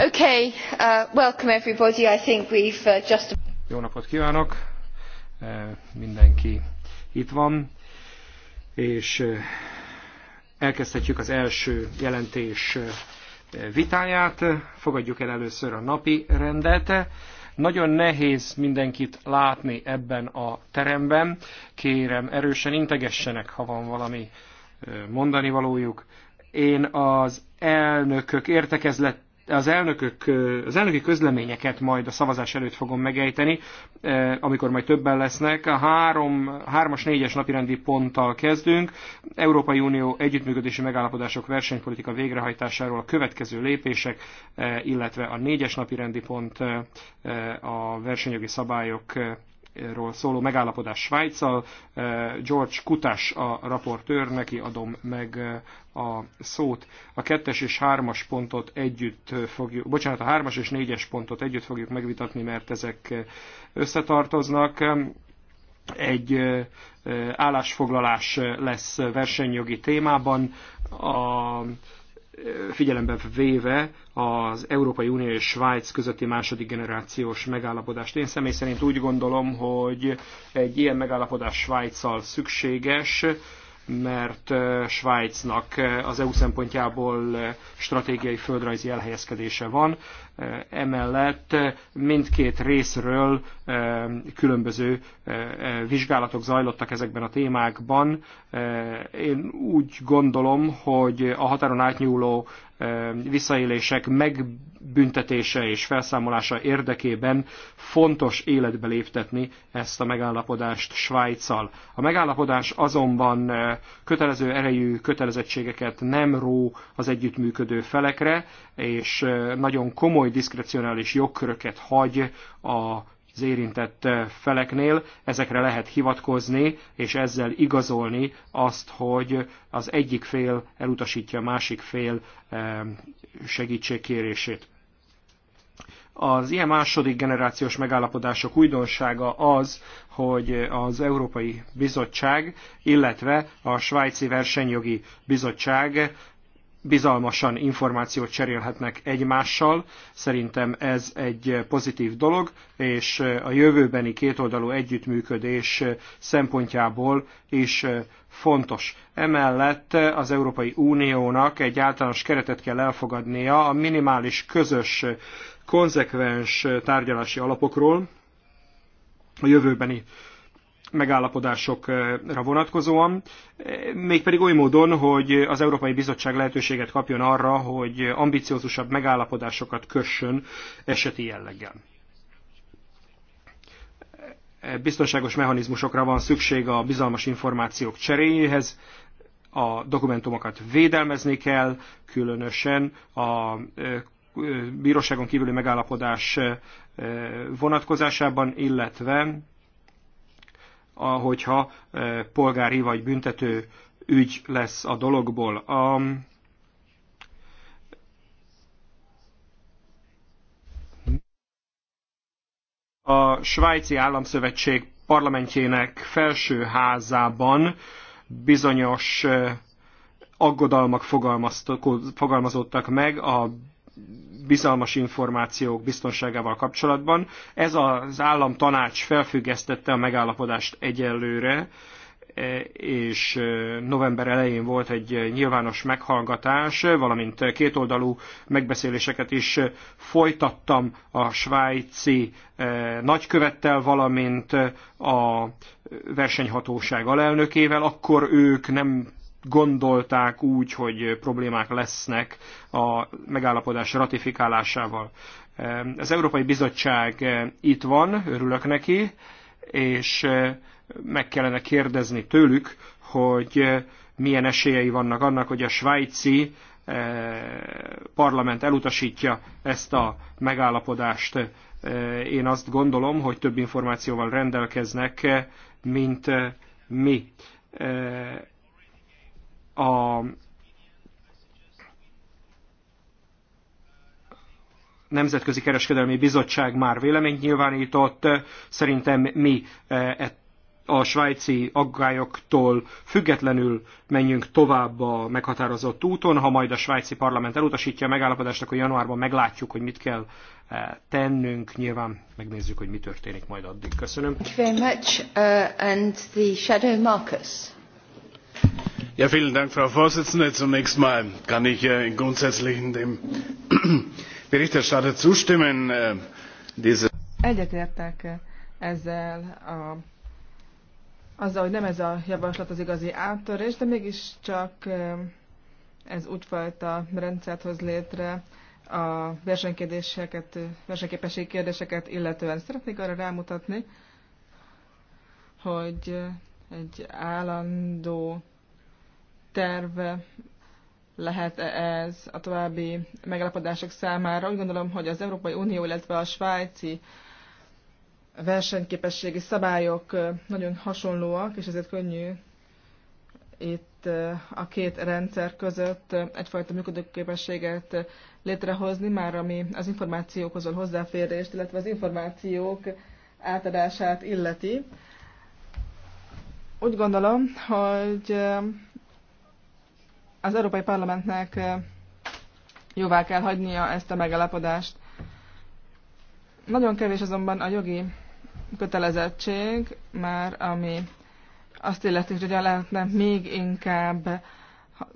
Uh, welcome everybody. I think we've uh, just. Jó napot kívánok! Uh, mindenki itt van, és elkezdhetjük az első jelentés vitáját. Fogadjuk el először a napi rendet. Nagyon nehéz mindenkit látni ebben a teremben. Kérem, erősen integessenek, ha van valami mondani valójuk én az elnökök értekezlet az, elnökök, az elnöki közleményeket majd a szavazás előtt fogom megejteni, amikor majd többen lesznek. A három hármas, négyes napirendi ponttal kezdünk. Európai Unió együttműködési megállapodások versenypolitika végrehajtásáról a következő lépések, illetve a négyes napirendi pont a versenyjogi szabályok ról szóló megállapodás Svájccal. Eh, George Kutás a raportőr, neki adom meg eh, a szót. A kettes és hármas pontot együtt fogjuk, bocsánat, a hármas és négyes pontot együtt fogjuk megvitatni, mert ezek eh, összetartoznak egy állásfoglalás lesz versenyjogi témában. A figyelembe véve az Európai Unió és Svájc közötti második generációs megállapodást. Én személy szerint úgy gondolom, hogy egy ilyen megállapodás Svájccal szükséges, mert Svájcnak az EU szempontjából stratégiai földrajzi elhelyezkedése van. Eh, emellett eh, mindkét részről eh, különböző vizsgálatok zajlottak ezekben a témákban. Én úgy gondolom, hogy a határon átnyúló visszaélések megbüntetése és felszámolása érdekében fontos életbe léptetni ezt a megállapodást Svájccal. A megállapodás azonban kötelező erejű kötelezettségeket nem ró az együttműködő felekre, és nagyon komoly komoly diszkrecionális jogköröket hagy a az érintett feleknél, ezekre lehet hivatkozni, és ezzel igazolni azt, hogy az egyik fél elutasítja a másik fél segítségkérését. Az ilyen második generációs megállapodások újdonsága az, hogy az Európai Bizottság, illetve a Svájci Versenyjogi Bizottság bizalmasan információt cserélhetnek egymással. Szerintem ez egy pozitív dolog, és a jövőbeni kétoldalú együttműködés szempontjából is fontos. Emellett az Európai Uniónak egy általános keretet kell elfogadnia a minimális közös konzekvens tárgyalási alapokról a jövőbeni megállapodásokra vonatkozóan, mégpedig oly módon, hogy az Európai Bizottság lehetőséget kapjon arra, hogy ambiciózusabb megállapodásokat kössön eseti jelleggel. Biztonságos mechanizmusokra van szükség a bizalmas információk cseréjéhez, a dokumentumokat védelmezni kell, különösen a bíróságon kívüli megállapodás vonatkozásában, illetve hogyha eh, polgári vagy büntető ügy lesz a dologból. A, a Svájci Államszövetség parlamentjének felső házában bizonyos eh, aggodalmak fogalmazottak meg a bizalmas információk biztonságával kapcsolatban. Ez az tanács felfüggesztette a megállapodást egyelőre, és november elején volt egy nyilvános meghallgatás, valamint kétoldalú megbeszéléseket is folytattam a svájci eh, nagykövettel, valamint a versenyhatóság alelnökével, akkor ők nem gondolták úgy, hogy problémák lesznek a megállapodás ratifikálásával. Az Európai Bizottság itt van, örülök neki, és meg kellene kérdezni tőlük, hogy milyen esélyei vannak annak, hogy a svájci eh, parlament elutasítja ezt a megállapodást. Eh, én azt gondolom, hogy több információval rendelkeznek, eh, mint mi a Nemzetközi Kereskedelmi Bizottság már véleményt nyilvánított. Szerintem mi e, e, a svájci aggályoktól függetlenül menjünk tovább a meghatározott úton. Ha majd a svájci parlament elutasítja a megállapodást, akkor januárban meglátjuk, hogy mit kell e, tennünk. Nyilván megnézzük, hogy mi történik majd addig. Köszönöm. Thank you very much. Uh, and the shadow Marcus. Frau präsidentin! Zunächst einmal kann ich äh, im grundsätzlichen dem Berichterstatter zustimmen. Äh, Egyetértek äh, azzal, hogy nem ez a javaslat az igazi áttörés, de mégiscsak ez úgyfajta rendszert hoz létre a versenykérdéseket, versenyképességi kérdéseket illetően. Szeretnék arra rámutatni, hogy egy állandó terv lehet -e ez a további megállapodások számára. Úgy gondolom, hogy az Európai Unió, illetve a svájci versenyképességi szabályok nagyon hasonlóak, és ezért könnyű itt a két rendszer között egyfajta működőképességet létrehozni, már ami az információkhoz való hozzáférést, illetve az információk átadását illeti. Úgy gondolom, hogy az Európai Parlamentnek jóvá kell hagynia ezt a megalapodást. Nagyon kevés azonban a jogi kötelezettség, már ami azt illeti, hogy hogyan lehetne még inkább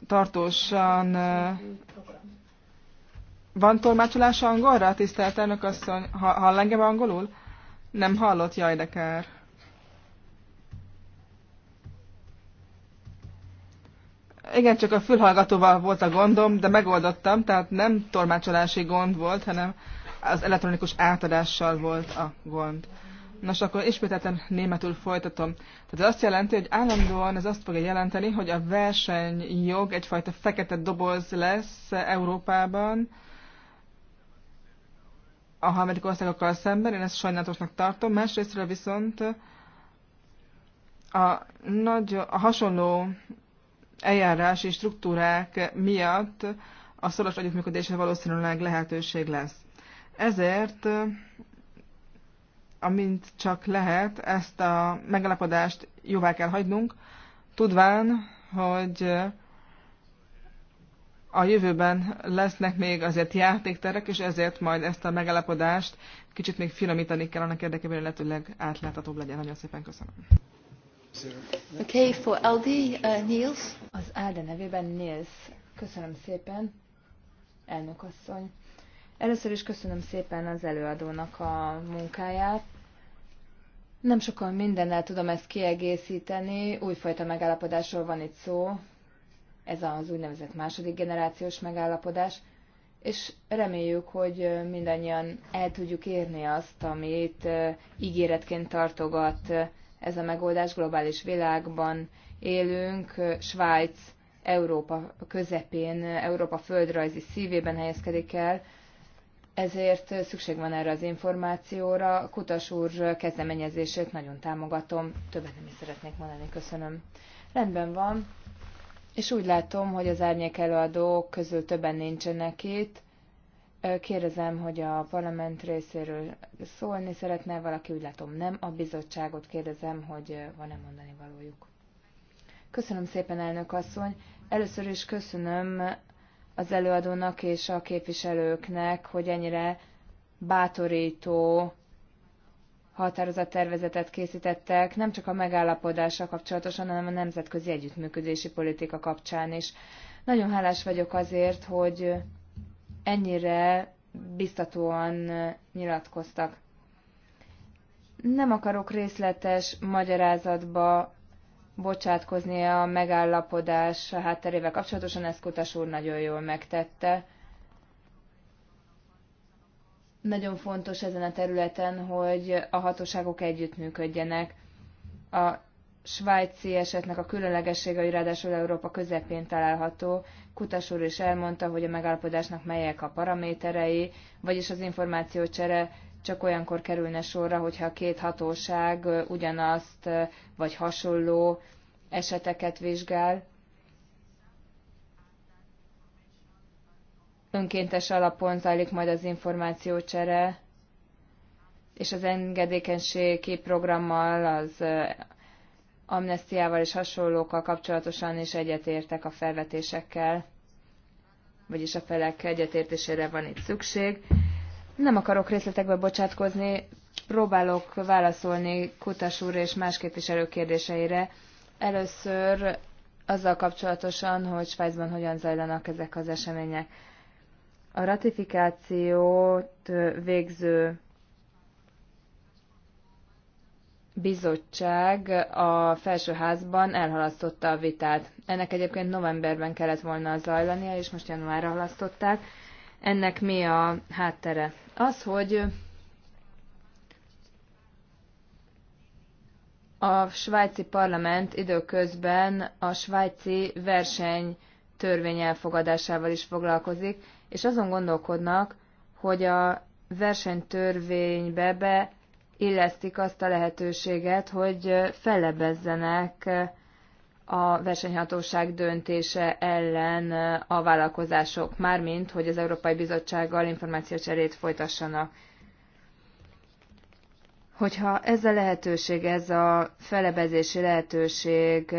tartósan... Van tolmácsolás angolra, tisztelt elnök asszony? Hall engem angolul? Nem hallott, jaj de kár. Igen, csak a fülhallgatóval volt a gondom, de megoldottam, tehát nem tormácsolási gond volt, hanem az elektronikus átadással volt a gond. Nos, akkor ismételten németül folytatom. Tehát ez azt jelenti, hogy állandóan ez azt fogja jelenteni, hogy a versenyjog egyfajta fekete doboz lesz Európában, a harmadik országokkal szemben, én ezt sajnálatosnak tartom, másrésztről viszont a, nagy, a hasonló eljárási struktúrák miatt a szoros együttműködésre valószínűleg lehetőség lesz. Ezért, amint csak lehet, ezt a megalapodást jóvá kell hagynunk, tudván, hogy a jövőben lesznek még azért játékterek, és ezért majd ezt a megalapodást kicsit még finomítani kell annak érdekében, hogy lehetőleg átláthatóbb legyen. Nagyon szépen köszönöm. Okay, for LD, uh, Niels. Az Áda nevében Niels. Köszönöm szépen, elnök asszony. Először is köszönöm szépen az előadónak a munkáját. Nem sokan mindennel tudom ezt kiegészíteni, újfajta megállapodásról van itt szó, ez az úgynevezett második generációs megállapodás, és reméljük, hogy mindannyian el tudjuk érni azt, amit ígéretként tartogat ez a megoldás. Globális világban élünk, Svájc Európa közepén, Európa földrajzi szívében helyezkedik el, ezért szükség van erre az információra. Kutas úr kezdeményezését nagyon támogatom, többet nem is szeretnék mondani, köszönöm. Rendben van, és úgy látom, hogy az árnyék előadók közül többen nincsenek itt, Kérdezem, hogy a parlament részéről szólni szeretne valaki, úgy látom nem. A bizottságot kérdezem, hogy van-e mondani valójuk. Köszönöm szépen, elnök asszony. Először is köszönöm az előadónak és a képviselőknek, hogy ennyire bátorító határozattervezetet készítettek, nem csak a megállapodással kapcsolatosan, hanem a nemzetközi együttműködési politika kapcsán is. Nagyon hálás vagyok azért, hogy ennyire biztatóan nyilatkoztak. Nem akarok részletes magyarázatba bocsátkozni a megállapodás hátterével kapcsolatosan, ezt Kutas úr nagyon jól megtette. Nagyon fontos ezen a területen, hogy a hatóságok együttműködjenek. A svájci esetnek a különlegessége, hogy ráadásul Európa közepén található, Kutas úr is elmondta, hogy a megállapodásnak melyek a paraméterei, vagyis az információcsere csak olyankor kerülne sorra, hogyha a két hatóság ugyanazt vagy hasonló eseteket vizsgál. Önkéntes alapon zajlik majd az információcsere, és az engedékenységi programmal, az amnestiával és hasonlókkal kapcsolatosan is egyetértek a felvetésekkel, vagyis a felek egyetértésére van itt szükség. Nem akarok részletekbe bocsátkozni, próbálok válaszolni Kutas úr és más képviselők kérdéseire. Először azzal kapcsolatosan, hogy Svájcban hogyan zajlanak ezek az események. A ratifikációt végző bizottság a felsőházban elhalasztotta a vitát. Ennek egyébként novemberben kellett volna zajlania, és most januárra halasztották. Ennek mi a háttere? Az, hogy a svájci parlament időközben a svájci verseny törvény elfogadásával is foglalkozik, és azon gondolkodnak, hogy a versenytörvénybe be illesztik azt a lehetőséget, hogy fellebezzenek a versenyhatóság döntése ellen a vállalkozások, mármint, hogy az Európai Bizottsággal információcserét folytassanak. Hogyha ez a lehetőség, ez a felebezési lehetőség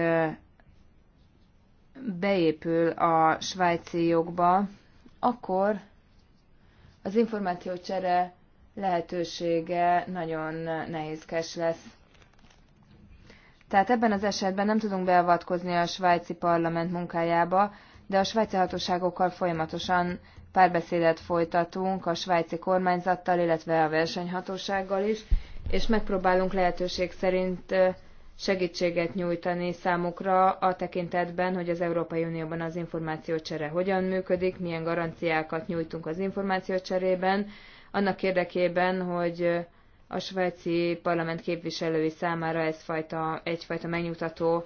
beépül a svájci jogba, akkor az információcsere lehetősége nagyon nehézkes lesz. Tehát ebben az esetben nem tudunk beavatkozni a svájci parlament munkájába, de a svájci hatóságokkal folyamatosan párbeszédet folytatunk a svájci kormányzattal, illetve a versenyhatósággal is, és megpróbálunk lehetőség szerint segítséget nyújtani számukra a tekintetben, hogy az Európai Unióban az információcsere hogyan működik, milyen garanciákat nyújtunk az információcserében, annak érdekében, hogy a svájci parlament képviselői számára ez fajta, egyfajta megnyugtató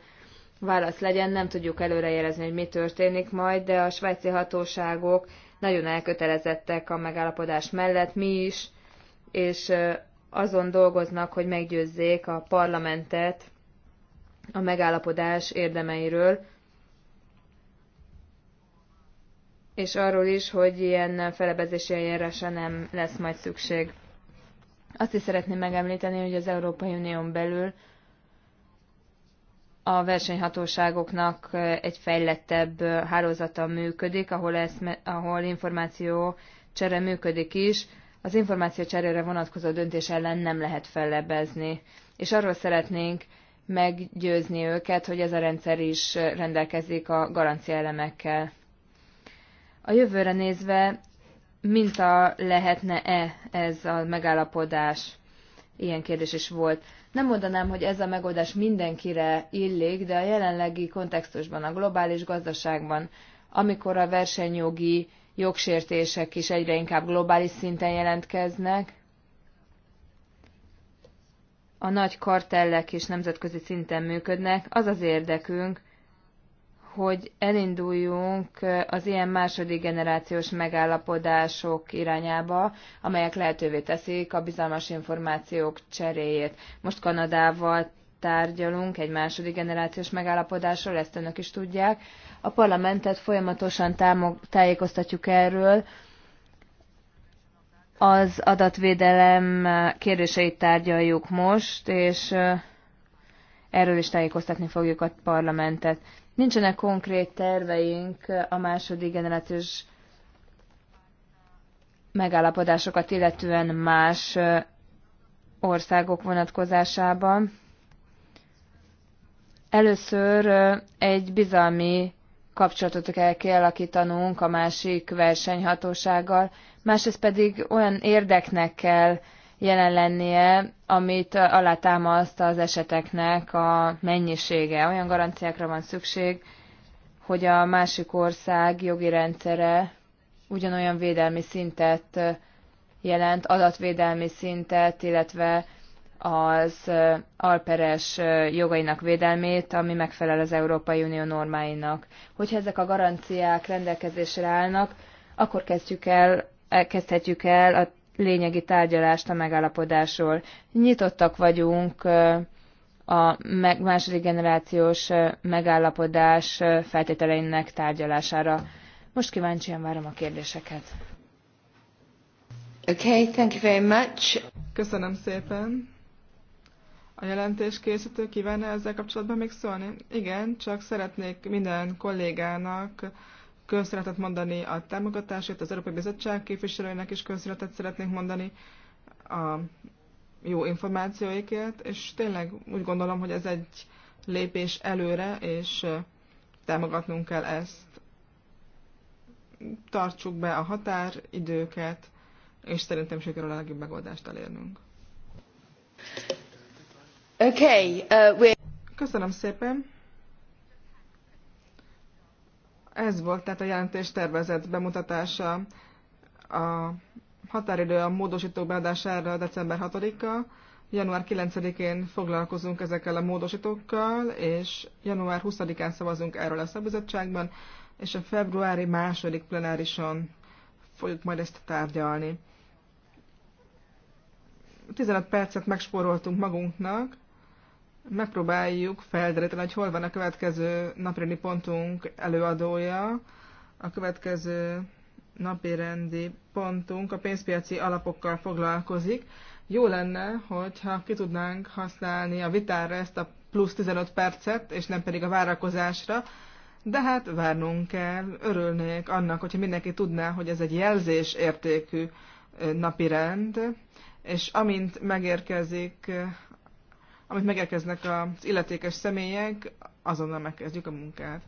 válasz legyen. Nem tudjuk előrejelezni, hogy mi történik majd, de a svájci hatóságok nagyon elkötelezettek a megállapodás mellett, mi is, és azon dolgoznak, hogy meggyőzzék a parlamentet a megállapodás érdemeiről, és arról is, hogy ilyen felebezési eljárásra nem lesz majd szükség. Azt is szeretném megemlíteni, hogy az Európai Unión belül a versenyhatóságoknak egy fejlettebb hálózata működik, ahol, ez, ahol információ csere működik is. Az információ cserére vonatkozó döntés ellen nem lehet fellebezni. És arról szeretnénk meggyőzni őket, hogy ez a rendszer is rendelkezik a garanciaelemekkel. A jövőre nézve minta lehetne-e ez a megállapodás? Ilyen kérdés is volt. Nem mondanám, hogy ez a megoldás mindenkire illik, de a jelenlegi kontextusban, a globális gazdaságban, amikor a versenyjogi jogsértések is egyre inkább globális szinten jelentkeznek, a nagy kartellek is nemzetközi szinten működnek, az az érdekünk, hogy elinduljunk eh, az ilyen második generációs megállapodások irányába, amelyek lehetővé teszik a bizalmas információk cseréjét. Most Kanadával tárgyalunk egy második generációs megállapodásról, ezt önök is tudják. A parlamentet folyamatosan támog, tájékoztatjuk erről, az adatvédelem eh, kérdéseit tárgyaljuk most, és eh, erről is tájékoztatni fogjuk a parlamentet. Nincsenek konkrét terveink a második generációs megállapodásokat, illetően más országok vonatkozásában. Először egy bizalmi kapcsolatot kell kialakítanunk a másik versenyhatósággal, másrészt pedig olyan érdeknek kell jelen lennie, amit alátámaszt az eseteknek a mennyisége. Olyan garanciákra van szükség, hogy a másik ország jogi rendszere ugyanolyan védelmi szintet jelent, adatvédelmi szintet, illetve az alperes jogainak védelmét, ami megfelel az Európai Unió normáinak. Hogyha ezek a garanciák rendelkezésre állnak, akkor kezdjük el, kezdhetjük el a lényegi tárgyalást a megállapodásról. Nyitottak vagyunk a második generációs megállapodás feltételeinek tárgyalására. Most kíváncsian várom a kérdéseket. Okay, thank you very much. Köszönöm szépen. A jelentés készítő kívánna ezzel kapcsolatban még szólni? Igen, csak szeretnék minden kollégának köszönetet mondani a támogatásért, az Európai Bizottság képviselőinek is köszönetet szeretnék mondani a jó információikért, és tényleg úgy gondolom, hogy ez egy lépés előre, és támogatnunk kell ezt. Tartsuk be a határidőket, és szerintem sikerül a legjobb megoldást elérnünk. Okay, uh, Köszönöm szépen! Ez volt tehát a jelentés tervezett bemutatása. A határidő a módosítók beadására december 6-a. Január 9-én foglalkozunk ezekkel a módosítókkal, és január 20-án szavazunk erről a szabizottságban, és a februári második plenárison fogjuk majd ezt tárgyalni. 15 percet megspóroltunk magunknak, megpróbáljuk feldereteni, hogy hol van a következő napirendi pontunk előadója. A következő napirendi pontunk a pénzpiaci alapokkal foglalkozik. Jó lenne, hogyha ki tudnánk használni a vitára ezt a plusz 15 percet, és nem pedig a várakozásra, de hát várnunk kell, örülnék annak, hogyha mindenki tudná, hogy ez egy jelzés értékű napirend, és amint megérkezik amit megérkeznek az illetékes személyek, azonnal megkezdjük a munkát.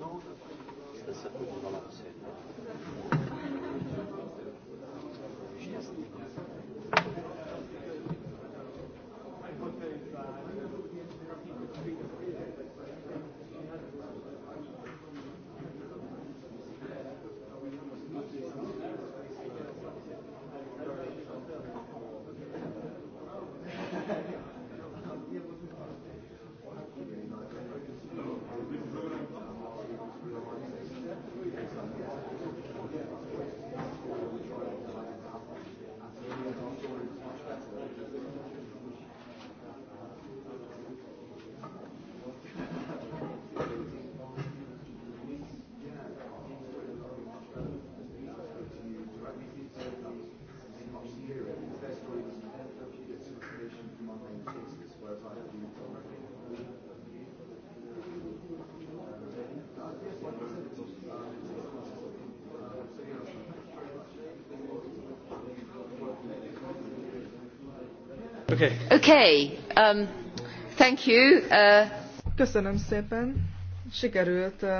Non, ça peut être dans la recette. Um, uh, Köszönöm szépen. Sikerült uh,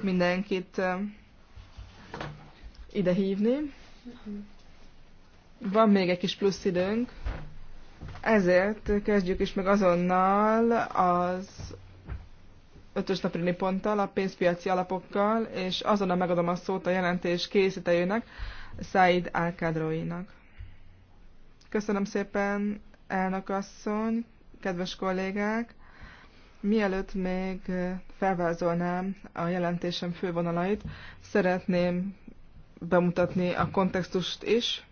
mindenkit uh, ide hívni. Van még egy kis plusz időnk. Ezért kezdjük is meg azonnal az ötös naprini ponttal, a pénzpiaci alapokkal, és azonnal megadom a szót a jelentés készítőjének, Said alkadroinak. Köszönöm szépen, elnökasszony, kedves kollégák! Mielőtt még felvázolnám a jelentésem fővonalait, szeretném bemutatni a kontextust is.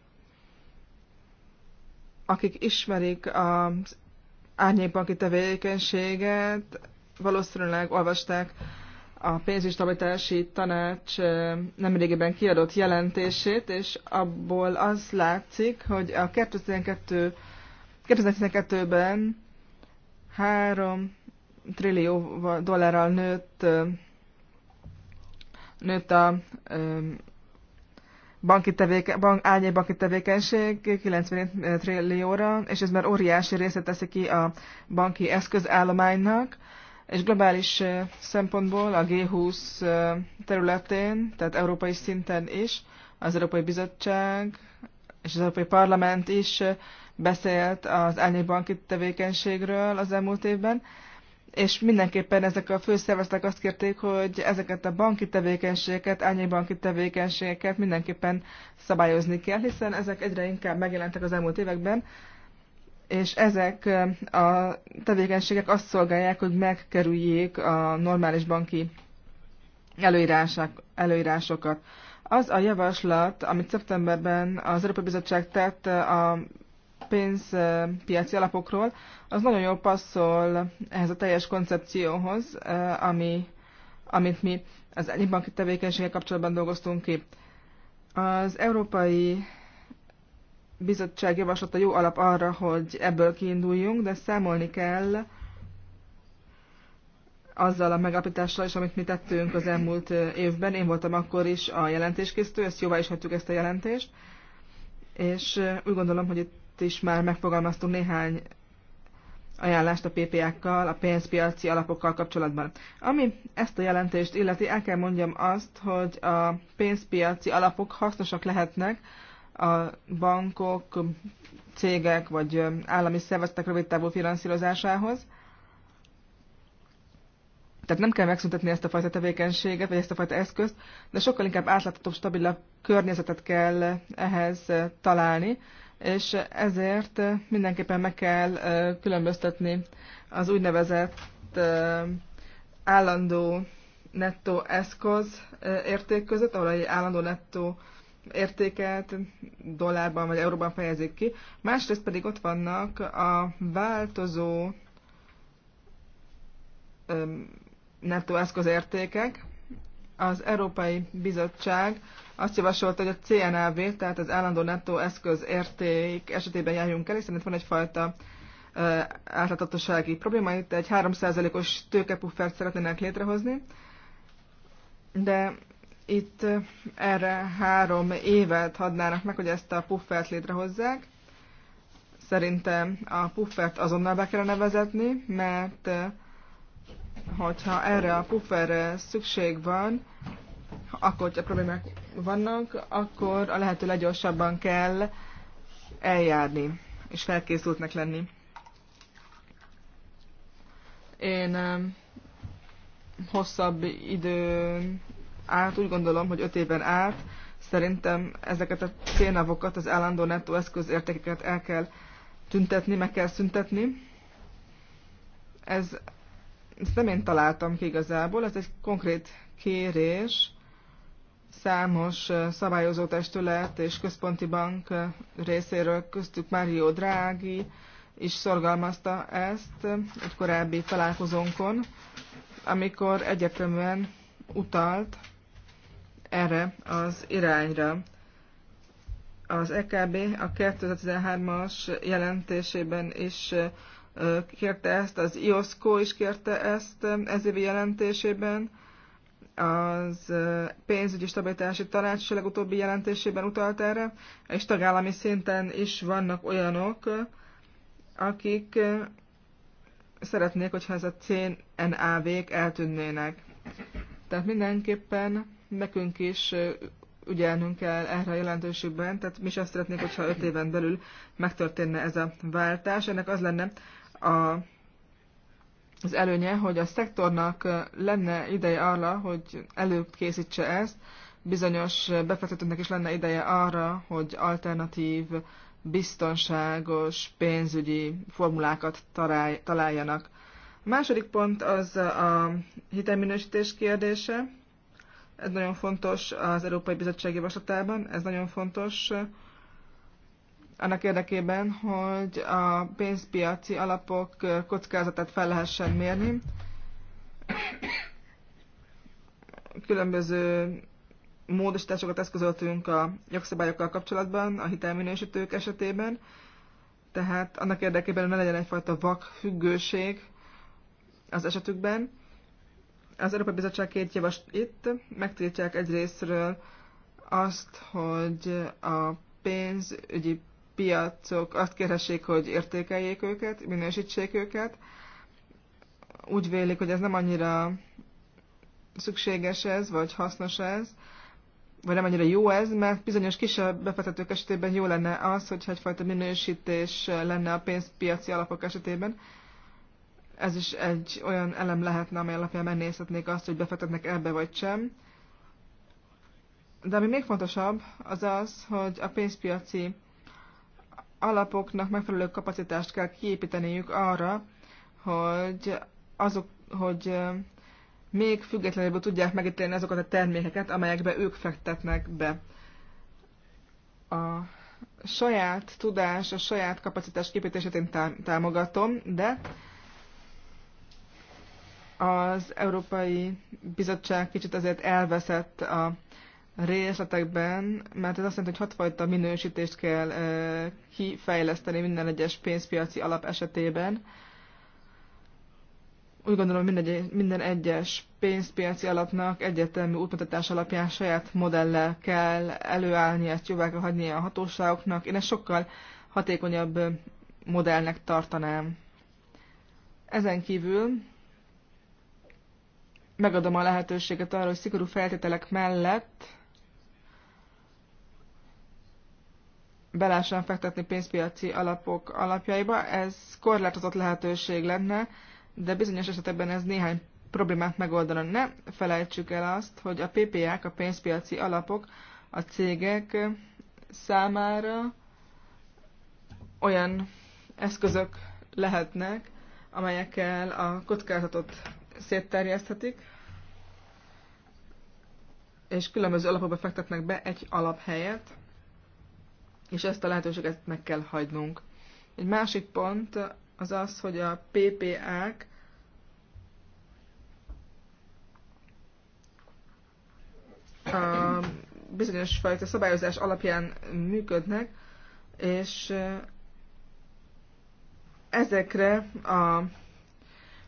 Akik ismerik az árnyékbanki tevékenységet, valószínűleg olvasták a pénzügyi tanács nemrégiben kiadott jelentését, és abból az látszik, hogy a 2012 2012-ben 3 trillió dollárral nőtt, nőtt a banki tevéke, bank, árnyék banki tevékenység 90 trillióra, és ez már óriási részét teszi ki a banki eszközállománynak, és globális szempontból a G20 területén, tehát európai szinten is, az Európai Bizottság és az Európai Parlament is beszélt az állami banki tevékenységről az elmúlt évben, és mindenképpen ezek a főszervezetek azt kérték, hogy ezeket a banki tevékenységeket, állami banki tevékenységeket mindenképpen szabályozni kell, hiszen ezek egyre inkább megjelentek az elmúlt években, és ezek eh, a tevékenységek azt szolgálják, hogy megkerüljék a normális banki előírások, előírásokat. Az a javaslat, amit szeptemberben az Európai Bizottság tett eh, a pénzpiaci alapokról, az nagyon jól passzol ehhez a teljes koncepcióhoz, eh, ami, amit mi az banki tevékenységgel kapcsolatban dolgoztunk ki. Az Európai Bizottság javaslata jó alap arra, hogy ebből kiinduljunk, de számolni kell azzal a megállapítással is, amit mi tettünk az elmúlt eh, évben. Én voltam akkor is a jelentéskészítő, ezt jóvá is hagytuk ezt a jelentést, és eh, úgy gondolom, hogy itt itt is már megfogalmaztunk néhány ajánlást a PPA-kkal, a pénzpiaci alapokkal kapcsolatban. Ami ezt a jelentést illeti, el kell mondjam azt, hogy a pénzpiaci alapok hasznosak lehetnek a bankok, cégek vagy állami szervezetek rövidtávú finanszírozásához. Tehát nem kell megszüntetni ezt a fajta tevékenységet, vagy ezt a fajta eszközt, de sokkal inkább átláthatóbb, stabilabb környezetet kell ehhez találni, és ezért mindenképpen meg kell különböztetni az úgynevezett állandó nettó eszköz érték között, ahol egy állandó nettó értéket dollárban vagy euróban fejezik ki. Másrészt pedig ott vannak a változó nettó eszköz értékek az Európai Bizottság azt javasolta, hogy a CNAV, tehát az állandó nettó eszközérték esetében járjunk el, hiszen itt van egyfajta átláthatósági probléma, itt egy 3%-os tőkepuffert szeretnének létrehozni, de itt erre három évet hadnának meg, hogy ezt a puffert létrehozzák. Szerintem a puffert azonnal be kellene vezetni, mert hogyha erre a pufferre szükség van, akkor, hogyha problémák vannak, akkor a lehető leggyorsabban kell eljárni, és felkészültnek lenni. Én hosszabb időn át, úgy gondolom, hogy öt éven át, szerintem ezeket a célnavokat, az állandó nettó eszközértékeket el kell tüntetni, meg kell szüntetni. Ez ezt nem én találtam ki igazából, ez egy konkrét kérés számos szabályozó testület és központi bank részéről, köztük Mário Drági is szorgalmazta ezt egy korábbi találkozónkon, amikor egyetemben utalt erre az irányra. Az EKB a 2013-as jelentésében is kérte ezt, az IOSCO is kérte ezt ez évi jelentésében, az pénzügyi stabilitási tanács legutóbbi jelentésében utalt erre, és tagállami szinten is vannak olyanok, akik szeretnék, hogyha ez a CNAV-k eltűnnének. Tehát mindenképpen nekünk is ügyelnünk kell erre a jelentőségben, tehát mi is azt szeretnék, hogyha öt éven belül megtörténne ez a váltás. Ennek az lenne a, az előnye, hogy a szektornak lenne ideje arra, hogy előbb készítse ezt, bizonyos befektetőnek is lenne ideje arra, hogy alternatív, biztonságos pénzügyi formulákat találjanak. A második pont az a hitelminősítés kérdése. Ez nagyon fontos az Európai Bizottság javaslatában, ez nagyon fontos annak érdekében, hogy a pénzpiaci alapok kockázatát fel lehessen mérni. Különböző módosításokat eszközöltünk a jogszabályokkal kapcsolatban, a hitelminősítők esetében, tehát annak érdekében, hogy ne legyen egyfajta vak függőség az esetükben. Az Európai Bizottság két javaslat itt megtiltják egyrésztről azt, hogy a pénzügyi piacok azt keresik, hogy értékeljék őket, minősítsék őket. Úgy vélik, hogy ez nem annyira szükséges ez, vagy hasznos ez, vagy nem annyira jó ez, mert bizonyos kisebb befektetők esetében jó lenne az, hogyha egyfajta minősítés lenne a pénzpiaci alapok esetében. Ez is egy olyan elem lehetne, amely alapján megnézhetnék azt, hogy befektetnek ebbe vagy sem. De ami még fontosabb, az az, hogy a pénzpiaci alapoknak megfelelő kapacitást kell kiépíteniük arra, hogy azok, hogy még függetlenül tudják megítélni azokat a termékeket, amelyekbe ők fektetnek be. A saját tudás, a saját kapacitás képítését én támogatom, de az Európai Bizottság kicsit azért elveszett a részletekben, mert ez azt jelenti, hogy hatfajta minősítést kell kifejleszteni minden egyes pénzpiaci alap esetében. Úgy gondolom, minden, minden egyes pénzpiaci alapnak egyetemű útmutatás alapján saját modellel kell előállni, ezt jóvá kell hagyni a hatóságoknak. Én ezt sokkal hatékonyabb modellnek tartanám. Ezen kívül megadom a lehetőséget arra, hogy szigorú feltételek mellett belássan fektetni pénzpiaci alapok alapjaiba. Ez korlátozott lehetőség lenne, de bizonyos esetekben ez néhány problémát megoldana. Ne felejtsük el azt, hogy a PPA-k, a pénzpiaci alapok a cégek számára olyan eszközök lehetnek, amelyekkel a kockázatot szétterjeszthetik, és különböző alapokba fektetnek be egy alaphelyet, és ezt a lehetőséget meg kell hagynunk. Egy másik pont az az, hogy a PPA-k a bizonyos fajta szabályozás alapján működnek, és eh, ezekre a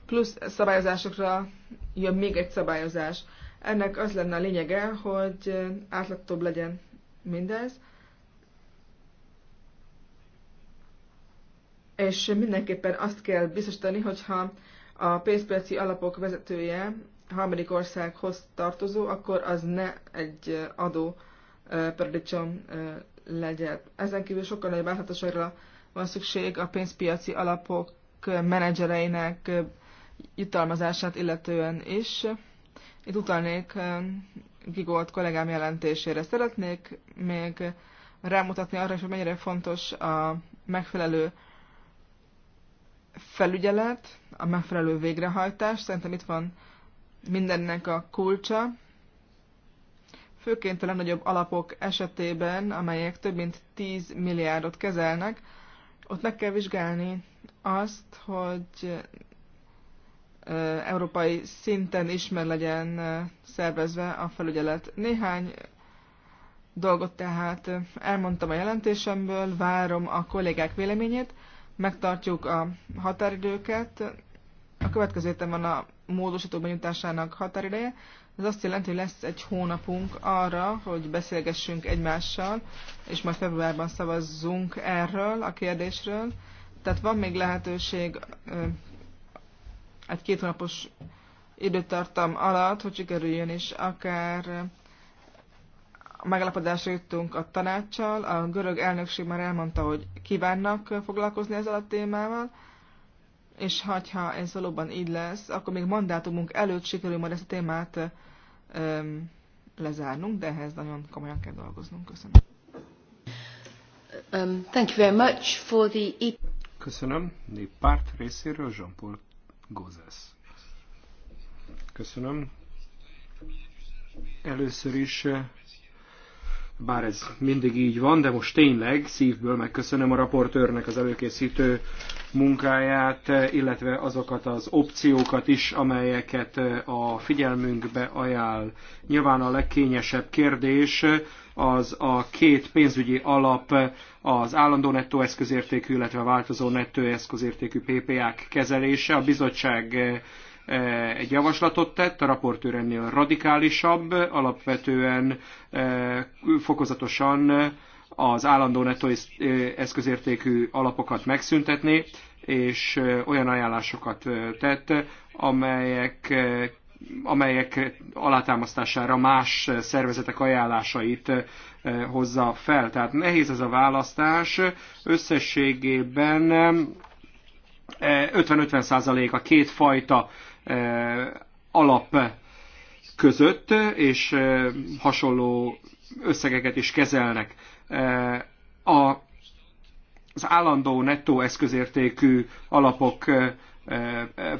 plusz szabályozásokra jön még egy szabályozás. Ennek az lenne a lényege, hogy eh, átlagtóbb legyen mindez, és mindenképpen azt kell biztosítani, hogyha a pénzpiaci alapok vezetője harmadik országhoz tartozó, akkor az ne egy adó paradicsom legyen. Ezen kívül sokkal nagyobb áthatóságra van szükség a pénzpiaci alapok menedzsereinek jutalmazását illetően is. Itt utalnék Gigolt kollégám jelentésére. Szeretnék még rámutatni arra is, hogy mennyire fontos a megfelelő felügyelet, a megfelelő végrehajtás. Szerintem itt van mindennek a kulcsa. Főként a legnagyobb alapok esetében, amelyek több mint 10 milliárdot kezelnek, ott meg kell vizsgálni azt, hogy európai szinten is meg legyen szervezve a felügyelet. Néhány dolgot tehát elmondtam a jelentésemből, várom a kollégák véleményét, megtartjuk a határidőket. A következő héten van a módosítók benyújtásának határideje. Ez azt jelenti, hogy lesz egy hónapunk arra, hogy beszélgessünk egymással, és majd februárban szavazzunk erről a kérdésről. Tehát van még lehetőség egy két hónapos időtartam alatt, hogy sikerüljön is akár megállapodásra jutunk a tanácssal, a görög elnökség már elmondta, hogy kívánnak foglalkozni ezzel a témával, és ha ez valóban így lesz, akkor még mandátumunk előtt sikerül majd ezt a témát öm, lezárnunk, de ehhez nagyon komolyan kell dolgoznunk. Köszönöm. Um, thank you very much for the... E- Köszönöm. párt részéről Jean-Paul Gózes. Köszönöm. Először is bár ez mindig így van, de most tényleg szívből megköszönöm a raportőrnek az előkészítő munkáját, illetve azokat az opciókat is, amelyeket a figyelmünkbe ajánl. Nyilván a legkényesebb kérdés az a két pénzügyi alap az állandó nettó eszközértékű, illetve a változó nettó eszközértékű PPA-k kezelése. A bizottság egy javaslatot tett, a raportőr ennél radikálisabb, alapvetően fokozatosan az állandó nettó eszközértékű alapokat megszüntetni, és olyan ajánlásokat tett, amelyek amelyek alátámasztására más szervezetek ajánlásait hozza fel. Tehát nehéz ez a választás. Összességében 50-50 százalék a két fajta alap között, és hasonló összegeket is kezelnek. A, az állandó nettó eszközértékű alapok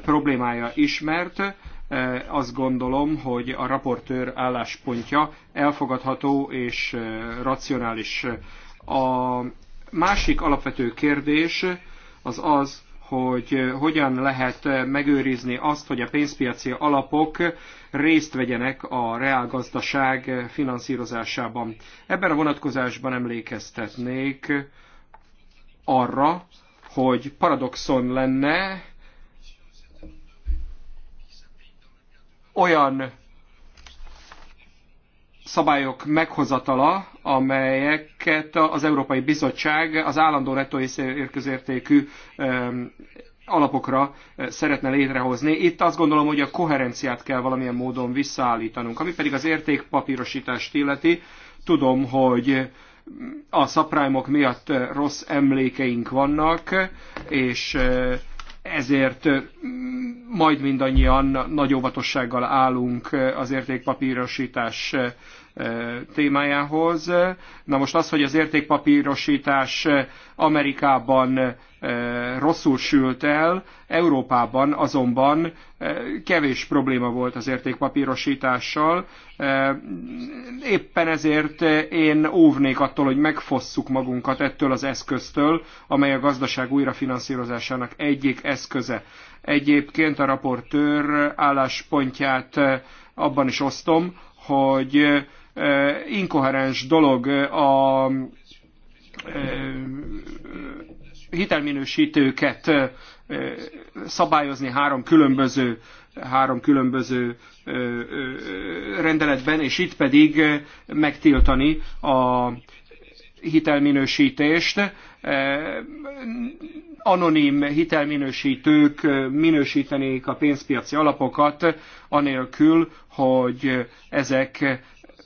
problémája ismert, azt gondolom, hogy a raportőr álláspontja elfogadható és racionális. A másik alapvető kérdés az az, hogy eh, hogyan lehet eh, megőrizni azt, hogy a pénzpiaci alapok részt vegyenek a reálgazdaság eh, finanszírozásában. Ebben a vonatkozásban emlékeztetnék arra, hogy paradoxon lenne olyan szabályok meghozatala, amelyeket az Európai Bizottság az állandó nettó érkezértékű alapokra eh, szeretne létrehozni. Itt azt gondolom, hogy a koherenciát kell valamilyen módon visszaállítanunk. Ami pedig az értékpapírosítást illeti, tudom, hogy a subprime-ok miatt eh, rossz emlékeink vannak, és eh, ezért majd mindannyian nagy óvatossággal állunk az értékpapírosítás témájához. Na most az, hogy az értékpapírosítás Amerikában rosszul sült el, Európában azonban kevés probléma volt az értékpapírosítással. Éppen ezért én óvnék attól, hogy megfosszuk magunkat ettől az eszköztől, amely a gazdaság újrafinanszírozásának egyik eszköze. Egyébként a raportőr álláspontját abban is osztom, hogy inkoherens dolog a hitelminősítőket szabályozni három különböző három különböző rendeletben, és itt pedig megtiltani a hitelminősítést. Anonim hitelminősítők minősítenék a pénzpiaci alapokat, anélkül, hogy ezek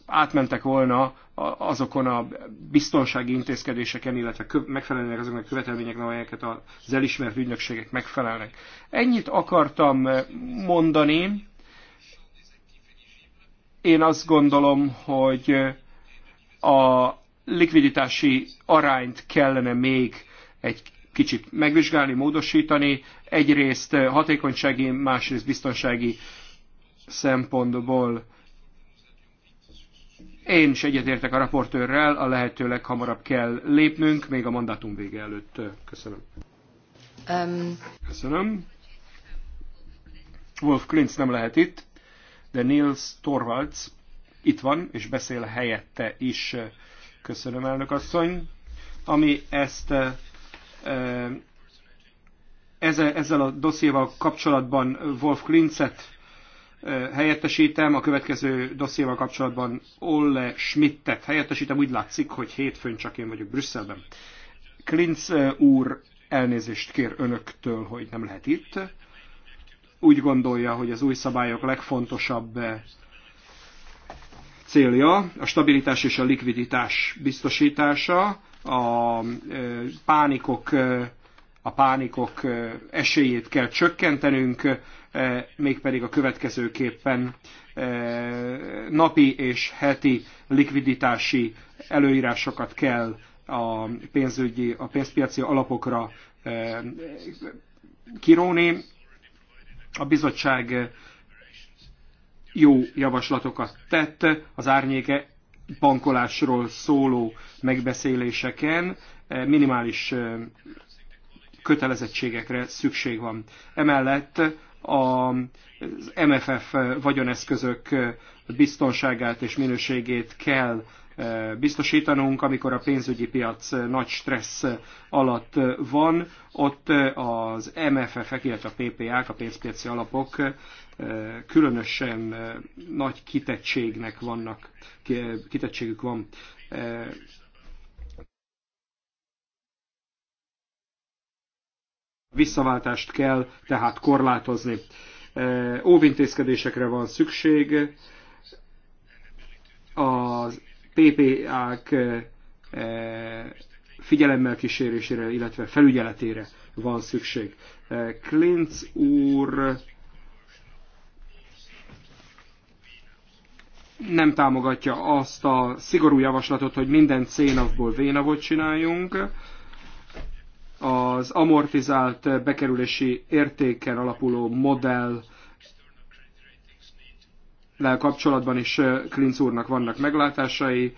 átmentek volna azokon a biztonsági intézkedéseken, illetve megfelelnek azoknak a követelményeknek, amelyeket az elismert ügynökségek megfelelnek. Ennyit akartam eh, mondani. Én azt gondolom, hogy eh, a likviditási arányt kellene még egy kicsit megvizsgálni, módosítani. Egyrészt eh, hatékonysági, másrészt biztonsági szempontból én is egyetértek a raportőrrel, a lehető leghamarabb kell lépnünk, még a mandátum vége előtt. Köszönöm. Um... Köszönöm. Wolf Klintz nem lehet itt, de Nils Torvalds itt van, és beszél helyette is. Köszönöm, elnök asszony. Ami ezt ezzel, ezzel a dossziéval kapcsolatban Wolf Klinzet helyettesítem, a következő dossziéval kapcsolatban Olle Schmidtet helyettesítem, úgy látszik, hogy hétfőn csak én vagyok Brüsszelben. Klinz úr elnézést kér önöktől, hogy nem lehet itt. Úgy gondolja, hogy az új szabályok legfontosabb célja a stabilitás és a likviditás biztosítása, a pánikok a pánikok esélyét kell csökkentenünk, mégpedig a következőképpen napi és heti likviditási előírásokat kell a pénzügyi, a pénzpiaci alapokra kiróni. A bizottság jó javaslatokat tett az árnyéke bankolásról szóló megbeszéléseken, minimális kötelezettségekre szükség van. Emellett az MFF vagyoneszközök biztonságát és minőségét kell eh, biztosítanunk, amikor a pénzügyi piac nagy stressz alatt van, ott eh, az MFF-ek, illetve a PPA-k, a pénzpiaci alapok eh, különösen nagy kitettségnek vannak, kitettségük van. visszaváltást kell tehát korlátozni. Óvintézkedésekre van szükség, a PPA-k figyelemmel kísérésére, illetve felügyeletére van szükség. Klinc úr nem támogatja azt a szigorú javaslatot, hogy minden cénavból vénavot csináljunk, az amortizált bekerülési értéken alapuló modell lel kapcsolatban is Klinc úrnak vannak meglátásai.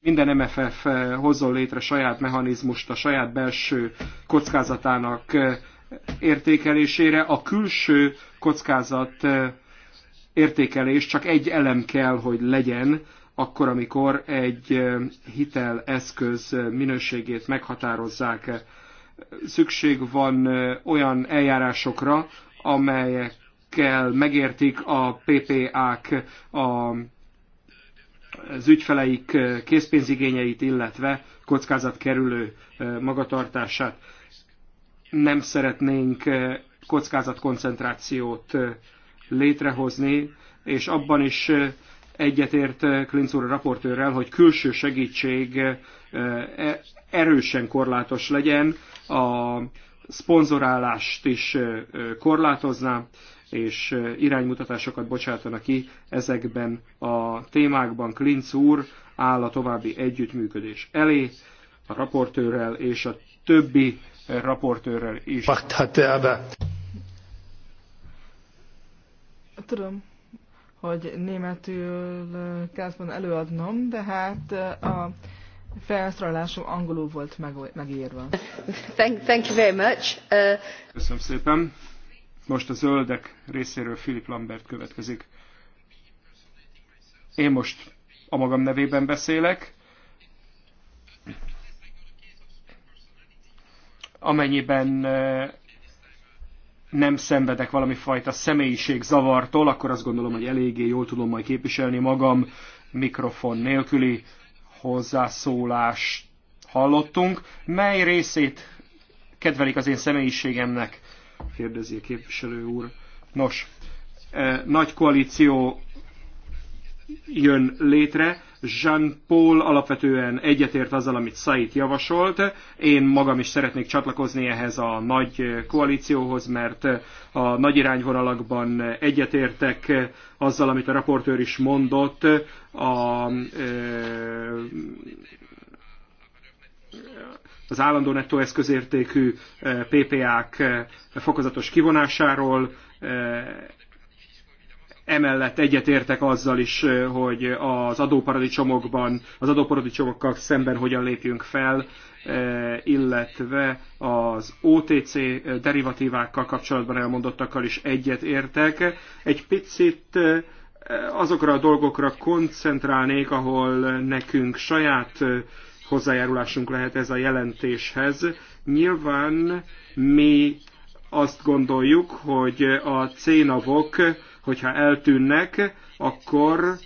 minden MFF hozzon létre saját mechanizmust a saját belső kockázatának értékelésére. A külső kockázat értékelés csak egy elem kell, hogy legyen, akkor, amikor egy hiteleszköz minőségét meghatározzák. Szükség van olyan eljárásokra, amelyekkel megértik a PPA-k a az ügyfeleik készpénzigényeit, illetve kockázatkerülő magatartását. Nem szeretnénk kockázatkoncentrációt létrehozni, és abban is Egyetért eh, Klinc úr a raportőrrel, hogy külső segítség eh, e, erősen korlátos legyen, a szponzorálást is eh, korlátozná, és iránymutatásokat bocsátana ki ezekben a témákban. Klinc úr áll a további együttműködés elé, a raportőrrel és a többi raportőrrel is. Tudom, hogy németül kellett volna előadnom, de hát a felszólalásom angolul volt meg, megírva. Thank, thank you very much. Uh... Köszönöm szépen. Most a zöldek részéről Philip Lambert következik. Én most a magam nevében beszélek. Amennyiben nem szenvedek valami fajta személyiség zavartól, akkor azt gondolom, hogy eléggé jól tudom majd képviselni magam mikrofon nélküli hozzászólást hallottunk. Mely részét kedvelik az én személyiségemnek? Kérdezi a képviselő úr. Nos, eh, nagy koalíció jön létre. Jean-Paul alapvetően egyetért azzal, amit Said javasolt. Én magam is szeretnék csatlakozni ehhez a nagy koalícióhoz, mert a nagy irányvonalakban egyetértek azzal, amit a raportőr is mondott. A, az állandó nettó eszközértékű PPA-k fokozatos kivonásáról Emellett egyetértek azzal is, hogy az adóparadicsomokban, az adóparadicsomokkal szemben hogyan lépjünk fel, illetve az OTC derivatívákkal kapcsolatban elmondottakkal is egyet Egy picit azokra a dolgokra koncentrálnék, ahol nekünk saját hozzájárulásunk lehet ez a jelentéshez. Nyilván mi azt gondoljuk, hogy a cénavok hogyha eltűnnek, akkor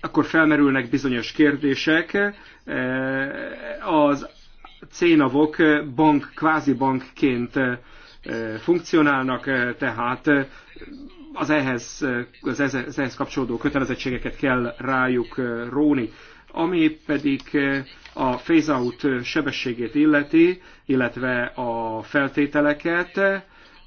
akkor felmerülnek bizonyos kérdések. Eh, az cénavok bank, kvázi bankként eh, funkcionálnak, eh, tehát az ehhez, az ehhez, az ehhez kapcsolódó kötelezettségeket kell rájuk róni. Ami pedig a phase-out sebességét illeti, illetve a feltételeket,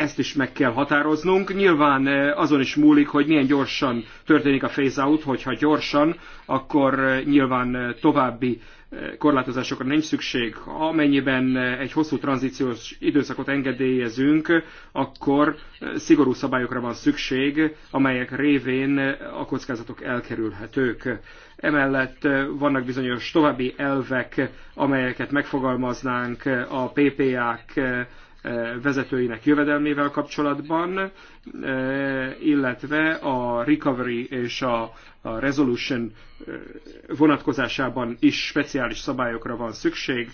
ezt is meg kell határoznunk. Nyilván eh, azon is múlik, hogy milyen gyorsan történik a phase-out, hogyha gyorsan, akkor eh, nyilván eh, további korlátozásokra nincs szükség. Amennyiben egy hosszú tranzíciós időszakot engedélyezünk, akkor szigorú szabályokra van szükség, amelyek révén a kockázatok elkerülhetők. Emellett vannak bizonyos további elvek, amelyeket megfogalmaznánk a PPA-k E, vezetőinek jövedelmével kapcsolatban, e, illetve a recovery és a, a resolution e, vonatkozásában is speciális szabályokra van szükség,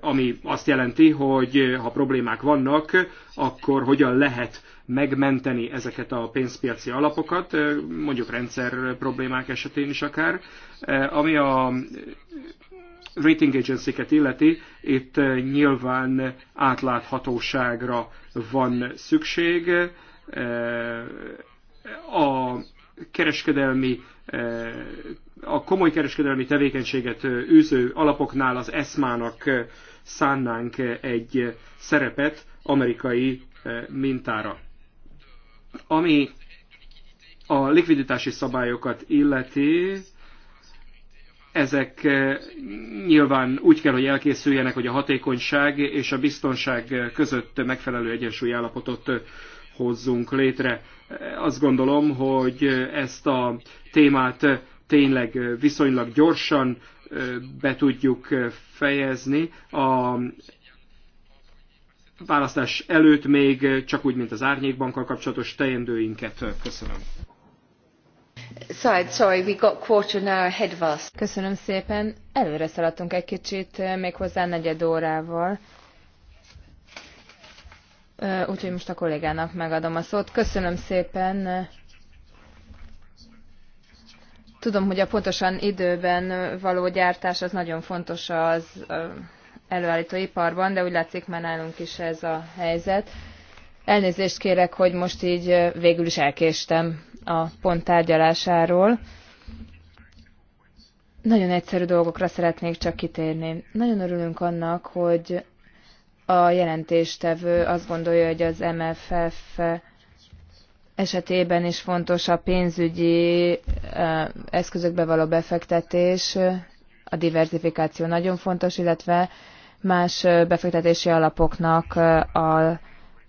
ami azt jelenti, hogy ha problémák vannak, akkor hogyan lehet megmenteni ezeket a pénzpiaci alapokat, mondjuk rendszer problémák esetén is akár. Ami a rating agency-ket illeti, itt eh, nyilván átláthatóságra van szükség. Eh, a kereskedelmi eh, a komoly kereskedelmi tevékenységet űző alapoknál az ESMA-nak szánnánk egy szerepet amerikai mintára. Ami a likviditási szabályokat illeti, ezek eh, nyilván úgy kell, hogy elkészüljenek, hogy a hatékonyság és a biztonság között megfelelő egyensúly állapotot eh, hozzunk létre. Eh, azt gondolom, hogy ezt a témát tényleg viszonylag gyorsan be tudjuk fejezni. A választás előtt még csak úgy, mint az árnyékbankkal kapcsolatos teendőinket köszönöm. Köszönöm szépen. Előre szaladtunk egy kicsit, méghozzá negyed órával. Úgyhogy most a kollégának megadom a szót. Köszönöm szépen. Tudom, hogy a pontosan időben való gyártás az nagyon fontos az iparban, de úgy látszik már nálunk is ez a helyzet. Elnézést kérek, hogy most így végül is elkéstem a pont tárgyalásáról. Nagyon egyszerű dolgokra szeretnék csak kitérni. Nagyon örülünk annak, hogy a jelentéstevő azt gondolja, hogy az MFF esetében is fontos a pénzügyi eszközökbe való befektetés, a diversifikáció nagyon fontos, illetve más befektetési alapoknak a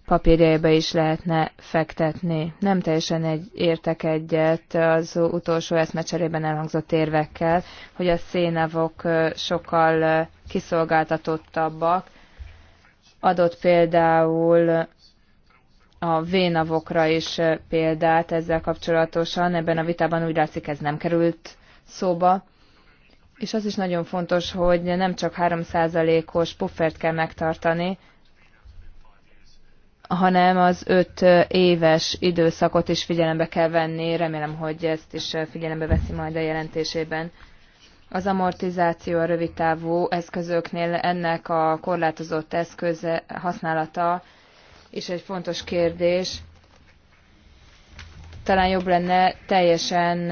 papírjaiba is lehetne fektetni. Nem teljesen egy, értek egyet az utolsó eszmecserében elhangzott érvekkel, hogy a szénavok sokkal kiszolgáltatottabbak. Adott például a vénavokra is példát ezzel kapcsolatosan, ebben a vitában úgy látszik ez nem került szóba. És az is nagyon fontos, hogy nem csak 3%-os puffert kell megtartani, hanem az öt éves időszakot is figyelembe kell venni. Remélem, hogy ezt is figyelembe veszi majd a jelentésében. Az amortizáció a rövidtávú eszközöknél ennek a korlátozott eszköz használata is egy fontos kérdés. Talán jobb lenne teljesen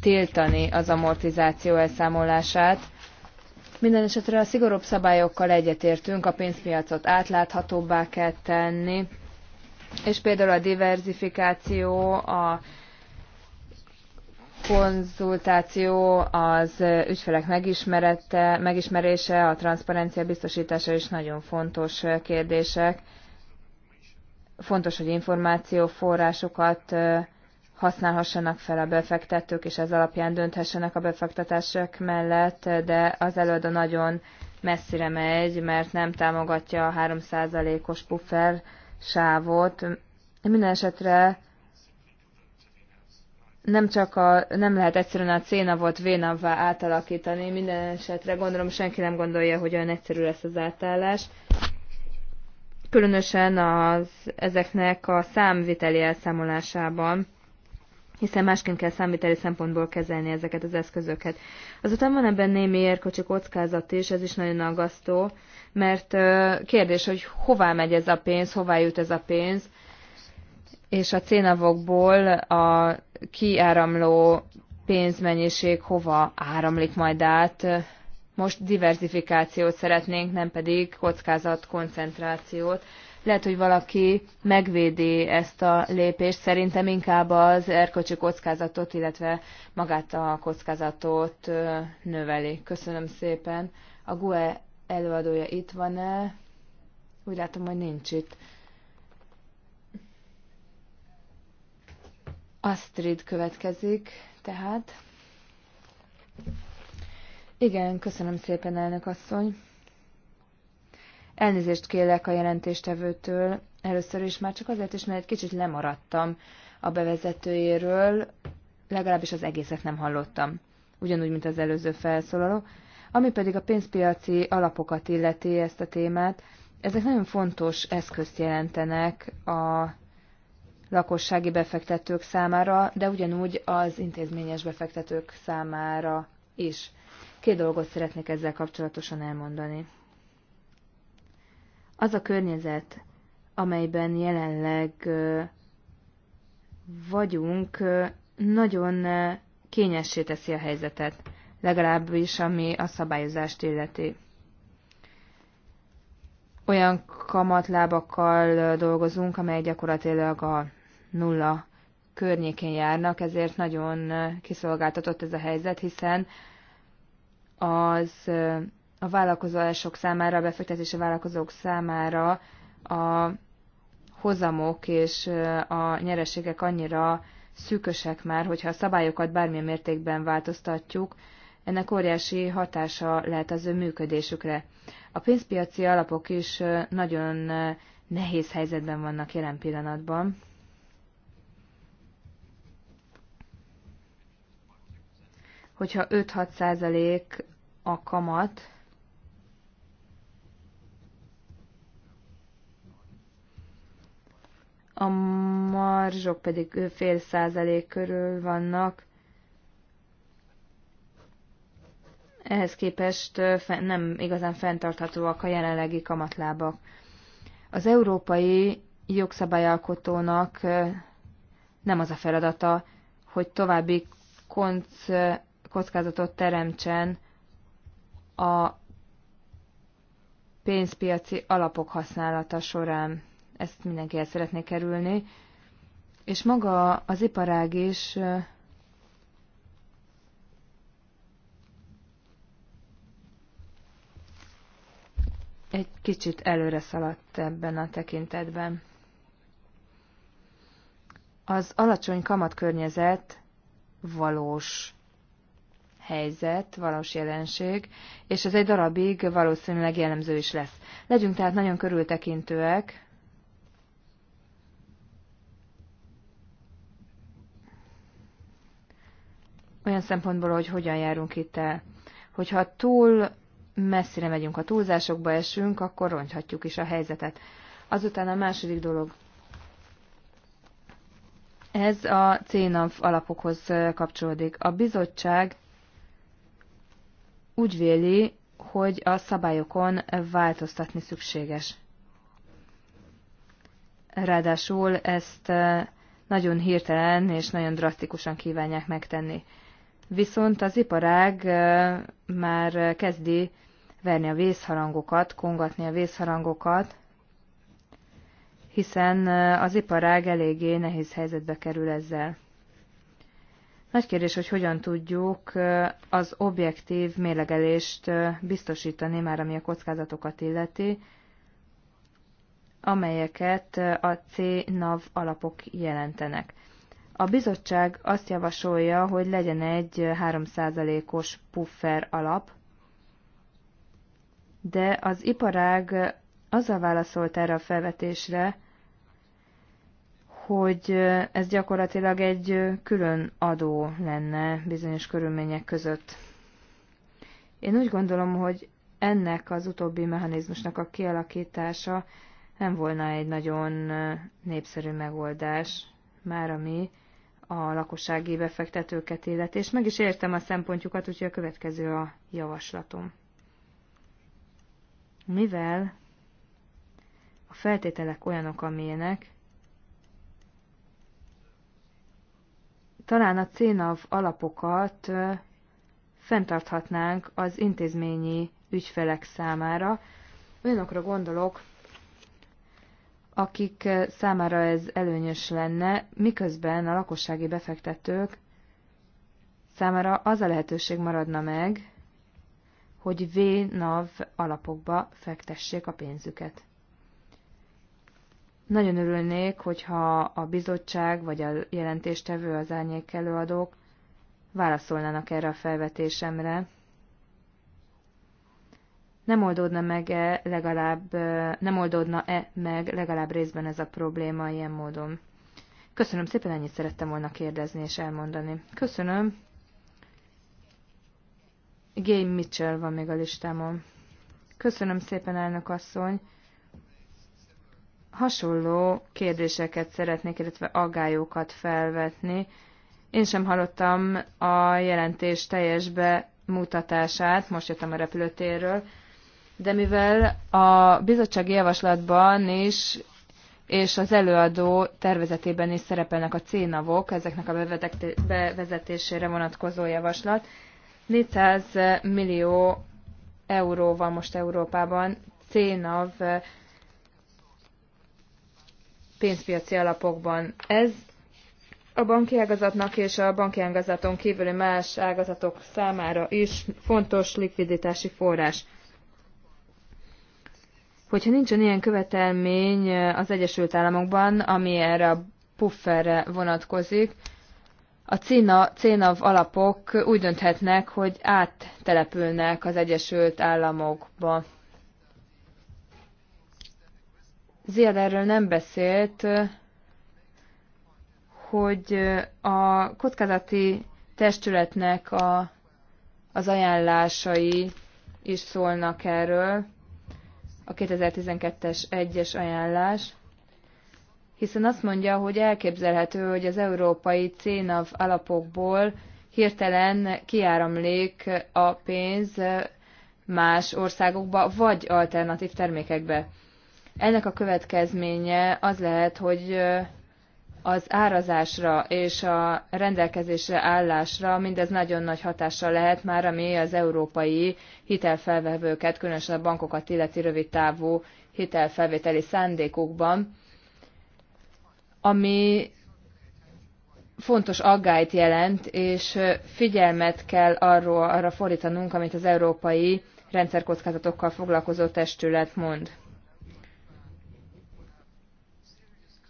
tiltani az amortizáció elszámolását, minden esetre a szigorúbb szabályokkal egyetértünk, a pénzpiacot átláthatóbbá kell tenni, és például a diversifikáció, a konzultáció, az ügyfelek megismerete, megismerése, a transzparencia biztosítása is nagyon fontos kérdések. Fontos, hogy információforrásokat forrásokat használhassanak fel a befektetők, és ez alapján dönthessenek a befektetések mellett, de az előadó nagyon messzire megy, mert nem támogatja a 3%-os puffer sávot. Minden esetre nem csak a, nem lehet egyszerűen a cénavot vénavvá átalakítani, minden esetre gondolom senki nem gondolja, hogy olyan egyszerű lesz az átállás. Különösen az, ezeknek a számviteli elszámolásában hiszen másként kell számítani szempontból kezelni ezeket az eszközöket. Azután van ebben némi érkocsi kockázat is, ez is nagyon aggasztó, mert kérdés, hogy hová megy ez a pénz, hová jut ez a pénz, és a cénavokból a kiáramló pénzmennyiség hova áramlik majd át. Most diversifikációt szeretnénk, nem pedig kockázat koncentrációt. Lehet, hogy valaki megvédi ezt a lépést, szerintem inkább az erkölcsi kockázatot, illetve magát a kockázatot növeli. Köszönöm szépen. A GUE előadója itt van-e? Úgy látom, hogy nincs itt. Astrid következik, tehát. Igen, köszönöm szépen, elnök asszony. Elnézést kérlek a jelentéstevőtől először is, már csak azért is, mert egy kicsit lemaradtam a bevezetőjéről, legalábbis az egészet nem hallottam, ugyanúgy, mint az előző felszólaló. Ami pedig a pénzpiaci alapokat illeti ezt a témát, ezek nagyon fontos eszközt jelentenek a lakossági befektetők számára, de ugyanúgy az intézményes befektetők számára is. Két dolgot szeretnék ezzel kapcsolatosan elmondani. Az a környezet, amelyben jelenleg vagyunk, nagyon kényessé teszi a helyzetet, legalábbis ami a szabályozást illeti. Olyan kamatlábakkal dolgozunk, amely gyakorlatilag a nulla környékén járnak, ezért nagyon kiszolgáltatott ez a helyzet, hiszen az a vállalkozások számára, a befektetési vállalkozók számára a hozamok és a nyereségek annyira szűkösek már, hogyha a szabályokat bármilyen mértékben változtatjuk, ennek óriási hatása lehet az ő működésükre. A pénzpiaci alapok is nagyon nehéz helyzetben vannak jelen pillanatban. Hogyha 5-6 százalék a kamat, a marzsok pedig fél százalék körül vannak. Ehhez képest nem igazán fenntarthatóak a jelenlegi kamatlábak. Az európai jogszabályalkotónak nem az a feladata, hogy további kockázatot teremtsen a pénzpiaci alapok használata során ezt mindenki el szeretné kerülni, és maga az iparág is egy kicsit előre szaladt ebben a tekintetben. Az alacsony kamatkörnyezet valós helyzet, valós jelenség, és ez egy darabig valószínűleg jellemző is lesz. Legyünk tehát nagyon körültekintőek, olyan szempontból, hogy hogyan járunk itt el. Hogyha túl messzire megyünk, ha túlzásokba esünk, akkor ronthatjuk is a helyzetet. Azután a második dolog. Ez a CNAV alapokhoz kapcsolódik. A bizottság úgy véli, hogy a szabályokon változtatni szükséges. Ráadásul ezt nagyon hirtelen és nagyon drasztikusan kívánják megtenni viszont az iparág már kezdi verni a vészharangokat, kongatni a vészharangokat, hiszen az iparág eléggé nehéz helyzetbe kerül ezzel. Nagy kérdés, hogy hogyan tudjuk az objektív mélegelést biztosítani már, ami a kockázatokat illeti, amelyeket a C-NAV alapok jelentenek. A bizottság azt javasolja, hogy legyen egy 3%-os puffer alap, de az iparág azzal válaszolt erre a felvetésre, hogy ez gyakorlatilag egy külön adó lenne bizonyos körülmények között. Én úgy gondolom, hogy ennek az utóbbi mechanizmusnak a kialakítása nem volna egy nagyon népszerű megoldás, már ami a lakossági befektetőket illeti, és meg is értem a szempontjukat, úgyhogy a következő a javaslatom. Mivel a feltételek olyanok, amilyenek, talán a CNAV alapokat fenntarthatnánk az intézményi ügyfelek számára. Olyanokra gondolok, akik eh, számára ez előnyös lenne, miközben a lakossági befektetők számára az a lehetőség maradna meg, hogy VNAV alapokba fektessék a pénzüket. Nagyon örülnék, hogyha a bizottság vagy a jelentéstevő az árnyék előadók válaszolnának erre a felvetésemre, nem oldódna meg -e legalább, nem oldódna-e meg legalább részben ez a probléma ilyen módon? Köszönöm szépen, ennyit szerettem volna kérdezni és elmondani. Köszönöm. Game Mitchell van még a listámon. Köszönöm szépen, elnök asszony. Hasonló kérdéseket szeretnék, illetve agályokat felvetni. Én sem hallottam a jelentés teljes bemutatását, most jöttem a repülőtérről, de mivel a bizottsági javaslatban is és az előadó tervezetében is szerepelnek a cénavok, ezeknek a bevezetésére vonatkozó javaslat. 400 millió euró van most Európában cénav pénzpiaci alapokban. Ez a banki ágazatnak és a banki ágazaton kívüli más ágazatok számára is fontos likviditási forrás hogyha nincsen ilyen követelmény az Egyesült Államokban, ami erre a pufferre vonatkozik, a CINA, CINAV alapok úgy dönthetnek, hogy áttelepülnek az Egyesült Államokba. Ziad erről nem beszélt, hogy a kockázati testületnek a, az ajánlásai is szólnak erről a 2012-es egyes ajánlás, hiszen azt mondja, hogy elképzelhető, hogy az európai CNAV alapokból hirtelen kiáramlik a pénz más országokba, vagy alternatív termékekbe. Ennek a következménye az lehet, hogy az árazásra és a rendelkezésre állásra mindez nagyon nagy hatással lehet már, ami az európai hitelfelvevőket, különösen a bankokat illeti távú hitelfelvételi szándékokban, ami fontos aggályt jelent, és figyelmet kell arról, arra fordítanunk, amit az európai rendszerkockázatokkal foglalkozó testület mond.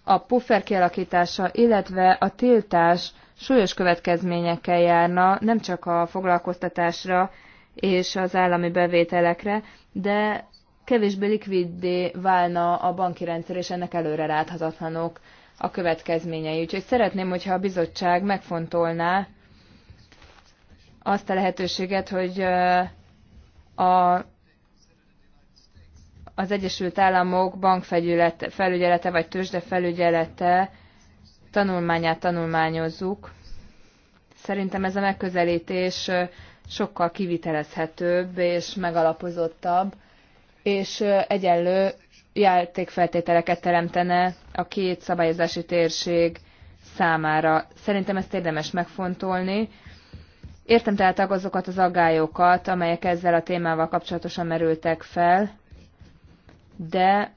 a puffer kialakítása, illetve a tiltás súlyos következményekkel járna, nem csak a foglalkoztatásra és az állami bevételekre, de kevésbé likviddé válna a banki rendszer, és ennek előre láthatatlanok a következményei. Úgyhogy szeretném, hogyha a bizottság megfontolná azt a lehetőséget, hogy a az Egyesült Államok bankfelügyelete felügyelete, vagy felügyelete tanulmányát tanulmányozzuk. Szerintem ez a megközelítés sokkal kivitelezhetőbb és megalapozottabb, és egyenlő játékfeltételeket teremtene a két szabályozási térség számára. Szerintem ezt érdemes megfontolni. Értem tehát azokat az aggályokat, amelyek ezzel a témával kapcsolatosan merültek fel, de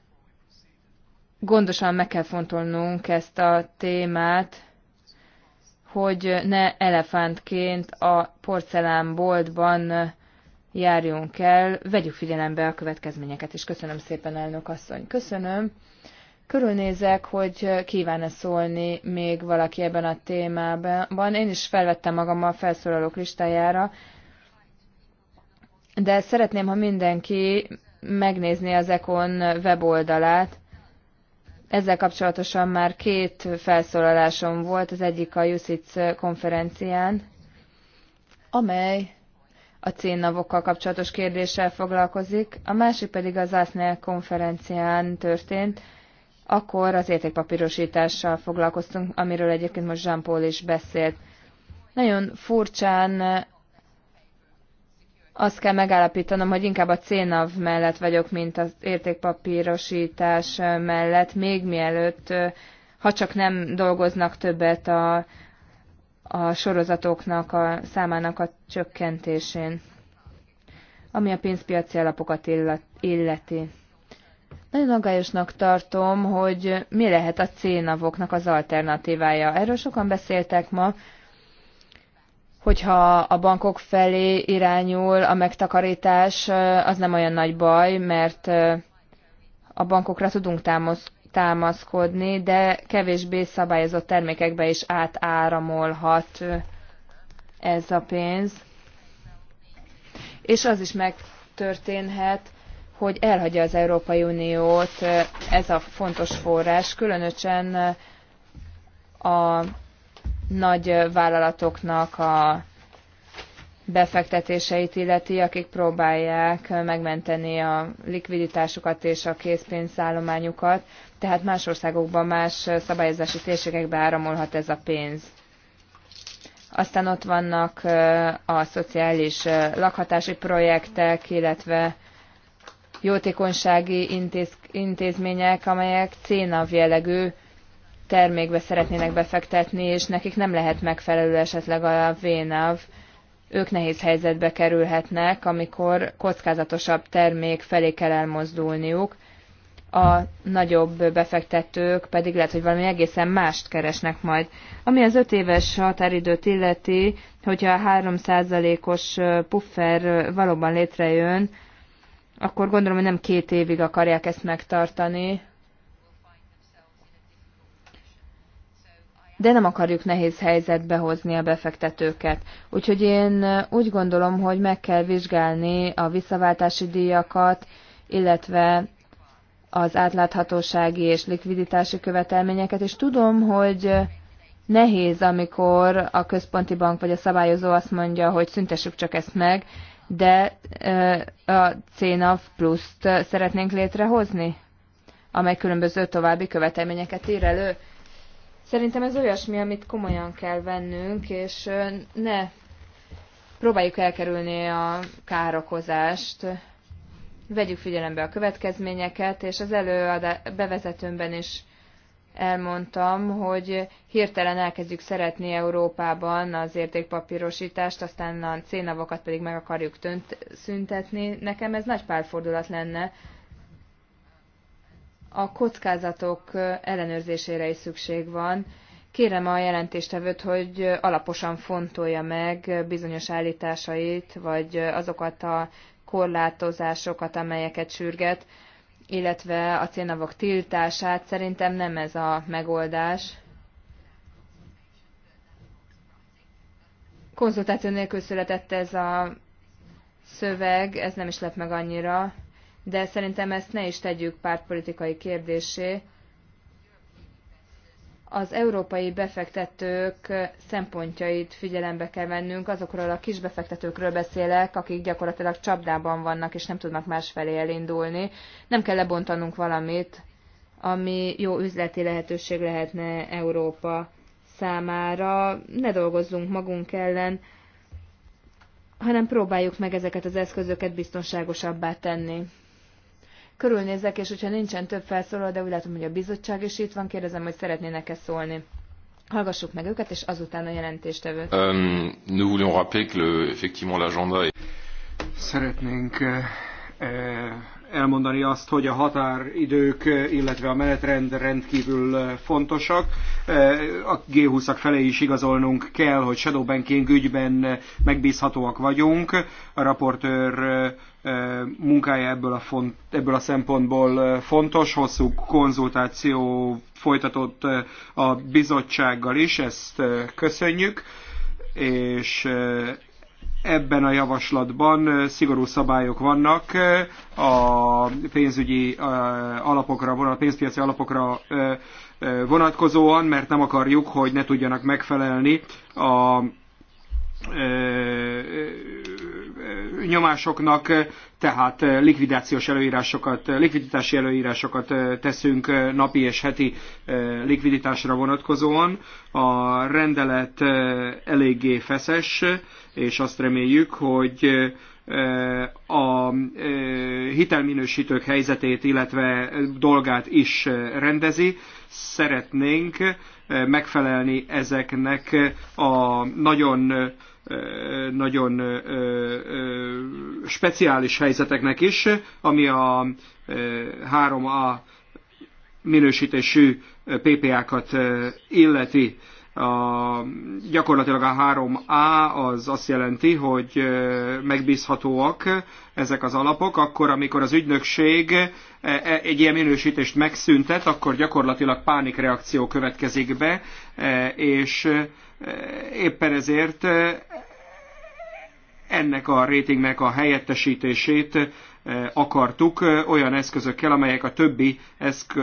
gondosan meg kell fontolnunk ezt a témát, hogy ne elefántként a porcelánboltban járjunk el, vegyük figyelembe a következményeket is. Köszönöm szépen, elnök asszony. Köszönöm. Körülnézek, hogy kíván-e szólni még valaki ebben a témában. Én is felvettem magam a felszólalók listájára, de szeretném, ha mindenki megnézni az Econ weboldalát. Ezzel kapcsolatosan már két felszólalásom volt, az egyik a USIC konferencián, amely a cénnavokkal kapcsolatos kérdéssel foglalkozik, a másik pedig az ASZNEL konferencián történt, akkor az értékpapírosítással foglalkoztunk, amiről egyébként most Jean-Paul is beszélt. Nagyon furcsán azt kell megállapítanom, hogy inkább a CNAV mellett vagyok, mint az értékpapírosítás mellett, még mielőtt, ha csak nem dolgoznak többet a, a sorozatoknak a számának a csökkentésén, ami a pénzpiaci alapokat illeti. Nagyon aggályosnak tartom, hogy mi lehet a cénavoknak az alternatívája. Erről sokan beszéltek ma, hogyha a bankok felé irányul a megtakarítás, az nem olyan nagy baj, mert a bankokra tudunk támasz, támaszkodni, de kevésbé szabályozott termékekbe is átáramolhat ez a pénz. És az is megtörténhet, hogy elhagyja az Európai Uniót ez a fontos forrás, különösen a nagy vállalatoknak a befektetéseit illeti, akik próbálják megmenteni a likviditásukat és a készpénzállományukat, tehát más országokban, más szabályozási térségekbe áramolhat ez a pénz. Aztán ott vannak a szociális lakhatási projektek, illetve jótékonysági intéz, intézmények, amelyek cénav jellegű termékbe szeretnének befektetni, és nekik nem lehet megfelelő esetleg a VNAV, ők nehéz helyzetbe kerülhetnek, amikor kockázatosabb termék felé kell elmozdulniuk, a nagyobb befektetők pedig lehet, hogy valami egészen mást keresnek majd. Ami az öt éves határidőt illeti, hogyha a 3%-os puffer valóban létrejön, akkor gondolom, hogy nem két évig akarják ezt megtartani, de nem akarjuk nehéz helyzetbe hozni a befektetőket. Úgyhogy én úgy gondolom, hogy meg kell vizsgálni a visszaváltási díjakat, illetve az átláthatósági és likviditási követelményeket, és tudom, hogy nehéz, amikor a központi bank vagy a szabályozó azt mondja, hogy szüntessük csak ezt meg, de a CNAV pluszt szeretnénk létrehozni, amely különböző további követelményeket ír elő. Szerintem ez olyasmi, amit komolyan kell vennünk, és ne próbáljuk elkerülni a károkozást, vegyük figyelembe a következményeket, és az előadá bevezetőmben is elmondtam, hogy hirtelen elkezdjük szeretni Európában az értékpapírosítást, aztán a cénavokat pedig meg akarjuk tönt, szüntetni. Nekem ez nagy párfordulat lenne a kockázatok ellenőrzésére is szükség van. Kérem a jelentéstevőt, hogy alaposan fontolja meg bizonyos állításait, vagy azokat a korlátozásokat, amelyeket sürget, illetve a cénavok tiltását. Szerintem nem ez a megoldás. Konzultáció nélkül született ez a szöveg, ez nem is lett meg annyira de szerintem ezt ne is tegyük pártpolitikai kérdésé. Az európai befektetők szempontjait figyelembe kell vennünk, azokról a kis befektetőkről beszélek, akik gyakorlatilag csapdában vannak, és nem tudnak másfelé elindulni. Nem kell lebontanunk valamit, ami jó üzleti lehetőség lehetne Európa számára. Ne dolgozzunk magunk ellen, hanem próbáljuk meg ezeket az eszközöket biztonságosabbá tenni. Körülnézek, és hogyha nincsen több felszólaló, de úgy látom, hogy a bizottság is itt van, kérdezem, hogy szeretnének-e szólni. Hallgassuk meg őket, és azután a jelentéstevőt. Um, nous voulons rappeler que le, effectivement l'agenda est... Szeretnénk eh, eh, elmondani azt, hogy a határidők, eh, illetve a menetrend rendkívül fontosak. A G20-ak felé is igazolnunk kell, hogy shadow banking ügyben megbízhatóak vagyunk. A raportőr munkája ebből a, font, ebből a szempontból fontos. Hosszú konzultáció folytatott a bizottsággal is, ezt köszönjük, és ebben a javaslatban szigorú szabályok vannak a pénzügyi alapokra, a pénzpiaci alapokra vonatkozóan, mert nem akarjuk, hogy ne tudjanak megfelelni a nyomásoknak, tehát likvidációs előírásokat, likviditási előírásokat teszünk napi és heti likviditásra vonatkozóan. A rendelet eléggé feszes, és azt reméljük, hogy a hitelminősítők helyzetét, illetve dolgát is rendezi. Szeretnénk megfelelni ezeknek a nagyon nagyon speciális helyzeteknek is, ami a 3A minősítésű PPA-kat illeti. A, gyakorlatilag a 3A az azt jelenti, hogy megbízhatóak ezek az alapok, akkor amikor az ügynökség e, egy ilyen minősítést megszüntet, akkor gyakorlatilag pánikreakció következik be, és Éppen ezért eh, ennek a ratingnek a helyettesítését eh, akartuk eh, olyan eszközökkel, amelyek a többi,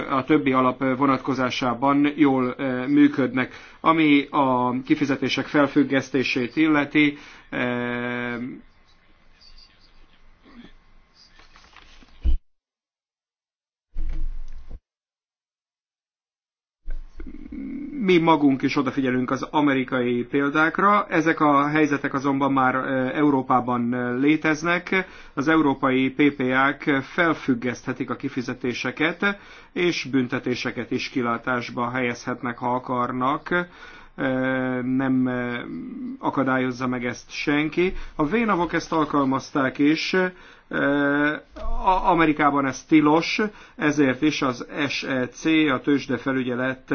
a többi alap vonatkozásában jól működnek. Ami a kifizetések felfüggesztését illeti, mi magunk is odafigyelünk az amerikai példákra. Ezek a helyzetek azonban már Európában léteznek. Az európai PPA-k felfüggeszthetik a kifizetéseket, és büntetéseket is kilátásba helyezhetnek, ha akarnak nem akadályozza meg ezt senki. A vénavok ezt alkalmazták is, Amerikában ez tilos, ezért is az SEC, a tőzsdefelügyelet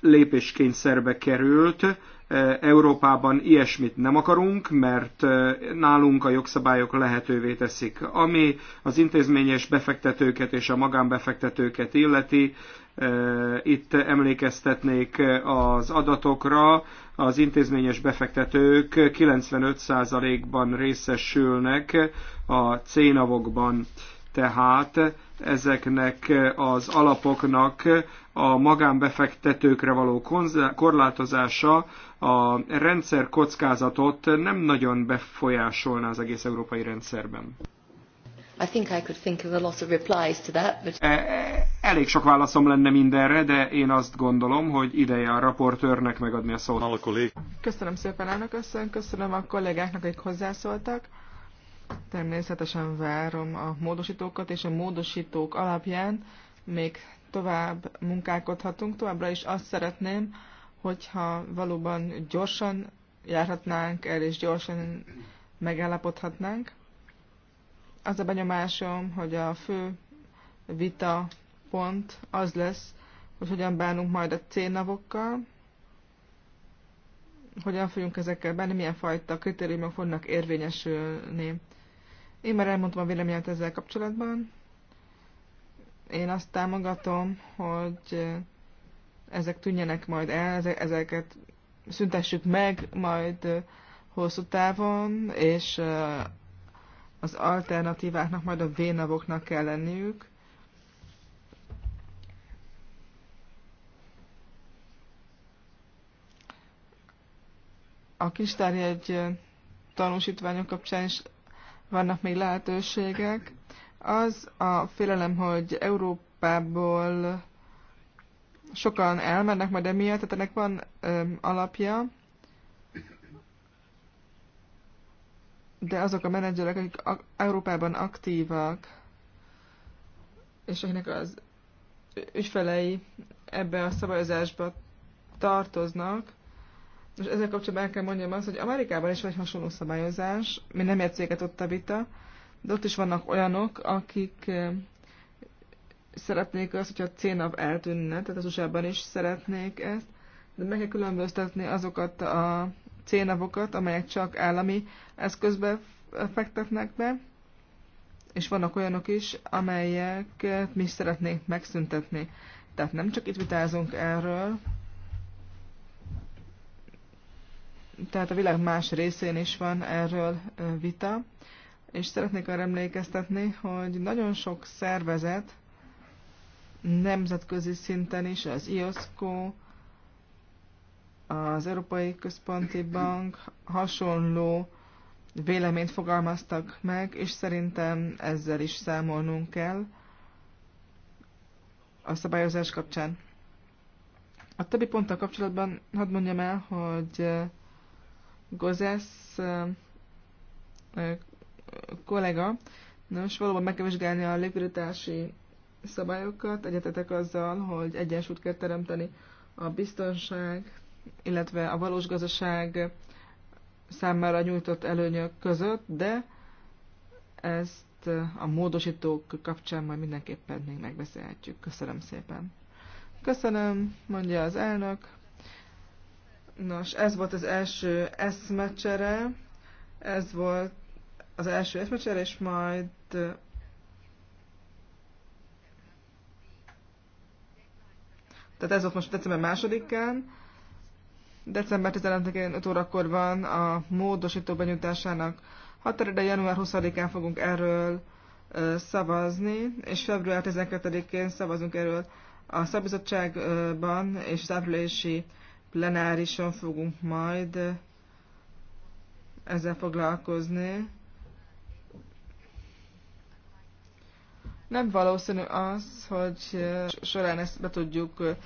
lépéskényszerbe került. E, Európában ilyesmit nem akarunk, mert e, nálunk a jogszabályok lehetővé teszik. Ami az intézményes befektetőket és a magánbefektetőket illeti, e, itt emlékeztetnék az adatokra, az intézményes befektetők 95%-ban részesülnek a cénavokban, tehát ezeknek eh, az alapoknak a magánbefektetőkre való korlátozása a rendszer kockázatot nem nagyon befolyásolná az egész európai rendszerben. Eh, eh, elég sok válaszom lenne mindenre, de én azt gondolom, hogy ideje a raportőrnek megadni a szót. Köszönöm szépen, elnök asszony, köszönöm a kollégáknak, akik hozzászóltak. Természetesen várom a módosítókat, és a módosítók alapján még tovább munkálkodhatunk. Továbbra is azt szeretném, hogyha valóban gyorsan járhatnánk el, és gyorsan megállapodhatnánk. Az a benyomásom, hogy a fő vita pont az lesz, hogy hogyan bánunk majd a célnavokkal, hogyan fogunk ezekkel benni, milyen fajta kritériumok fognak érvényesülni. Én már elmondtam a véleményet ezzel kapcsolatban. Én azt támogatom, hogy ezek tűnjenek majd el, ezeket szüntessük meg majd hosszú távon, és az alternatíváknak, majd a vénavoknak kell lenniük. A kincstár egy tanúsítványok kapcsán is vannak még lehetőségek. Az a félelem, hogy Európából sokan elmennek majd emiatt, tehát ennek van ö, alapja, de azok a menedzserek, akik a- Európában aktívak, és akinek az ügyfelei ebbe a szabályozásba tartoznak, most ezzel kapcsolatban el kell mondjam azt, hogy Amerikában is van egy hasonló szabályozás, mi nem ért ott a vita, de ott is vannak olyanok, akik eh, szeretnék azt, hogyha a cénav eltűnne, tehát az usa is szeretnék ezt, de meg kell különböztetni azokat a cénavokat, amelyek csak állami eszközbe fektetnek be, és vannak olyanok is, amelyeket mi is szeretnénk megszüntetni. Tehát nem csak itt vitázunk erről, tehát a világ más részén is van erről vita, és szeretnék arra emlékeztetni, hogy nagyon sok szervezet nemzetközi szinten is, az IOSCO, az Európai Központi Bank hasonló véleményt fogalmaztak meg, és szerintem ezzel is számolnunk kell a szabályozás kapcsán. A többi ponttal kapcsolatban hadd mondjam el, hogy Gozesz kollega, na most valóban meg kell vizsgálni a légvédelmi szabályokat, egyetetek azzal, hogy egyensúlyt kell teremteni a biztonság, illetve a valós gazdaság számára nyújtott előnyök között, de ezt a módosítók kapcsán majd mindenképpen még megbeszélhetjük. Köszönöm szépen. Köszönöm, mondja az elnök. Nos, ez volt az első eszmecsere, ez volt az első eszmecsere, és majd tehát ez volt most december másodikán, december 15-én 5 órakor van a módosító benyújtásának határideje, január 20-án fogunk erről szavazni, és február 12-én szavazunk erről a szabizottságban és az áprilisi plenárison fogunk majd ezzel foglalkozni. Nem valószínű az, hogy során ezt be tudjuk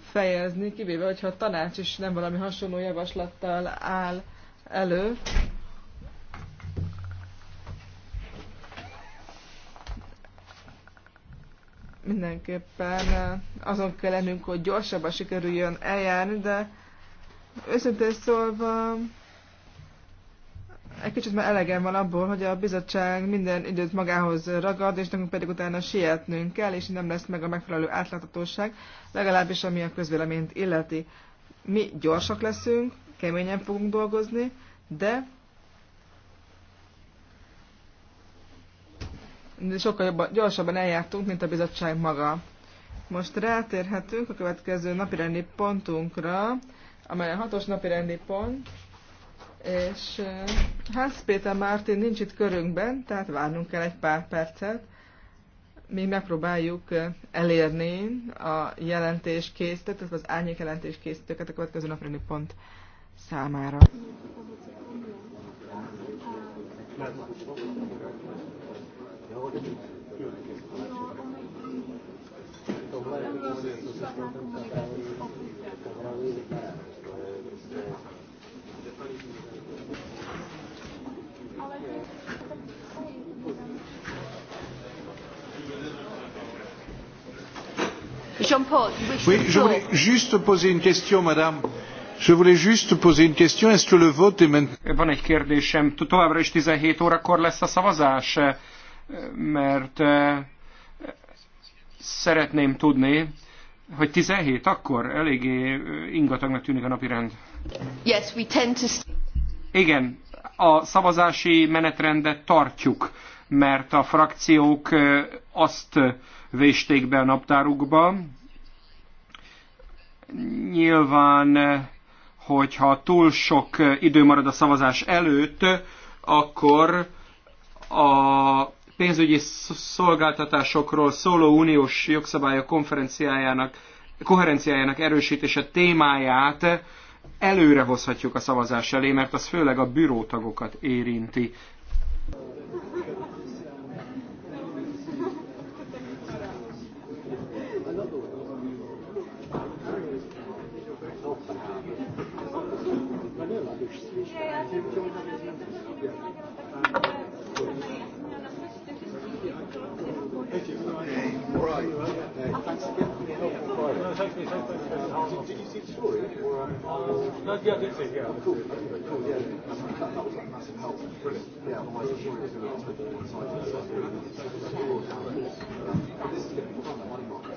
fejezni, kivéve, hogyha a tanács is nem valami hasonló javaslattal áll elő, mindenképpen eh, azon kell lennünk, hogy gyorsabban sikerüljön eljárni, de őszintén szólva egy kicsit már elegem van abból, hogy a bizottság minden időt magához ragad, és nekünk pedig utána sietnünk kell, és nem lesz meg a megfelelő átláthatóság, legalábbis ami a közvéleményt illeti. Mi gyorsak leszünk, keményen fogunk dolgozni, de sokkal jobban, gyorsabban eljártunk, mint a bizottság maga. Most rátérhetünk a következő napirendi pontunkra, amely a hatos napirendi pont, és eh, Hans Péter Mártin nincs itt körünkben, tehát várnunk kell egy pár percet, még megpróbáljuk eh, elérni a jelentés készítőt, az árnyék jelentés készítőket a következő napirendi pont számára. Köszönöm. Oui, je voulais juste poser une question, madame. Je voulais juste poser une question. Est-ce que le vote est maintenant... Van egy kérdésem. Továbbra is 17 órakor lesz a szavazás mert eh, szeretném tudni, hogy 17 akkor eléggé eh, ingatagnak tűnik a napi rend. Yes, we tend to... Igen, a szavazási menetrendet tartjuk, mert a frakciók eh, azt vésték be a naptárukba. Nyilván, hogyha túl sok idő marad a szavazás előtt, akkor a pénzügyi szolgáltatásokról szóló uniós jogszabályok konferenciájának, koherenciájának erősítése témáját előre hozhatjuk a szavazás elé, mert az főleg a bürótagokat érinti. Yeah, I think Right. Uh, thanks again for the help provided. No, thank you. Thank you. Did, did you see the story? Or, um, uh, no, yeah, I did see it, yeah. Cool. Okay, cool, yeah. That, that was like massive help. Brilliant. Yeah, otherwise the story was going to take one side. So, this is going to be fun, the money market.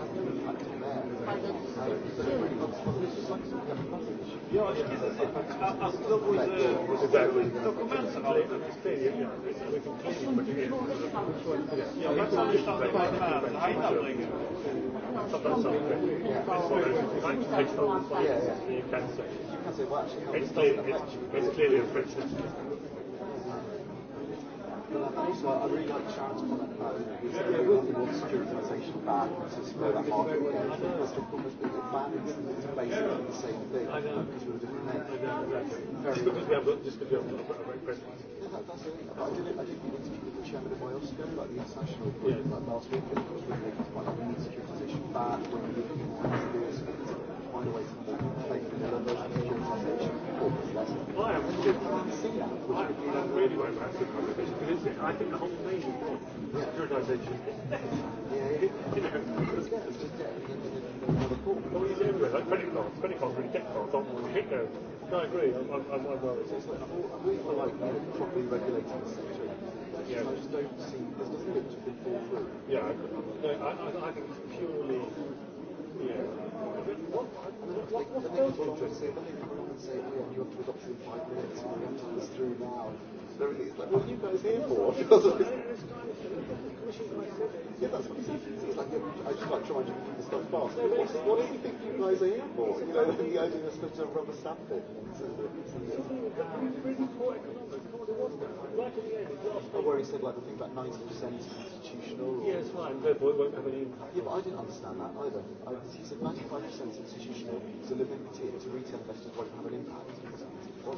Ja, det finns alltså de vår dokument som har Jag vet inte om det är med Einabringen. It's clearly a French But I also, really like Sharon's comment about it. It's a really wonderful securitisation ban, which is where the market goes. That's the problem, but the ban is basically the same thing, because we're a different name. Very it's because we have just to be able to put a right precedent. I did it, I did meet with the chairman of Wales, about the international group, yeah. like last week, and it was really about the securitisation ban, when we're looking at more ideas, find a way to make the why I wouldn't see that. I, I really won't back synchronisation because it's, I think the whole thing is wrong. Yeah. Synchronisation. yeah, yeah. you know. It's, yeah, it's just yeah, another form. Well, you see everywhere, like credit cards. Credit cards No, I agree. I'm, I'm, I'm, I'm worried. it's like, I'm all for like properly regulating the sector. Yeah. I just don't see, there's nothing that fall through. Yeah, I, I, I, I think it's purely, yeah. What, what, what, what's Belgium doing? say, Liam, your introduction in five minutes, we have to go through now and everything. It's like, what are you guys here for? yeah, that's what he said. He's like, yeah, I just like trying to keep this stuff fast. What's, what do you think you guys are here for? You know, the owning a split of rubber stamping. Oh, where he said like the thing about 90% institutional. Or... Yeah, it's fine. Therefore, it won't have any impact. Yeah, but I didn't understand that either. I, he said 95% institutional, so limiting it to retail investors won't have an impact. What?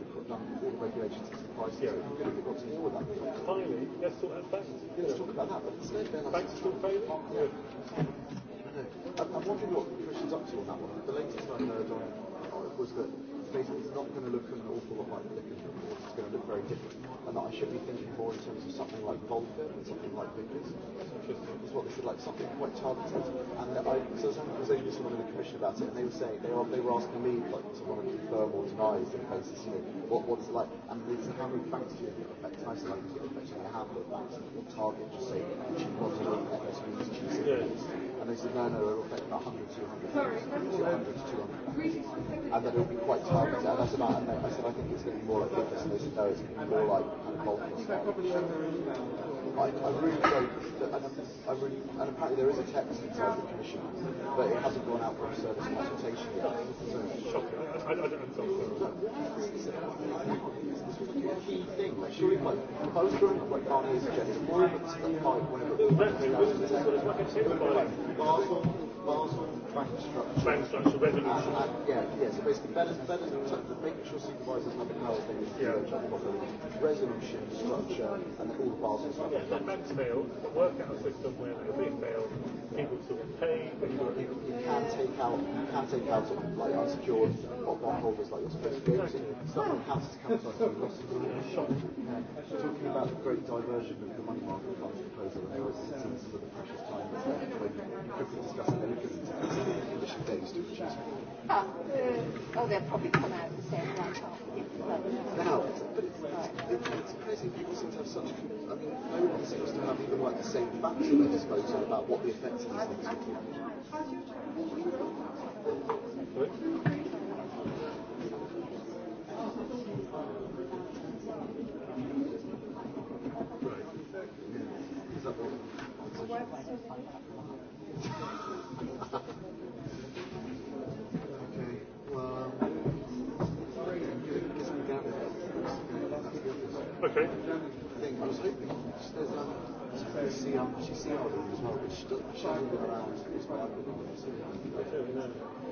Finally, let's talk about banks. Yeah, let's talk banks still failing? Yeah. I, I'm wondering what Christian's up to on that one. The latest I heard on was that face is not going to look an awful lot like Vickers report. It's going to look very different. And that I should be thinking more in terms of something like Volker and something like Vickers. That's what they said, like something quite targeted. And I, so I was having a conversation with someone in the commission about it, and they were saying, they were, they were asking me like, to want to confirm or deny in basis, you know, what, what it's like. And they said, how many factors do you think affect? And I said, like, you effectively a handful of factors. What target, just say, you wants to look at FSBs, and they said, no, no, it'll affect about 100, 200 200 to And that it'll be quite targeted. And I said, I, I said, I think it's going to be more like fitness. And they said, no, it's going to be more like kind of stuff. I, I really don't, and, I really, and apparently there is a text inside the commission, but it hasn't gone out for a service consultation yet. So, shocking. I, I don't key thing. Like, surely, like, if I was growing up, like, Barney is just more of a fight whenever it was. like a tip fight. Basel, Basel Frank structure. Frank structure, resolution. Uh, uh, yeah, yeah, so basically better, better in terms of making sure supervisors have the power they need to yeah. job properly. Resolution, structure, and then all the bars and stuff. Yeah, let banks fail, but work out a system where if they fail, people still pay. People you, you can take out, you can take out sort of like unsecured bondholders like you're supposed to be able to. Stuff like houses come to us and we're talking about the great diversion of the money market funds proposal, and there was instances of the precious time that's left when days difference? Ah, uh, oh, they'll probably come out the same night after. Now, but it's, it's, it's crazy people seem to have such. I mean, no one seems to have even like the same facts at their disposal about what the effects of these things could be. Sorry? Right. Is that what? Okay. Thing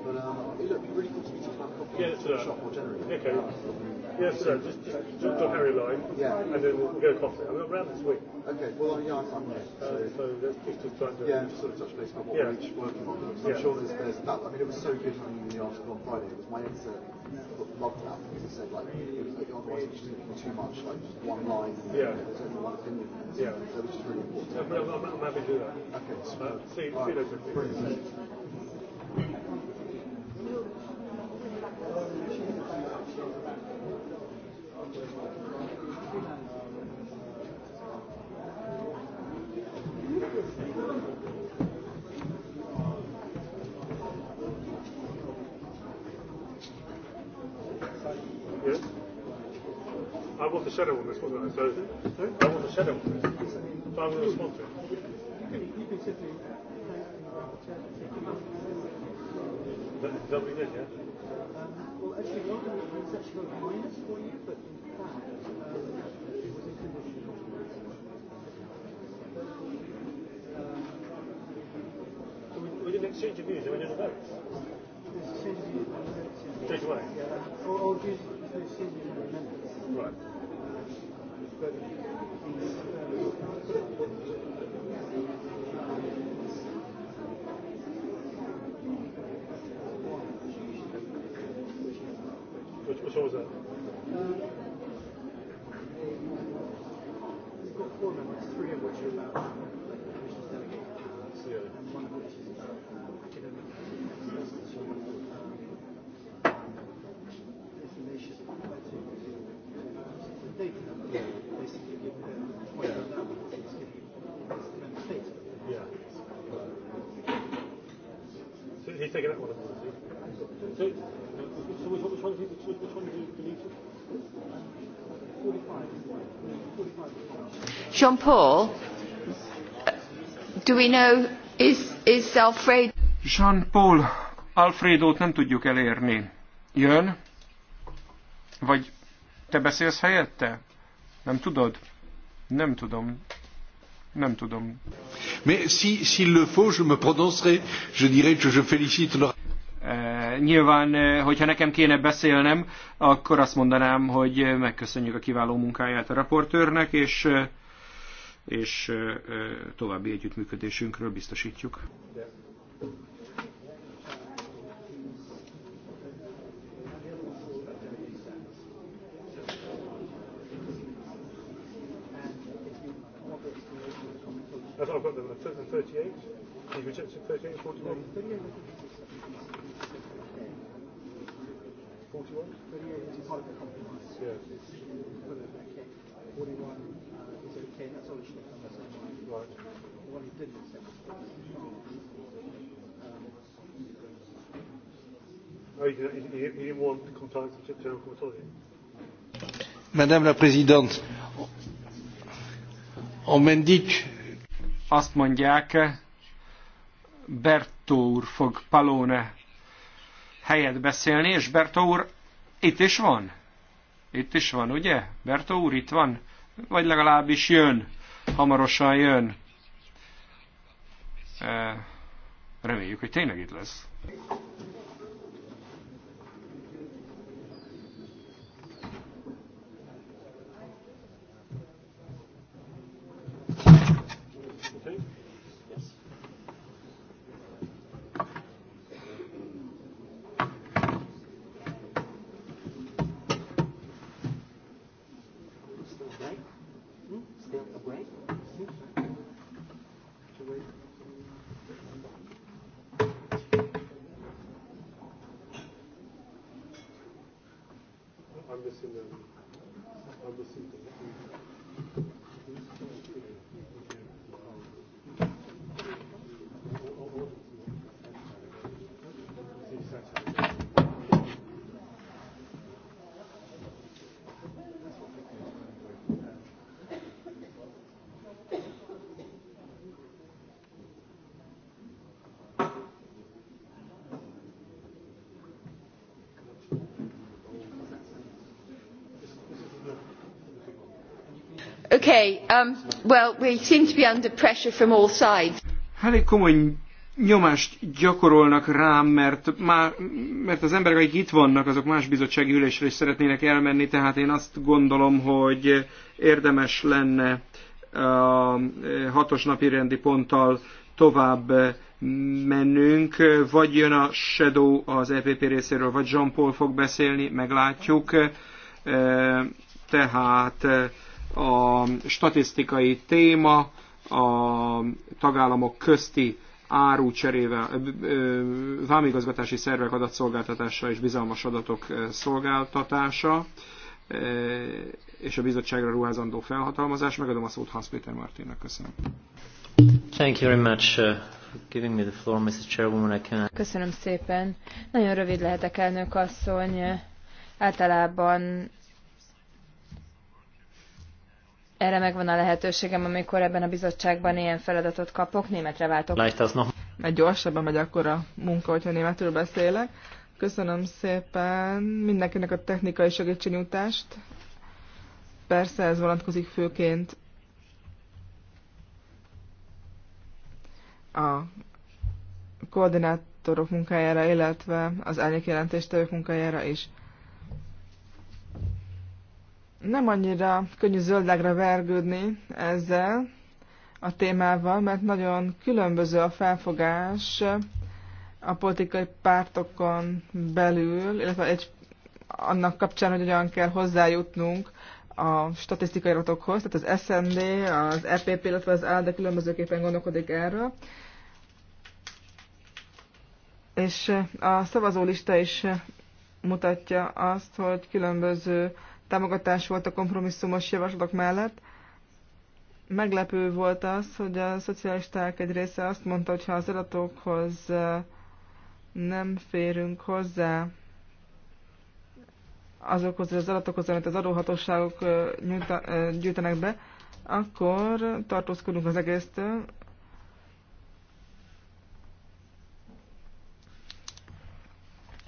But um, look, you really want to be talking about coffee yes, sir. shop more generally. Okay. Yes, sir. Just, just, just uh, the Harry line. Yeah. And then we'll get a coffee. I'm around this week. Okay. Well, I mean, yeah, I'm here. Uh, so, uh, so let's just, just try and do Yeah, just sort of touch base about what yeah. we're each working on. So yeah. I'm sure there's, there's that. I mean, it was so good reading the article on Friday. It was my editor loved that because it said like, it was like otherwise it's just too much, like just one line. And yeah. There's only one opinion. So, yeah. So which is really important. Yeah, but I'm, I'm, happy to do that. Okay. So, uh, see, right. you later. Brilliant. I the shadow on this, wasn't I? So I was the shadow on this. So I'm was a sponsor. That, be good, yeah? well, actually, one of them was actually you, Jean Paul, do we know, is, is Alfred... Jean Paul, Alfredót nem tudjuk elérni. Jön? Vagy te beszélsz helyette? Nem tudod? Nem tudom. Nem tudom. Mais si, s'il le faut, je me prononcerai. Je dirai que je félicite leur... Eh, nyilván, eh, hogyha nekem kéne beszélnem, akkor azt mondanám, hogy eh, megköszönjük a kiváló munkáját a raportőrnek, és és további együttműködésünkről biztosítjuk. That's You Madame la Présidente, on m'indique... Azt mondják, Bertó úr fog Palone helyet beszélni, és Bertó úr itt is van. Itt is van, ugye? Bertó úr itt van vagy legalábbis jön, hamarosan jön. Reméljük, hogy tényleg itt lesz. Um, Elég hát komoly nyomást gyakorolnak rám, mert, mert az emberek, akik itt vannak, azok más bizottsági ülésre is szeretnének elmenni, tehát én azt gondolom, hogy érdemes lenne a hatos napi rendi ponttal tovább mennünk, vagy jön a Shadow az EPP részéről, vagy Jean-Paul fog beszélni, meglátjuk. Tehát a statisztikai téma a tagállamok közti árucserével, vámigazgatási szervek adatszolgáltatása és bizalmas adatok szolgáltatása, és a bizottságra ruházandó felhatalmazás. Megadom a szót Hans Peter Martinnak. Köszönöm. Thank you very much uh, for giving me the floor, Mr. Chairwoman. I can... Köszönöm szépen. Nagyon rövid lehetek, elnök asszony. Általában erre megvan a lehetőségem, amikor ebben a bizottságban ilyen feladatot kapok. Németre váltok. Mert gyorsabban megy akkor a munka, hogyha németül beszélek. Köszönöm szépen mindenkinek a technikai segítségnyújtást. Persze ez vonatkozik főként a koordinátorok munkájára, illetve az jelentéstevők munkájára is nem annyira könnyű zöldágra vergődni ezzel a témával, mert nagyon különböző a felfogás a politikai pártokon belül, illetve egy, annak kapcsán, hogy hogyan kell hozzájutnunk a statisztikai adatokhoz, tehát az SND, az EPP, illetve az ALDE különbözőképpen gondolkodik erről. És a szavazólista is mutatja azt, hogy különböző támogatás volt a kompromisszumos javaslatok mellett. Meglepő volt az, hogy a szocialisták egy része azt mondta, hogy ha az adatokhoz nem férünk hozzá, azokhoz az adatokhoz, amit az adóhatóságok gyűjtenek be, akkor tartózkodunk az egésztől,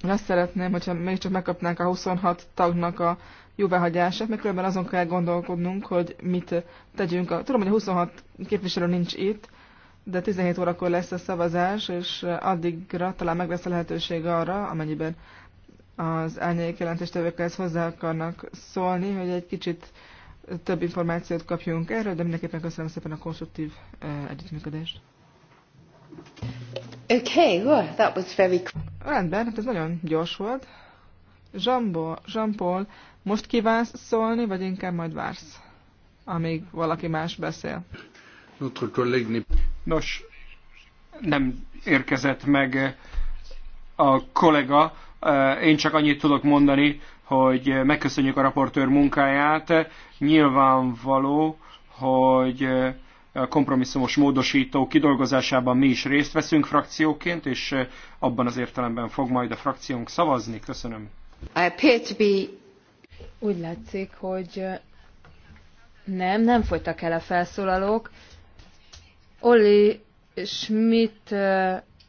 azt szeretném, hogyha mégiscsak megkapnánk a 26 tagnak a jóváhagyását, mert különben azon kell gondolkodnunk, hogy mit tegyünk. A, tudom, hogy a 26 képviselő nincs itt, de 17 órakor lesz a szavazás, és addigra talán meg lesz a lehetőség arra, amennyiben az árnyék jelentéstevőkhez hozzá akarnak szólni, hogy egy kicsit több információt kapjunk erről, de mindenképpen köszönöm szépen a konstruktív eh, együttműködést. Okay, well, that was very... Rendben, hát ez nagyon gyors volt. Jean-Paul most kívánsz szólni, vagy inkább majd vársz, amíg valaki más beszél? Nos, nem érkezett meg eh, a kollega. Eh, én csak annyit tudok mondani, hogy eh, megköszönjük a raportőr munkáját. Nyilvánvaló, hogy a kompromisszumos módosító kidolgozásában mi is részt veszünk frakcióként, és abban az értelemben fog majd a frakciónk szavazni. Köszönöm. I appear to be úgy látszik, hogy nem, nem folytak el a felszólalók. Oli Schmidt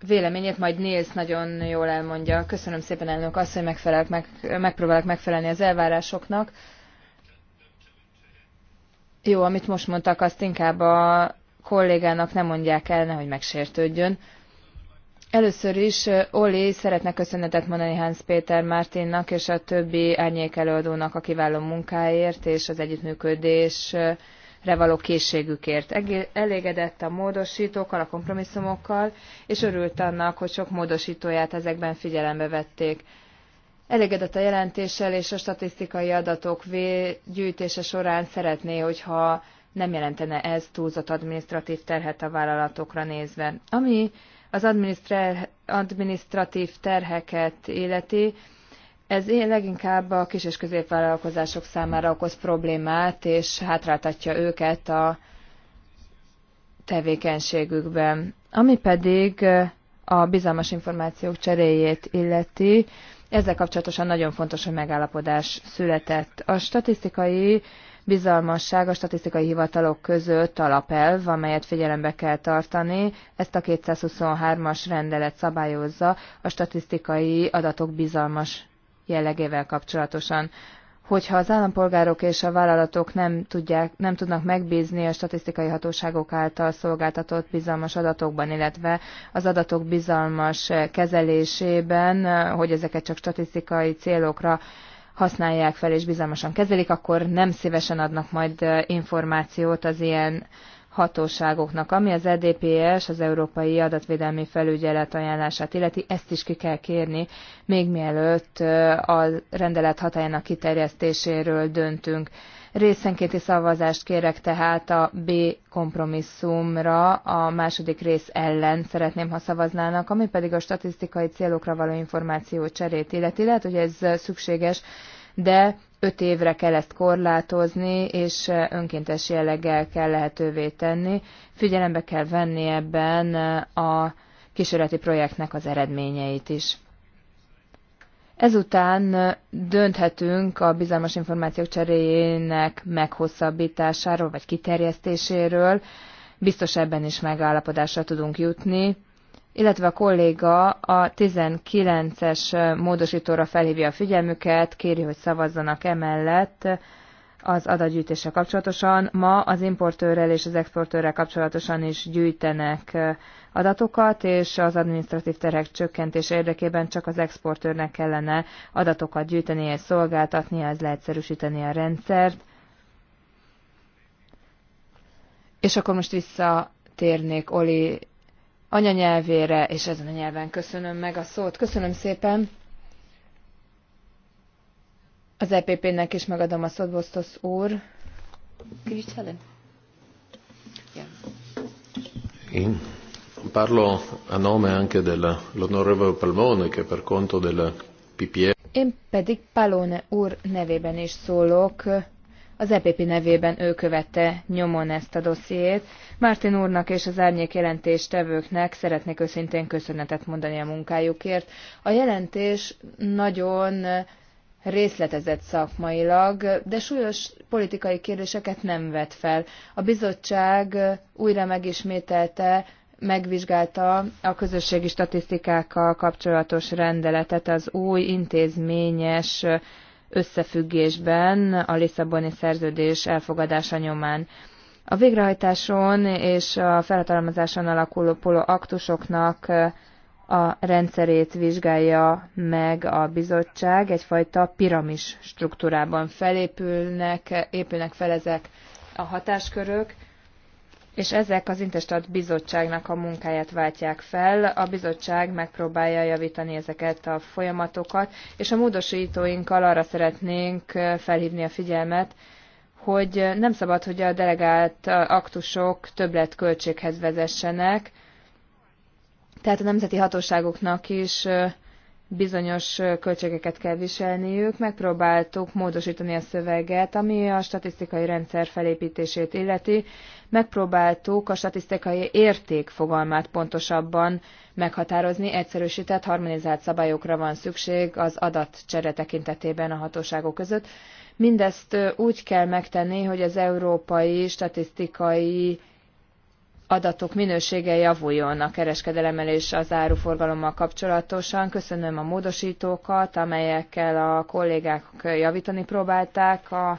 véleményét majd Nils nagyon jól elmondja. Köszönöm szépen, elnök azt, hogy megfelelek, meg, megpróbálok megfelelni az elvárásoknak. Jó, amit most mondtak, azt inkább a kollégának nem mondják el, nehogy megsértődjön. Először is Oli szeretne köszönetet mondani Hans Péter Mártinnak és a többi árnyék előadónak a kiváló munkáért és az együttműködésre való készségükért. Elégedett a módosítókkal, a kompromisszumokkal, és örült annak, hogy sok módosítóját ezekben figyelembe vették. Elégedett a jelentéssel és a statisztikai adatok gyűjtése során szeretné, hogyha nem jelentene ez túlzott adminisztratív terhet a vállalatokra nézve. Ami az adminisztratív terheket életi, ez leginkább a kis- és középvállalkozások számára okoz problémát, és hátráltatja őket a tevékenységükben. Ami pedig a bizalmas információk cseréjét illeti, ezzel kapcsolatosan nagyon fontos, hogy megállapodás született. A statisztikai bizalmasság a statisztikai hivatalok között alapelv, amelyet figyelembe kell tartani. Ezt a 223-as rendelet szabályozza a statisztikai adatok bizalmas jellegével kapcsolatosan hogyha az állampolgárok és a vállalatok nem, tudják, nem tudnak megbízni a statisztikai hatóságok által szolgáltatott bizalmas adatokban, illetve az adatok bizalmas kezelésében, hogy ezeket csak statisztikai célokra használják fel és bizalmasan kezelik, akkor nem szívesen adnak majd információt az ilyen hatóságoknak. Ami az EDPS, az Európai Adatvédelmi Felügyelet ajánlását illeti, ezt is ki kell kérni, még mielőtt a rendelet hatájának kiterjesztéséről döntünk részenkéti szavazást kérek tehát a B kompromisszumra, a második rész ellen szeretném, ha szavaznának, ami pedig a statisztikai célokra való információ cserét illeti. Lehet, hogy ez szükséges, de öt évre kell ezt korlátozni, és önkéntes jelleggel kell lehetővé tenni. Figyelembe kell venni ebben a kísérleti projektnek az eredményeit is. Ezután dönthetünk a bizalmas információk cseréjének meghosszabbításáról vagy kiterjesztéséről, biztos ebben is megállapodásra tudunk jutni, illetve a kolléga a 19-es módosítóra felhívja a figyelmüket, kéri, hogy szavazzanak emellett az adatgyűjtése kapcsolatosan. Ma az importőrrel és az exportőrrel kapcsolatosan is gyűjtenek adatokat, és az adminisztratív terhek csökkentése érdekében csak az exportőrnek kellene adatokat gyűjteni és szolgáltatni, ez leegyszerűsíteni a rendszert. És akkor most visszatérnék Oli anyanyelvére, és ezen a nyelven köszönöm meg a szót. Köszönöm szépen! Az EPP-nek is megadom a szót, Bosztosz úr. Köszönöm. Yeah. Én Parlo a nome anche dell'onorevole Palmone, che per conto PPE. Én pedig Palone úr nevében is szólok. Az EPP nevében ő követte nyomon ezt a dossziét. Martin úrnak és az árnyék tevőknek szeretnék őszintén köszönetet mondani a munkájukért. A jelentés nagyon részletezett szakmailag, de súlyos politikai kérdéseket nem vet fel. A bizottság újra megismételte, megvizsgálta a közösségi statisztikákkal kapcsolatos rendeletet az új intézményes összefüggésben a Lisszaboni szerződés elfogadása nyomán. A végrehajtáson és a felhatalmazáson alakuló poló aktusoknak a rendszerét vizsgálja meg a bizottság, egyfajta piramis struktúrában felépülnek, épülnek fel ezek a hatáskörök, és ezek az Interstat bizottságnak a munkáját váltják fel. A bizottság megpróbálja javítani ezeket a folyamatokat, és a módosítóinkkal arra szeretnénk felhívni a figyelmet, hogy nem szabad, hogy a delegált aktusok többletköltséghez vezessenek, tehát a nemzeti hatóságoknak is bizonyos költségeket kell viselniük. Megpróbáltuk módosítani a szöveget, ami a statisztikai rendszer felépítését illeti megpróbáltuk a statisztikai érték fogalmát pontosabban meghatározni, egyszerűsített, harmonizált szabályokra van szükség az adatcsere tekintetében a hatóságok között. Mindezt úgy kell megtenni, hogy az európai statisztikai adatok minősége javuljon a kereskedelemmel és az áruforgalommal kapcsolatosan. Köszönöm a módosítókat, amelyekkel a kollégák javítani próbálták a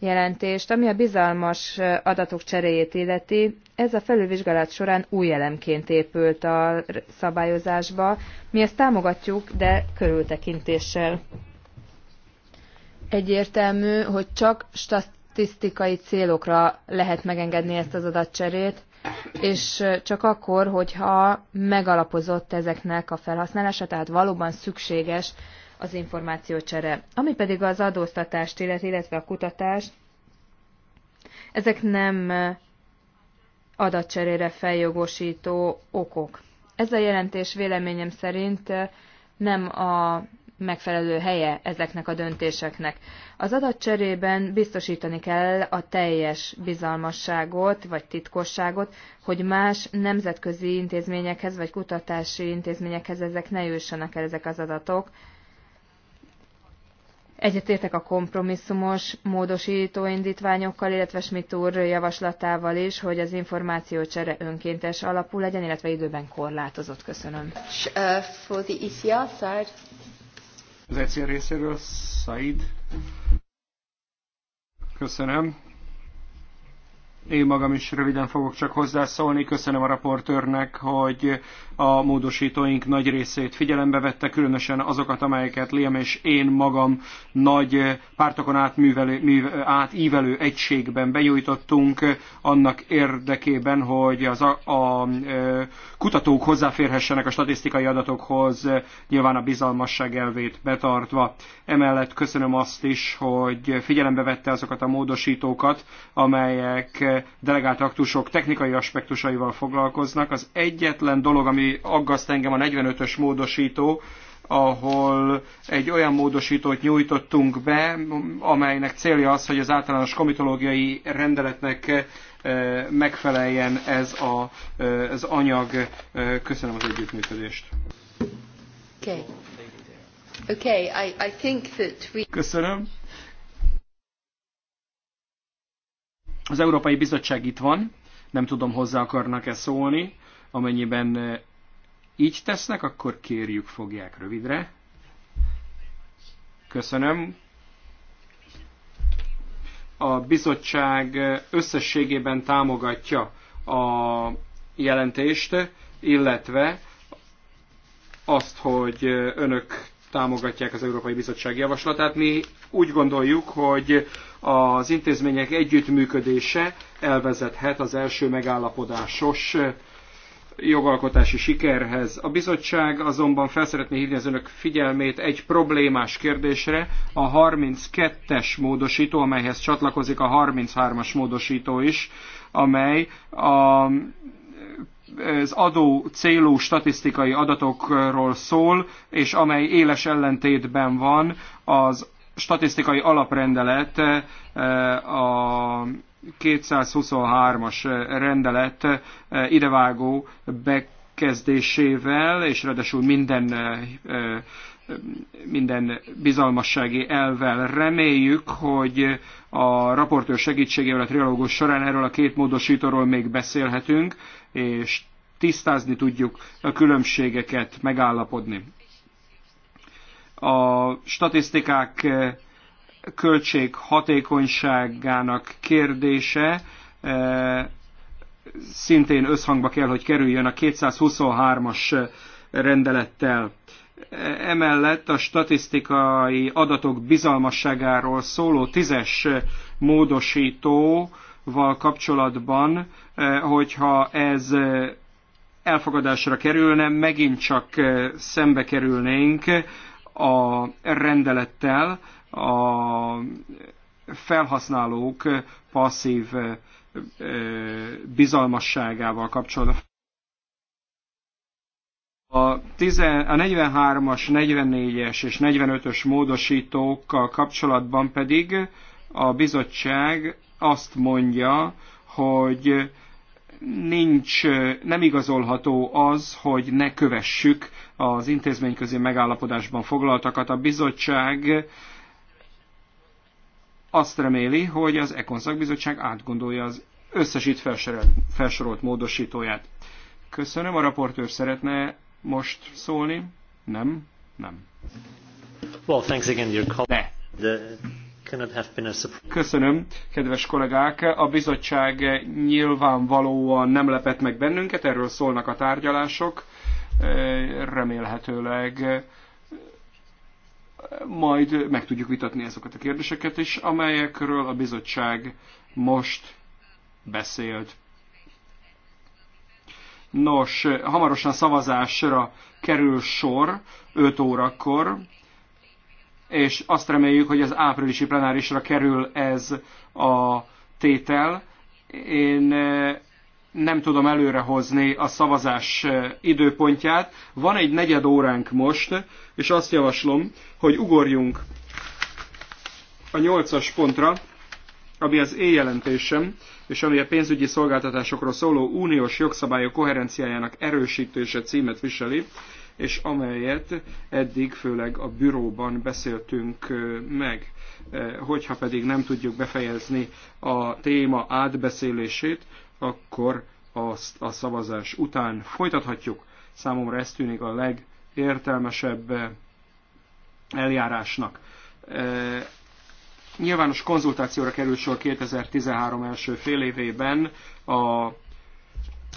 jelentést, ami a bizalmas adatok cseréjét illeti. Ez a felülvizsgálat során új elemként épült a szabályozásba. Mi ezt támogatjuk, de körültekintéssel. Egyértelmű, hogy csak statisztikai célokra lehet megengedni ezt az adatcserét, és csak akkor, hogyha megalapozott ezeknek a felhasználása, tehát valóban szükséges az információcsere. Ami pedig az adóztatást illeti, illetve a kutatást, ezek nem adatcserére feljogosító okok. Ez a jelentés véleményem szerint nem a megfelelő helye ezeknek a döntéseknek. Az adatcserében biztosítani kell a teljes bizalmasságot vagy titkosságot, hogy más nemzetközi intézményekhez vagy kutatási intézményekhez ezek ne jussanak el ezek az adatok, Egyetértek a kompromisszumos módosító indítványokkal, illetve Schmidt úr javaslatával is, hogy az információcsere önkéntes alapú legyen, illetve időben korlátozott. Köszönöm. For the ECR side. Az ECR részéről, Said. Köszönöm. Én magam is röviden fogok csak hozzászólni. Köszönöm a raportőrnek, hogy a módosítóink nagy részét figyelembe vette, különösen azokat, amelyeket Liam és én magam nagy pártokon átművelő, műve, átívelő egységben benyújtottunk annak érdekében, hogy az a, a, a kutatók hozzáférhessenek a statisztikai adatokhoz, nyilván a bizalmasság elvét betartva. Emellett köszönöm azt is, hogy figyelembe vette azokat a módosítókat, amelyek delegált aktusok technikai aspektusaival foglalkoznak. Az egyetlen dolog, ami aggaszt engem a 45-ös módosító, ahol egy olyan módosítót nyújtottunk be, amelynek célja az, hogy az általános komitológiai rendeletnek eh, megfeleljen ez a, az eh, anyag. Eh, köszönöm az együttműködést. Okay. Okay, I, I think that we... Köszönöm Az Európai Bizottság itt van, nem tudom, hozzá akarnak-e szólni. Amennyiben így tesznek, akkor kérjük, fogják rövidre. Köszönöm. A bizottság összességében támogatja a jelentést, illetve azt, hogy önök támogatják az Európai Bizottság javaslatát. Mi úgy gondoljuk, hogy az intézmények együttműködése elvezethet az első megállapodásos eh, jogalkotási sikerhez. A bizottság azonban felszeretné hívni az önök figyelmét egy problémás kérdésre, a 32-es módosító, amelyhez csatlakozik a 33-as módosító is, amely a az adó célú statisztikai adatokról szól, és amely éles ellentétben van az statisztikai alaprendelet, eh, a 223-as rendelet eh, idevágó bekezdésével, és ráadásul minden eh, minden bizalmassági elvel. Reméljük, hogy a raportőr segítségével a trilógus során erről a két módosítóról még beszélhetünk, és tisztázni tudjuk a különbségeket, megállapodni. A statisztikák eh, költség hatékonyságának kérdése eh, szintén összhangba kell, hogy kerüljön a 223-as eh, rendelettel. Emellett a statisztikai adatok bizalmasságáról szóló tízes módosító val kapcsolatban, eh, hogyha ez eh, elfogadásra kerülne, megint csak eh, szembe kerülnénk a rendelettel a felhasználók passzív bizalmasságával kapcsolatban. A, 43-as, 44-es és 45-ös módosítókkal kapcsolatban pedig a bizottság azt mondja, hogy nincs, nem igazolható az, hogy ne kövessük az intézményközi megállapodásban foglaltakat. A bizottság azt reméli, hogy az ECON Bizottság átgondolja az összes itt felsorolt, módosítóját. Köszönöm, a raportőr szeretne most szólni? Nem? Nem. Well, thanks again, your De. The, Köszönöm, kedves kollégák! A bizottság nyilvánvalóan nem lepett meg bennünket, erről szólnak a tárgyalások. Remélhetőleg majd meg tudjuk vitatni ezeket a kérdéseket is, amelyekről a bizottság most beszélt. Nos, hamarosan szavazásra kerül sor 5 órakor, és azt reméljük, hogy az áprilisi plenárisra kerül ez a tétel. Én eh, nem tudom előrehozni a szavazás eh, időpontját. Van egy negyed óránk most, és azt javaslom, hogy ugorjunk a nyolcas pontra, ami az éjjelentésem, és ami a pénzügyi szolgáltatásokról szóló uniós jogszabályok koherenciájának erősítése címet viseli, és amelyet eddig főleg a büróban beszéltünk meg. Hogyha pedig nem tudjuk befejezni a téma átbeszélését, akkor azt a szavazás után folytathatjuk. Számomra ez tűnik a legértelmesebb eljárásnak. Nyilvános konzultációra kerül sor 2013 első fél évében a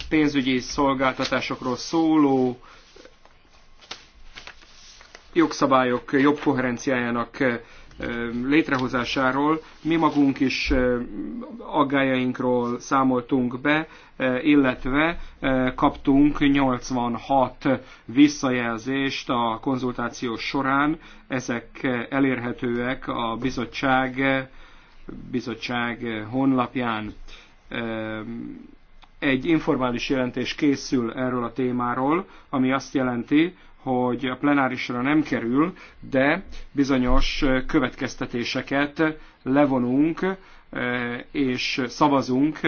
pénzügyi szolgáltatásokról szóló jogszabályok jobb koherenciájának létrehozásáról mi magunk is aggájainkról számoltunk be, illetve kaptunk 86 visszajelzést a konzultáció során. Ezek elérhetőek a bizottság, bizottság honlapján. Egy informális jelentés készül erről a témáról, ami azt jelenti, hogy a plenárisra nem kerül, de bizonyos következtetéseket levonunk és szavazunk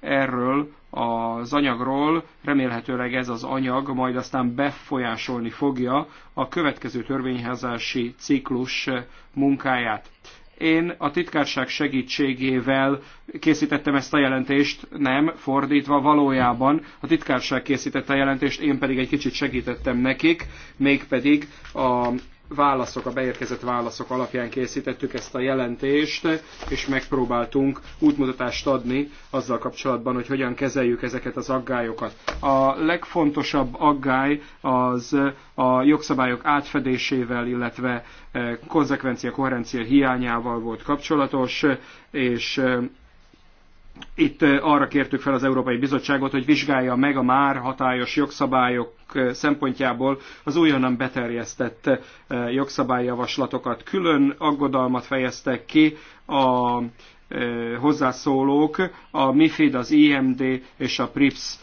erről az anyagról. Remélhetőleg ez az anyag majd aztán befolyásolni fogja a következő törvényházási ciklus munkáját. Én a titkárság segítségével készítettem ezt a jelentést, nem, fordítva valójában. A titkárság készítette a jelentést, én pedig egy kicsit segítettem nekik, mégpedig a válaszok, a beérkezett válaszok alapján készítettük ezt a jelentést, és megpróbáltunk útmutatást adni azzal kapcsolatban, hogy hogyan kezeljük ezeket az aggályokat. A legfontosabb aggály az a jogszabályok átfedésével, illetve eh, konzekvencia, koherencia hiányával volt kapcsolatos, és eh, itt arra kértük fel az Európai Bizottságot, hogy vizsgálja meg a már hatályos jogszabályok szempontjából az újonnan beterjesztett jogszabályjavaslatokat. Külön aggodalmat fejeztek ki a hozzászólók a MIFID, az IMD és a PRIPS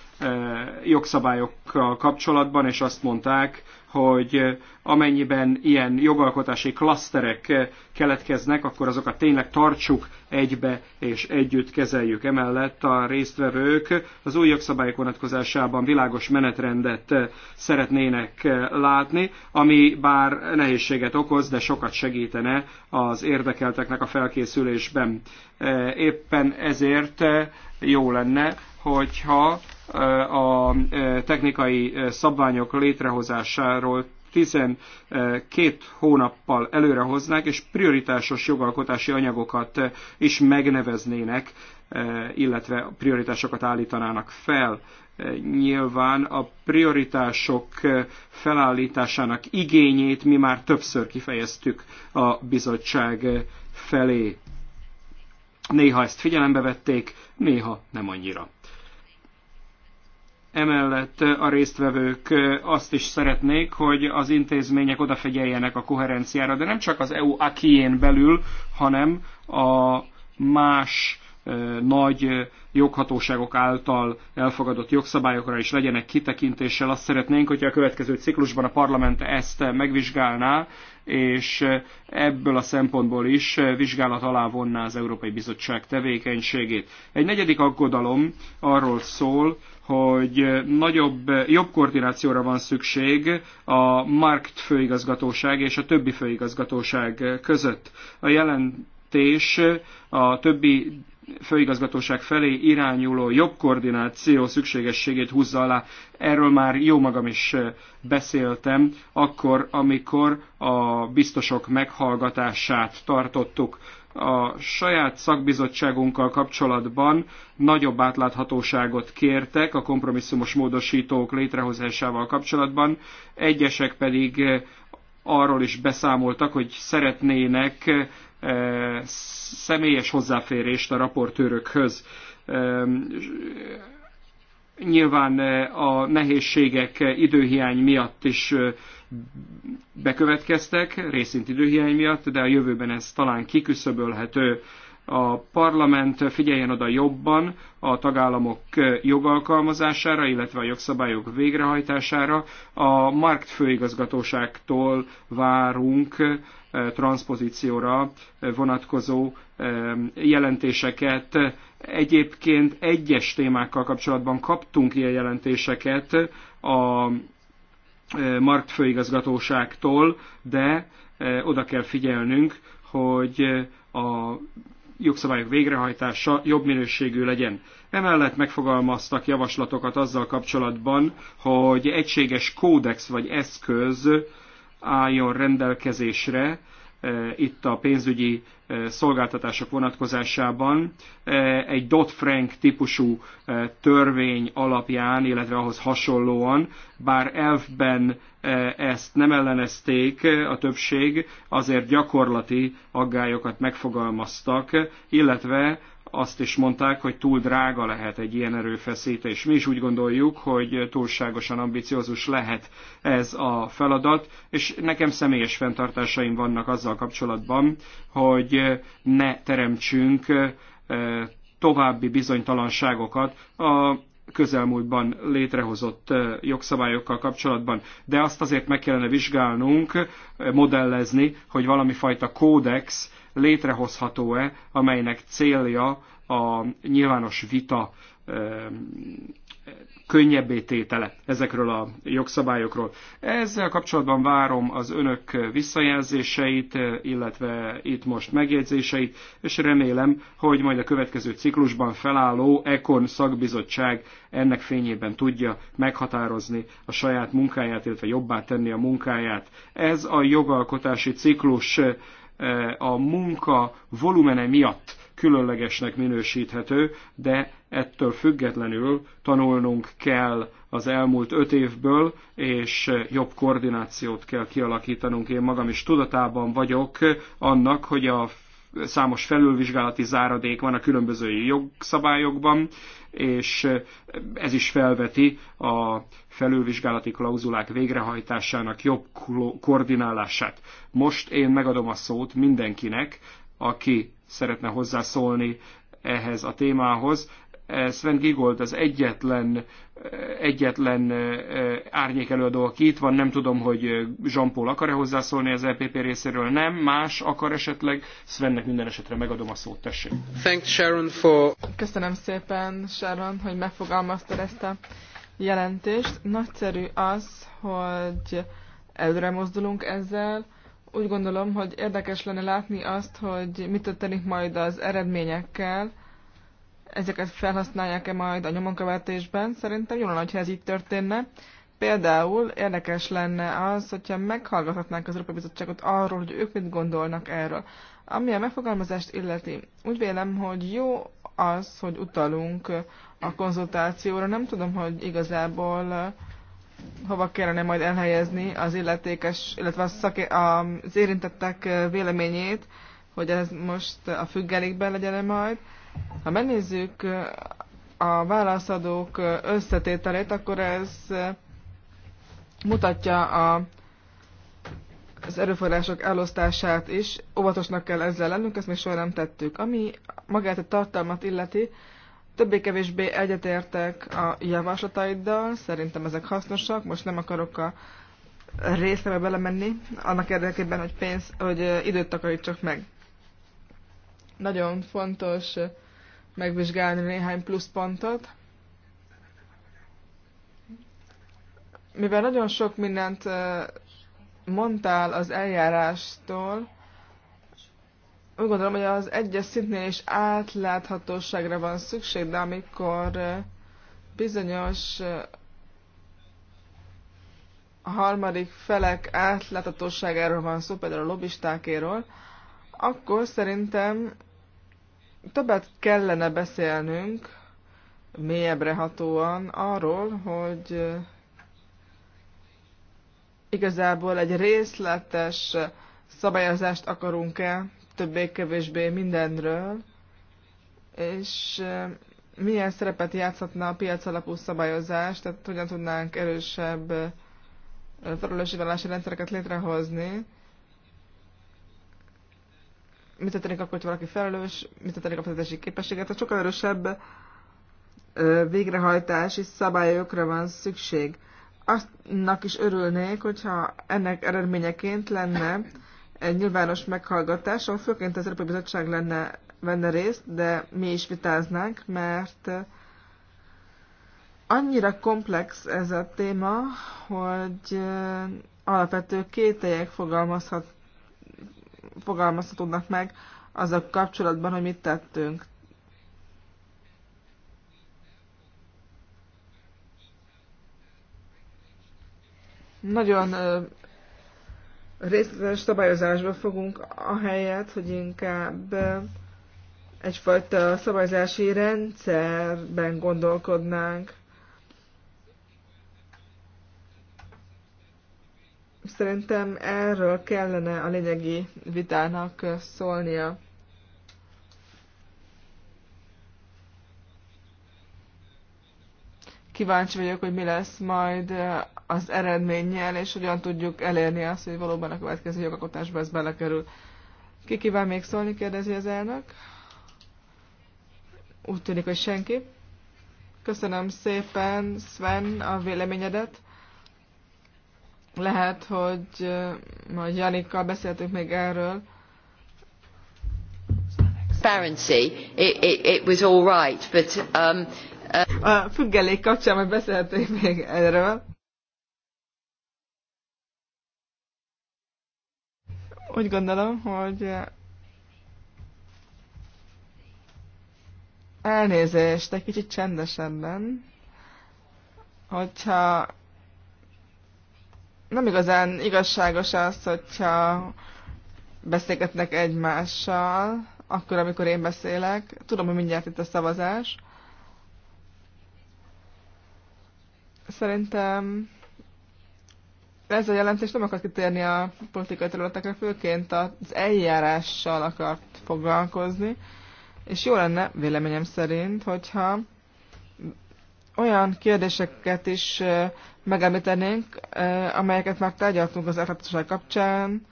jogszabályokkal kapcsolatban, és azt mondták, hogy amennyiben ilyen jogalkotási klaszterek keletkeznek, akkor azokat tényleg tartsuk egybe és együtt kezeljük. Emellett a résztvevők az új jogszabályok vonatkozásában világos menetrendet szeretnének látni, ami bár nehézséget okoz, de sokat segítene az érdekelteknek a felkészülésben. Éppen ezért jó lenne, hogyha Eh, a eh, technikai eh, szabványok létrehozásáról 12 hónappal előrehoznák, és prioritásos jogalkotási anyagokat is megneveznének, illetve prioritásokat állítanának fel. Nyilván a prioritások felállításának igényét mi már többször kifejeztük a bizottság felé. Néha ezt figyelembe vették, néha nem annyira. Emellett a résztvevők azt is szeretnék, hogy az intézmények odafigyeljenek a koherenciára, de nem csak az EU akién belül, hanem a más nagy joghatóságok által elfogadott jogszabályokra is legyenek kitekintéssel. Azt szeretnénk, hogyha a következő ciklusban a parlament ezt megvizsgálná, és ebből a szempontból is vizsgálat alá vonná az Európai Bizottság tevékenységét. Egy negyedik aggodalom arról szól, hogy nagyobb, jobb koordinációra van szükség a Markt főigazgatóság és a többi főigazgatóság között. A jelentés a többi főigazgatóság felé irányuló jobb koordináció szükségességét húzza alá. Erről már jó magam is beszéltem, akkor, amikor a biztosok meghallgatását tartottuk a saját szakbizottságunkkal kapcsolatban nagyobb átláthatóságot kértek a kompromisszumos módosítók létrehozásával kapcsolatban, egyesek pedig eh, arról is beszámoltak, hogy szeretnének eh, személyes hozzáférést a raportőrökhöz Nyilván eh, a nehézségek időhiány miatt is eh, bekövetkeztek, részint időhiány miatt, de a jövőben ez talán kiküszöbölhető a parlament figyeljen oda jobban a tagállamok jogalkalmazására, illetve a jogszabályok végrehajtására. A Markt főigazgatóságtól várunk eh, transpozícióra vonatkozó eh, jelentéseket. Egyébként egyes témákkal kapcsolatban kaptunk ilyen jelentéseket a eh, Markt főigazgatóságtól, de oda kell figyelnünk, hogy a jogszabályok végrehajtása jobb minőségű legyen. Emellett megfogalmaztak javaslatokat azzal kapcsolatban, hogy egységes kódex vagy eszköz álljon rendelkezésre itt a pénzügyi szolgáltatások vonatkozásában egy Dodd-Frank típusú törvény alapján, illetve ahhoz hasonlóan, bár elfben ezt nem ellenezték a többség, azért gyakorlati aggályokat megfogalmaztak, illetve azt is mondták, hogy túl drága lehet egy ilyen erőfeszítés. Mi is úgy gondoljuk, hogy túlságosan ambiciózus lehet ez a feladat, és nekem személyes fenntartásaim vannak azzal kapcsolatban, hogy ne teremtsünk további bizonytalanságokat a közelmúltban létrehozott jogszabályokkal kapcsolatban, de azt azért meg kellene vizsgálnunk, modellezni, hogy valami fajta kódex létrehozható-e, amelynek célja a nyilvános vita könnyebbé tétele ezekről a jogszabályokról. Ezzel kapcsolatban várom az önök visszajelzéseit, illetve itt most megjegyzéseit, és remélem, hogy majd a következő ciklusban felálló ECON szakbizottság ennek fényében tudja meghatározni a saját munkáját, illetve jobbá tenni a munkáját. Ez a jogalkotási ciklus Eh, a munka volumene miatt különlegesnek minősíthető, de ettől függetlenül tanulnunk kell az elmúlt öt évből, és jobb koordinációt kell kialakítanunk. Én magam is tudatában vagyok annak, hogy a számos felülvizsgálati záradék van a különböző jogszabályokban, és ez is felveti a felülvizsgálati klauzulák végrehajtásának jobb koordinálását. Most én megadom a szót mindenkinek, aki szeretne hozzászólni ehhez a témához. Sven Gigold az egyetlen, eh, egyetlen eh, árnyék előadó, aki itt van, nem tudom, hogy eh, Jean-Paul akar-e hozzászólni az LPP e részéről, nem, más akar esetleg, Svennek minden esetre megadom a szót, tessék. Thanks Sharon for... Köszönöm szépen Sharon, hogy megfogalmaztad ezt a jelentést. Nagyszerű az, hogy előre mozdulunk ezzel, úgy gondolom, hogy érdekes lenne látni azt, hogy mit történik majd az eredményekkel, ezeket felhasználják-e majd a nyomonkövetésben. Szerintem jól lenne, ha ez így történne. Például érdekes lenne az, hogyha meghallgathatnánk az Európai Bizottságot arról, hogy ők mit gondolnak erről. Ami a megfogalmazást illeti, úgy vélem, hogy jó az, hogy utalunk a konzultációra. Nem tudom, hogy igazából eh, hova kellene majd elhelyezni az illetékes, illetve a szaké, az érintettek eh, véleményét, hogy ez most a függelékben legyen -e majd. Ha megnézzük a válaszadók összetételét, akkor ez mutatja a, az erőforrások elosztását is. Óvatosnak kell ezzel lennünk, ezt még soha nem tettük. Ami magát a tartalmat illeti, többé-kevésbé egyetértek a javaslataiddal, szerintem ezek hasznosak, most nem akarok a részlebe belemenni, annak érdekében, hogy pénz, hogy időt takarítsak meg. Nagyon fontos megvizsgálni néhány pluszpontot. Mivel nagyon sok mindent mondtál az eljárástól, úgy gondolom, hogy az egyes szintnél is átláthatóságra van szükség, de amikor bizonyos a harmadik felek átláthatóságáról van szó, például a lobbistákéről, akkor szerintem Többet kellene beszélnünk mélyebbre hatóan arról, hogy igazából egy részletes szabályozást akarunk-e többé-kevésbé mindenről, és milyen szerepet játszhatna a piac alapú szabályozás, tehát hogyan tudnánk erősebb felelősségvállalási rendszereket létrehozni, mit történik akkor, hogy valaki felelős, mit történik a fizetési képességet, tehát sokkal erősebb végrehajtási szabályokra van szükség. Aztnak is örülnék, hogyha ennek eredményeként lenne egy nyilvános meghallgatás, ahol főként az Európai Bizottság lenne, venne részt, de mi is vitáznánk, mert annyira komplex ez a téma, hogy alapvető kételyek fogalmazhat fogalmazhatódnak meg azok kapcsolatban, hogy mit tettünk. Nagyon részletes szabályozásba fogunk, a helyet, hogy inkább egyfajta szabályzási rendszerben gondolkodnánk. Szerintem erről kellene a lényegi vitának szólnia. Kíváncsi vagyok, hogy mi lesz majd az eredménnyel, és hogyan tudjuk elérni azt, hogy valóban a következő jogakotásba ez belekerül. Ki kíván még szólni, kérdezi az elnök. Úgy tűnik, hogy senki. Köszönöm szépen, Sven, a véleményedet. Lehet, hogy majd Janikkal beszéltünk még erről. Transparency, it, it, it was all right, but... Um, uh... A függelék kapcsán majd beszéltünk még erről. Úgy gondolom, hogy elnézést, egy kicsit csendesebben, hogyha nem igazán igazságos az, hogyha beszélgetnek egymással, akkor, amikor én beszélek. Tudom, hogy mindjárt itt a szavazás. Szerintem ez a jelentés nem akart kitérni a politikai területekre, főként az eljárással akart foglalkozni, és jó lenne, véleményem szerint, hogyha olyan kérdéseket is megemlítenénk, amelyeket már tárgyaltunk az átláthatóság kapcsán,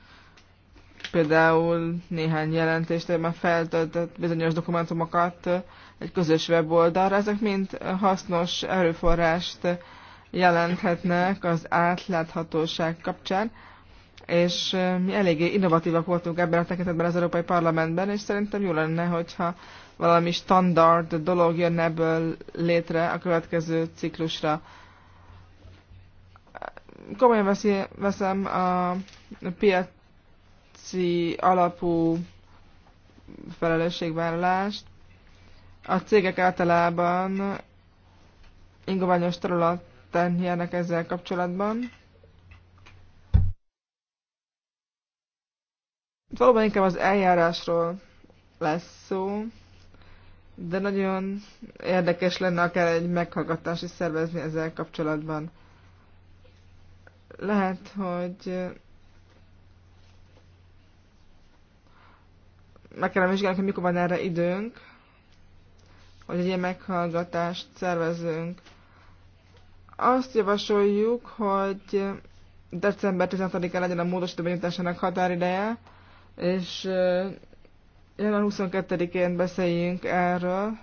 például néhány jelentést, már feltöltött bizonyos dokumentumokat egy közös weboldalra. Ezek mind hasznos erőforrást jelenthetnek az átláthatóság kapcsán, és mi eléggé innovatívak voltunk ebben a tekintetben az Európai Parlamentben, és szerintem jó lenne, hogyha valami standard dolog jön ebből létre a következő ciklusra. Komolyan veszi, veszem a piaci alapú felelősségvállalást. A cégek általában ingoványos területen jelnek ezzel kapcsolatban. Valóban inkább az eljárásról lesz szó de nagyon érdekes lenne akár egy meghallgatás is szervezni ezzel kapcsolatban. Lehet, hogy meg kellene vizsgálni, hogy mikor van erre időnk, hogy egy ilyen meghallgatást szervezünk. Azt javasoljuk, hogy december 16-án legyen a módosító benyújtásának határideje, és január 22-én beszéljünk erről,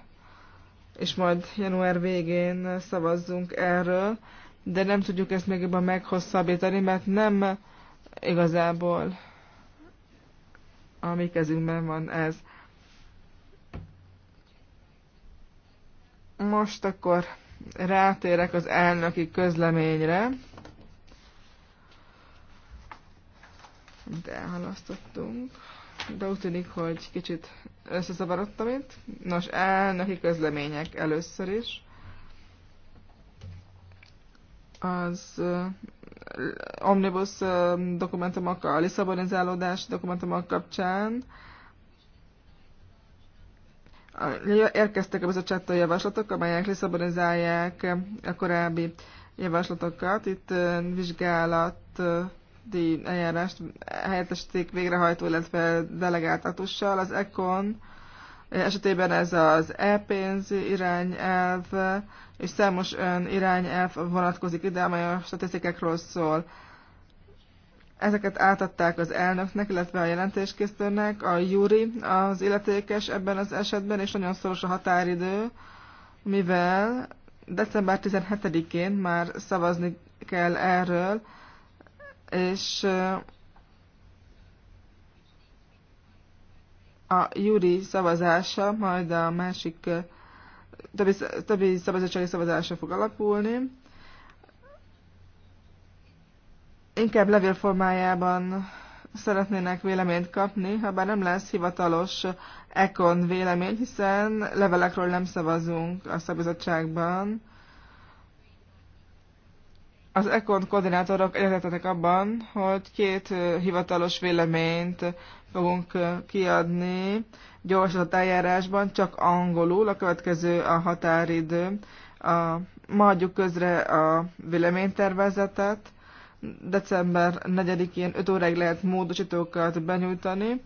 és majd január végén szavazzunk erről, de nem tudjuk ezt még jobban meghosszabbítani, mert nem igazából a mi kezünkben van ez. Most akkor rátérek az elnöki közleményre. De halasztottunk de úgy tűnik, hogy kicsit összezavarodtam itt. Nos, neki közlemények először is. Az uh, omnibus uh, dokumentumok, a liszabonizálódás dokumentumok kapcsán érkeztek a bizottságtó javaslatok, amelyek liszabonizálják a korábbi javaslatokat. Itt uh, vizsgálat uh, díj eljárást helyettesítik végrehajtó, illetve delegáltatussal. Az ECON esetében ez az e-pénz irányelv és számos ön irányelv vonatkozik ide, amely a statisztikákról szól. Ezeket átadták az elnöknek, illetve a jelentéskészítőnek, a Júri az illetékes ebben az esetben, és nagyon szoros a határidő, mivel december 17-én már szavazni kell erről, és a júri szavazása majd a másik többi, többi szavazása fog alapulni. Inkább levélformájában szeretnének véleményt kapni, ha bár nem lesz hivatalos ekon vélemény, hiszen levelekről nem szavazunk a szabadságban. Az ECON koordinátorok egyetetlenek abban, hogy két hivatalos véleményt fogunk kiadni gyorsított eljárásban, csak angolul, a következő a határidő. A, ma adjuk közre a véleménytervezetet, december 4-én 5 óráig lehet módosítókat benyújtani,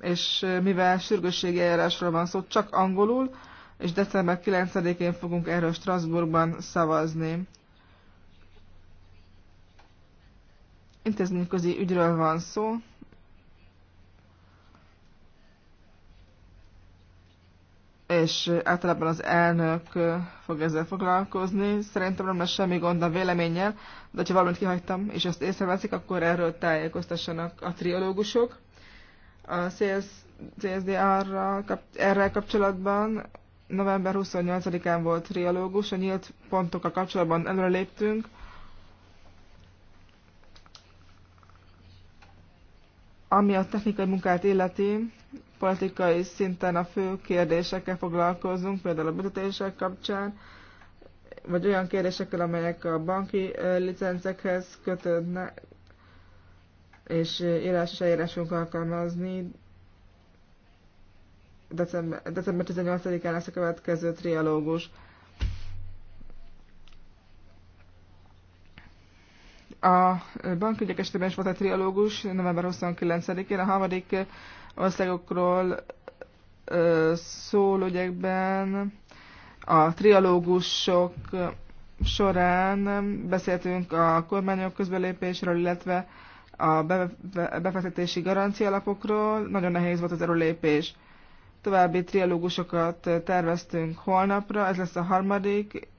és mivel sürgősségi eljárásról van szó, csak angolul, és december 9-én fogunk erről Strasbourgban szavazni. intézményközi ügyről van szó. és általában az elnök fog ezzel foglalkozni. Szerintem nem lesz semmi gond a véleménnyel, de ha valamit kihagytam, és ezt észreveszik, akkor erről tájékoztassanak a triológusok. A CS, CSDR-ra erre kapcsolatban november 28-án volt triológus, a nyílt pontokkal kapcsolatban előre léptünk, Ami a technikai munkát illeti, politikai szinten a fő kérdésekkel foglalkozunk, például a büntetések kapcsán, vagy olyan kérdésekkel, amelyek a banki licencekhez kötődnek, és írásra írásunk alkalmazni. December, december 18-án lesz a következő trialógus. A bankügyek esetében is volt egy trialógus november 29-én, a harmadik országokról szóló ügyekben a trialógusok során beszéltünk a kormányok közbelépésről, illetve a befektetési garancia alapokról. Nagyon nehéz volt az erőlépés. További trialógusokat terveztünk holnapra, ez lesz a harmadik,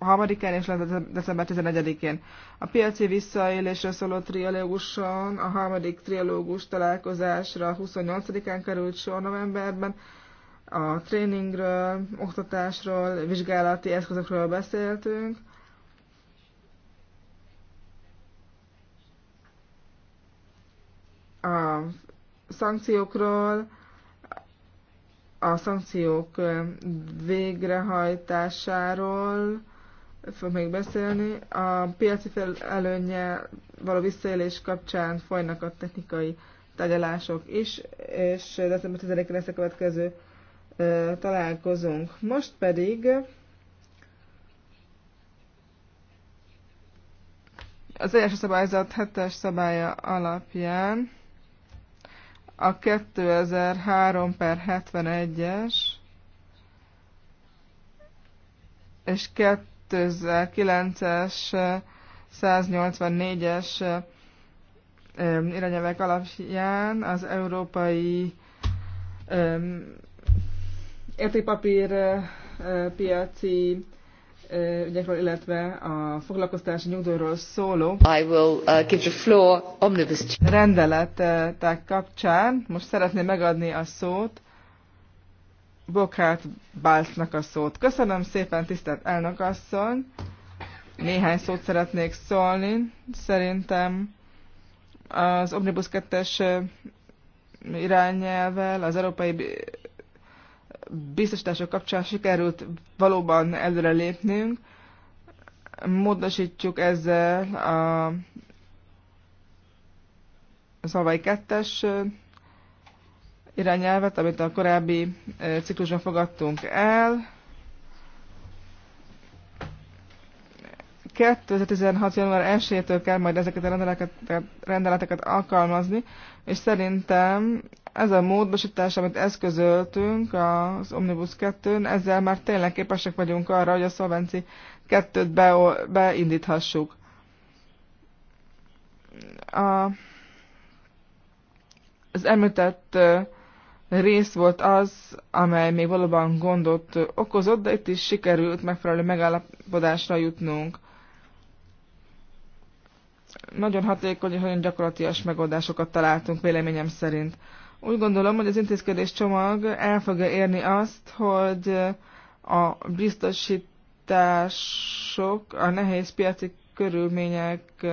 3-án és december 11-én. A piaci visszaélésre szóló trialóguson a harmadik trialógus találkozásra 28-án került sor novemberben. A tréningről, oktatásról, vizsgálati eszközökről beszéltünk. A szankciókról, a szankciók végrehajtásáról fog még beszélni. A piaci előnye való visszaélés kapcsán folynak a technikai tárgyalások is, és december 10-én lesz a következő találkozunk. Most pedig az első szabályzat hetes szabálya alapján a 2003 per 71-es és 2009-es 184-es irányelvek alapján az európai értékpapír piaci ügyekről, illetve a foglalkoztatási nyugdíjról szóló I will, uh, give the floor omnibus. rendeletek kapcsán. Most szeretném megadni a szót Bokát Bálsznak a szót. Köszönöm szépen, tisztelt elnök asszony. Néhány szót szeretnék szólni. Szerintem az Omnibus 2-es irányelvel, az Európai biztosítások kapcsán sikerült valóban előre lépnünk. Módosítjuk ezzel a szavai kettes irányelvet, amit a korábbi ciklusban fogadtunk el. 2016. január 1-től kell majd ezeket a rendeleteket, rendeleteket alkalmazni, és szerintem ez a módosítás, amit eszközöltünk az Omnibus 2-n, ezzel már tényleg képesek vagyunk arra, hogy a Szolvenci 2-t be, beindíthassuk. A, az említett rész volt az, amely még valóban gondot okozott, de itt is sikerült megfelelő megállapodásra jutnunk. Nagyon hatékony, nagyon gyakorlatias megoldásokat találtunk véleményem szerint. Úgy gondolom, hogy az intézkedés csomag el fogja érni azt, hogy a biztosítások a nehéz piaci körülmények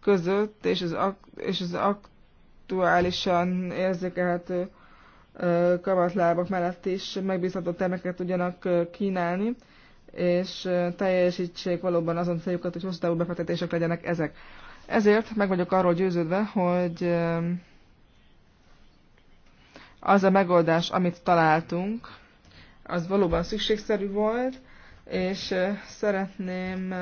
között és az, és az aktuálisan érzékelhető kamatlábak mellett is megbízható termékeket tudjanak kínálni, és teljesítsék valóban azon céljukat, hogy hosszú távú befektetések legyenek ezek. Ezért meg vagyok arról győződve, hogy az a megoldás, amit találtunk, az valóban szükségszerű volt, és szeretném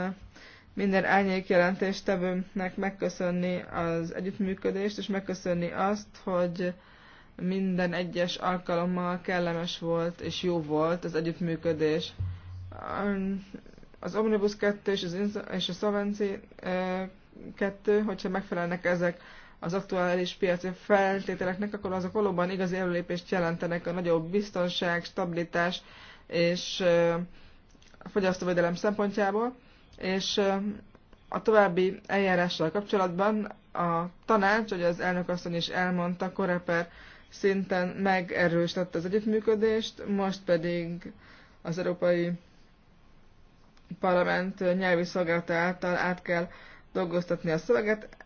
minden elnyék jelentéstevőnek megköszönni az együttműködést, és megköszönni azt, hogy minden egyes alkalommal kellemes volt és jó volt az együttműködés. Az Omnibus 2 és, az és a Szovenci 2, hogyha megfelelnek ezek az aktuális piaci feltételeknek, akkor azok valóban igazi előlépést jelentenek a nagyobb biztonság, stabilitás és fogyasztóvédelem szempontjából, és a további eljárással kapcsolatban a tanács, hogy az elnök asszony is elmondta, Koreper szinten megerősítette az együttműködést, most pedig az Európai Parlament nyelvi szolgálata által át kell dolgoztatni a szöveget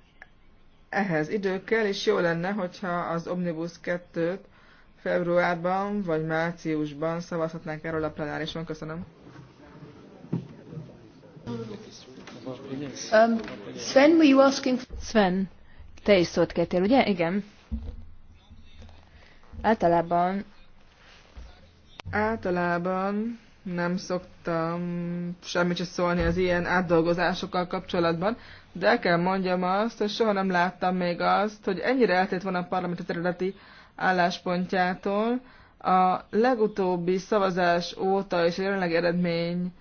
ehhez idő kell, és jó lenne, hogyha az Omnibus 2-t februárban vagy márciusban szavazhatnánk erről a plenárison. Köszönöm. Um, Sven, were you asking... Sven, te is szót kértél, ugye? Igen. Általában... Általában nem szoktam semmit sem szólni az ilyen átdolgozásokkal kapcsolatban, de el kell mondjam azt, hogy soha nem láttam még azt, hogy ennyire eltét van a parlament területi álláspontjától. A legutóbbi szavazás óta és a jelenleg eredmény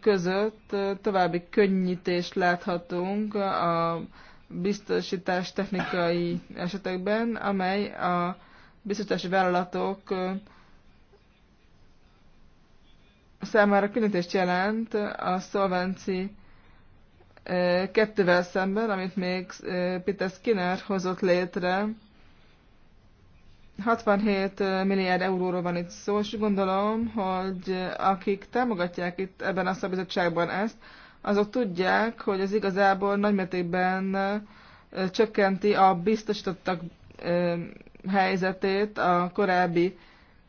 között további könnyítést láthatunk a biztosítás technikai esetekben, amely a biztosítási vállalatok számára könnyítést jelent a szolvenci kettővel szemben, amit még Peter Skinner hozott létre, 67 milliárd euróról van itt szó, és gondolom, hogy akik támogatják itt ebben a szabizottságban ezt, azok tudják, hogy ez igazából nagymértékben csökkenti a biztosítottak helyzetét a korábbi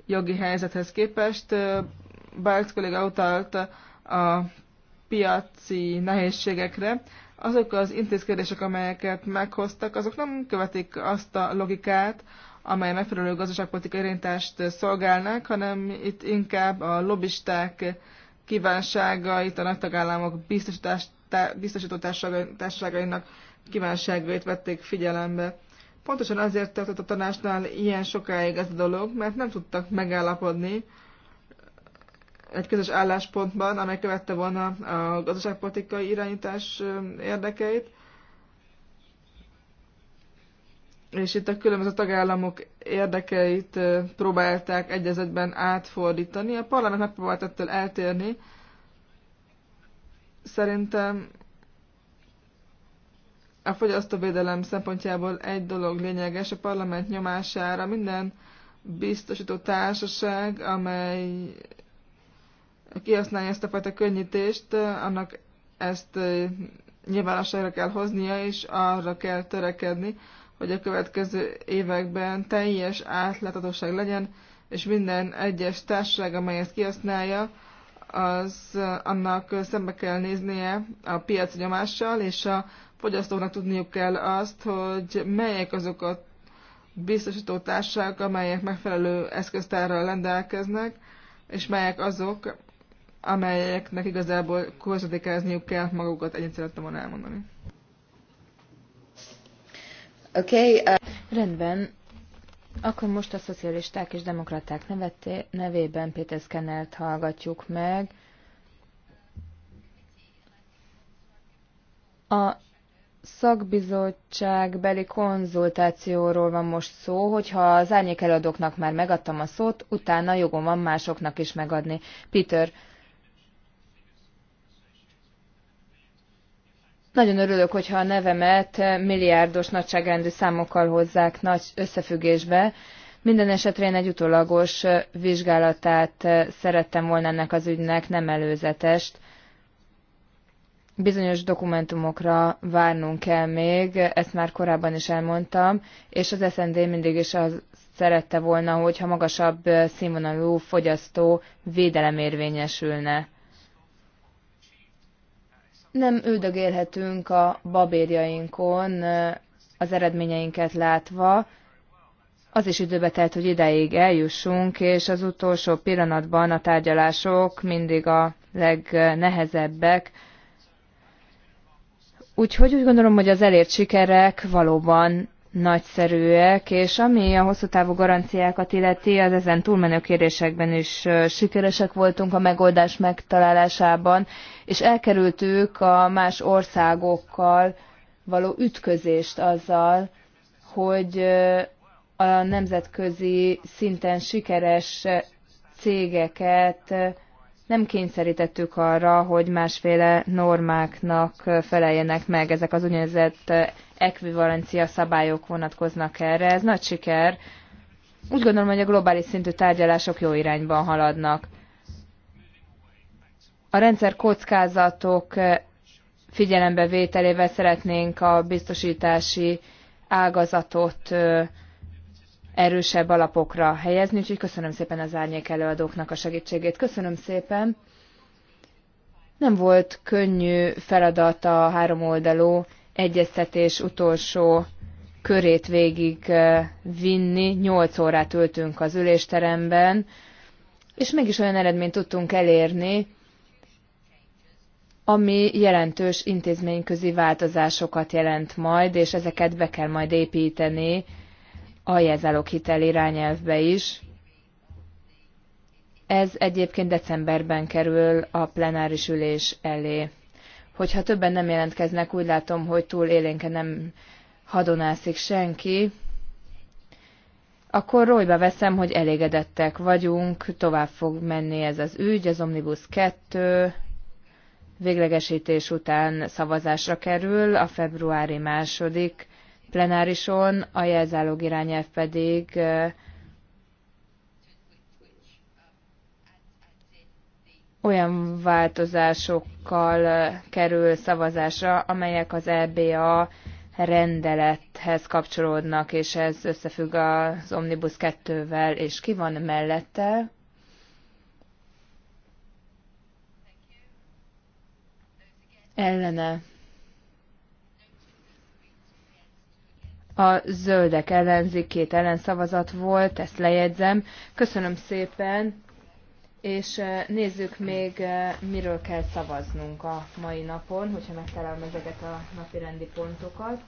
jogi helyzethez képest. Bárc kolléga utalt a piaci nehézségekre, azok az intézkedések, amelyeket meghoztak, azok nem követik azt a logikát, amely megfelelő gazdaságpolitikai irányítást szolgálnak, hanem itt inkább a lobbisták itt a nagy tagállamok biztosító társaságainak kívánságait vették figyelembe. Pontosan azért tartott a tanácsnál ilyen sokáig ez a dolog, mert nem tudtak megállapodni egy közös álláspontban, amely követte volna a gazdaságpolitikai irányítás érdekeit. És itt a különböző tagállamok érdekeit próbálták egyezetben átfordítani. A parlament megpróbált ettől eltérni. Szerintem a fogyasztóvédelem szempontjából egy dolog lényeges, a parlament nyomására minden biztosító társaság, amely kihasználja ezt a fajta könnyítést, annak ezt nyilvánosságra kell hoznia, és arra kell törekedni, hogy a következő években teljes átláthatóság legyen, és minden egyes társaság, amely ezt kihasználja, az annak szembe kell néznie a piac nyomással, és a fogyasztóknak tudniuk kell azt, hogy melyek azok a biztosító társaság, amelyek megfelelő eszköztárral rendelkeznek, és melyek azok, amelyeknek igazából konzultikázniuk kell magukat, ennyit szerettem volna elmondani. Oké, okay, uh... rendben. Akkor most a szocialisták és demokraták nevetté, nevében Péter Szkennelt hallgatjuk meg. A szakbizottság beli konzultációról van most szó, hogyha az árnyék előadóknak már megadtam a szót, utána jogom van másoknak is megadni. Peter, Nagyon örülök, hogyha a nevemet milliárdos nagyságrendű számokkal hozzák nagy összefüggésbe. Minden esetre én egy utolagos vizsgálatát szerettem volna ennek az ügynek, nem előzetest. Bizonyos dokumentumokra várnunk kell még, ezt már korábban is elmondtam, és az SND mindig is az szerette volna, hogyha magasabb színvonalú fogyasztó védelem érvényesülne nem ődögélhetünk a babérjainkon eh, az eredményeinket látva. Az is időbe telt, hogy ideig eljussunk, és az utolsó pillanatban a tárgyalások mindig a legnehezebbek. Úgyhogy úgy gondolom, hogy az elért sikerek valóban nagyszerűek, és ami a hosszú távú garanciákat illeti, az ezen túlmenő kérdésekben is sikeresek voltunk a megoldás megtalálásában, és elkerültük a más országokkal való ütközést azzal, hogy a nemzetközi szinten sikeres cégeket nem kényszerítettük arra, hogy másféle normáknak feleljenek meg. Ezek az úgynevezett eh, ekvivalencia szabályok vonatkoznak erre. Ez nagy siker. Úgy gondolom, hogy a globális szintű tárgyalások jó irányban haladnak. A rendszer kockázatok eh, vételével szeretnénk a biztosítási ágazatot eh, erősebb alapokra helyezni, úgyhogy köszönöm szépen az árnyék előadóknak a segítségét. Köszönöm szépen! Nem volt könnyű feladat a háromoldalú egyeztetés utolsó körét végig vinni. Nyolc órát ültünk az ülésteremben, és mégis olyan eredményt tudtunk elérni, ami jelentős intézményközi változásokat jelent majd, és ezeket be kell majd építeni a jelzálók hitel irányelvbe is. Ez egyébként decemberben kerül a plenáris ülés elé. Hogyha többen nem jelentkeznek, úgy látom, hogy túl élénke nem hadonászik senki, akkor rólyba veszem, hogy elégedettek vagyunk, tovább fog menni ez az ügy, az Omnibus 2 véglegesítés után szavazásra kerül a februári második plenárison, a jelzálog irányelv pedig olyan változásokkal kerül szavazásra, amelyek az EBA rendelethez kapcsolódnak, és ez összefügg az Omnibus 2-vel, és ki van mellette? Ellene. a zöldek ellenzik, két ellenszavazat volt, ezt lejegyzem. Köszönöm szépen, és eh, nézzük még, eh, miről kell szavaznunk a mai napon, hogyha megtalálom ezeket a napi rendi pontokat.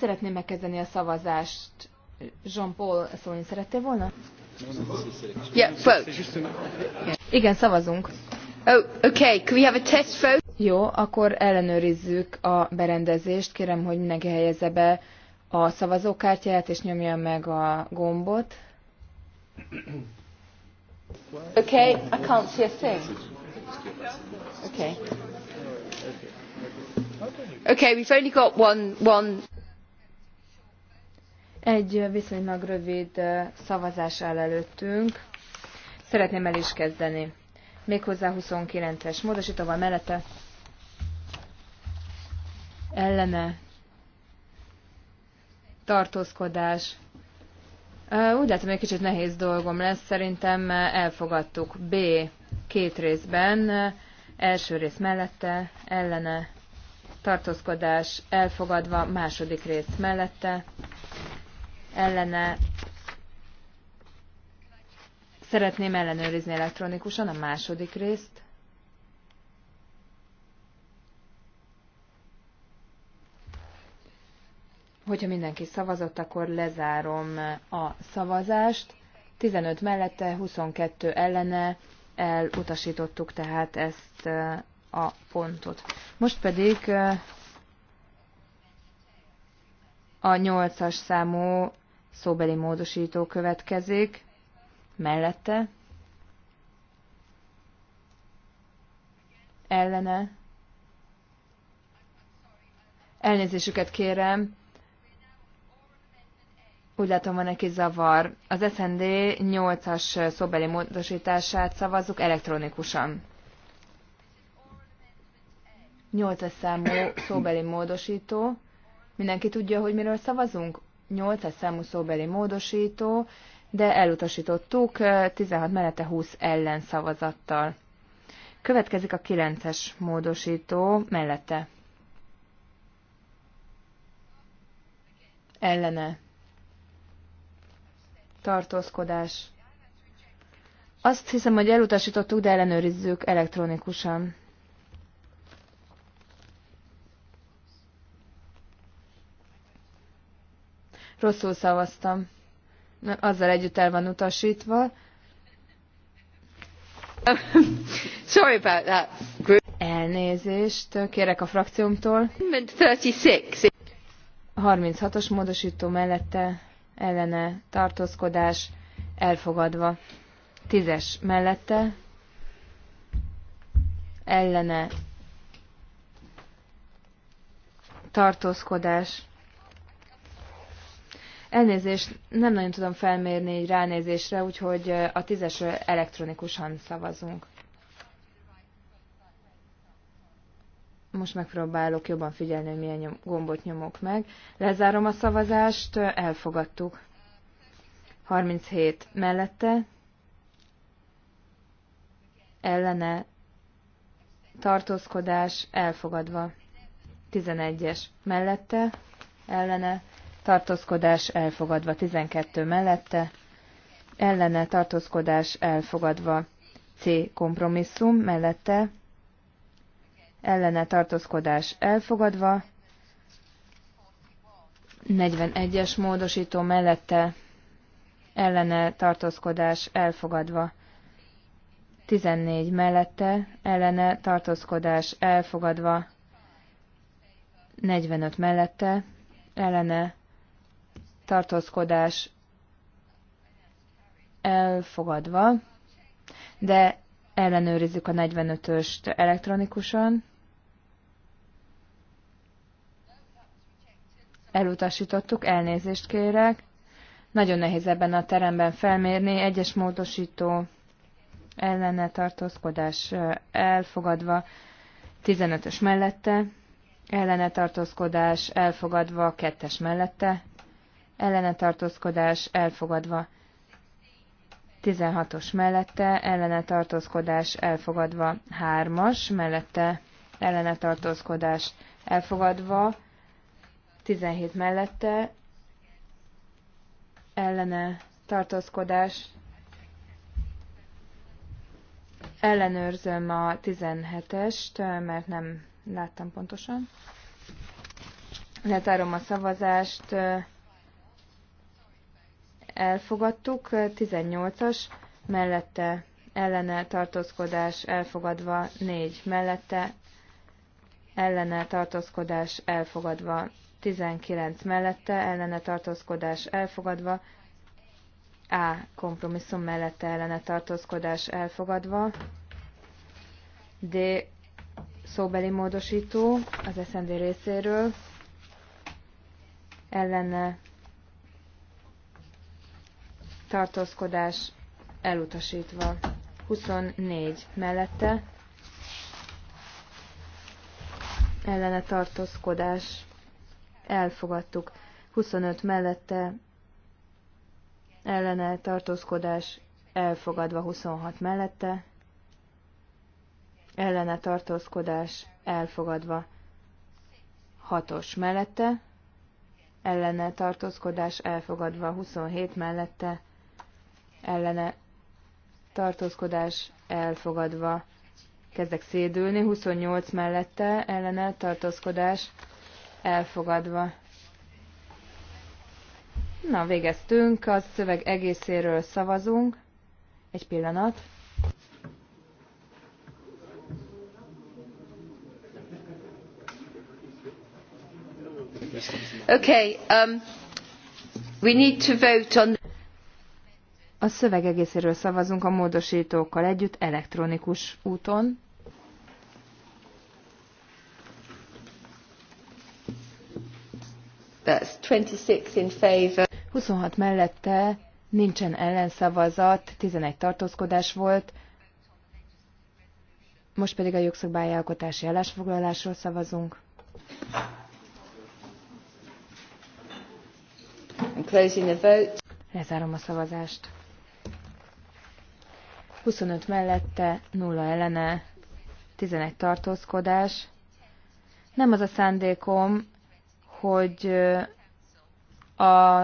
Szeretném megkezdeni a szavazást. Jean-Paul szólni szerette volna? Yeah, vote. Igen, szavazunk. Oh, okay. Can we have a test vote? Jó, akkor ellenőrizzük a berendezést. Kérem, hogy mindenki helyezze be a szavazókártyáját, és nyomja meg a gombot. Okay, I can't see a thing. Okay. Okay, we've only got one, one egy viszonylag rövid szavazás áll előttünk. Szeretném el is kezdeni. Méghozzá 29-es módosítóval mellette ellene tartózkodás. Úgy látom, egy kicsit nehéz dolgom lesz, szerintem elfogadtuk. B. Két részben, első rész mellette, ellene, tartózkodás elfogadva, második rész mellette, ellene szeretném ellenőrizni elektronikusan a második részt. Hogyha mindenki szavazott, akkor lezárom a szavazást. 15 mellette, 22 ellene elutasítottuk tehát ezt eh, a pontot. Most pedig eh, a 8-as számú szóbeli módosító következik, mellette, ellene, elnézésüket kérem, úgy látom, van neki zavar. Az SND 8-as szóbeli módosítását szavazzuk elektronikusan. 8-as számú szóbeli módosító. Mindenki tudja, hogy miről szavazunk? 8-as számú szóbeli módosító, de elutasítottuk 16 mellette 20 ellen szavazattal. Következik a 9-es módosító mellette. Ellene. Tartózkodás. Azt hiszem, hogy elutasítottuk, de ellenőrizzük elektronikusan. Rosszul szavaztam. Azzal együtt el van utasítva. Sorry about that. Elnézést kérek a frakciómtól. 36-os módosító mellette ellene tartózkodás elfogadva. 10-es mellette ellene tartózkodás Elnézést, nem nagyon tudom felmérni egy ránézésre, úgyhogy a tízesről elektronikusan szavazunk. Most megpróbálok jobban figyelni, hogy milyen nyom, gombot nyomok meg. Lezárom a szavazást, elfogadtuk. 37 mellette, ellene, tartózkodás, elfogadva. 11-es mellette, ellene, tartózkodás elfogadva 12 mellette, ellene tartózkodás elfogadva C kompromisszum mellette, ellene tartózkodás elfogadva, 41-es módosító mellette, ellene tartózkodás elfogadva, 14 mellette, ellene tartózkodás elfogadva, 45 mellette, ellene tartózkodás elfogadva, de ellenőrizzük a 45-öst elektronikusan. Elutasítottuk, elnézést kérek. Nagyon nehéz ebben a teremben felmérni. Egyes módosító ellene tartózkodás elfogadva, 15-ös mellette, ellene tartózkodás elfogadva, 2-es mellette, ellene tartózkodás elfogadva. 16-os mellette ellene tartózkodás elfogadva. 3-as mellette ellene tartózkodás elfogadva. 17 mellette ellene tartózkodás ellenőrzöm a 17-est, mert nem láttam pontosan. Letárom a szavazást, elfogadtuk, 18-as mellette ellene tartózkodás elfogadva, 4 mellette ellene tartózkodás elfogadva, 19 mellette ellene tartózkodás elfogadva, A kompromisszum mellette ellene tartózkodás elfogadva, D szóbeli módosító az SND részéről ellene tartózkodás elutasítva. 24 mellette ellene tartózkodás elfogadtuk. 25 mellette ellene tartózkodás elfogadva 26 mellette, ellene tartózkodás elfogadva 6-os mellette, ellene tartózkodás elfogadva 27 mellette, ellene tartózkodás elfogadva. Kezdek szédülni, 28 mellette ellene tartózkodás elfogadva. Na, végeztünk, a szöveg egészéről szavazunk. Egy pillanat. Okay, um, we need to vote on a szöveg egészéről szavazunk a módosítókkal együtt elektronikus úton. That's 26 in favor. 26 mellette nincsen ellenszavazat, 11 tartózkodás volt, most pedig a jogszabályalkotási állásfoglalásról szavazunk. I'm closing the vote. Lezárom a szavazást. 25 mellette, 0 ellene, 11 tartózkodás. Nem az a szándékom, hogy a,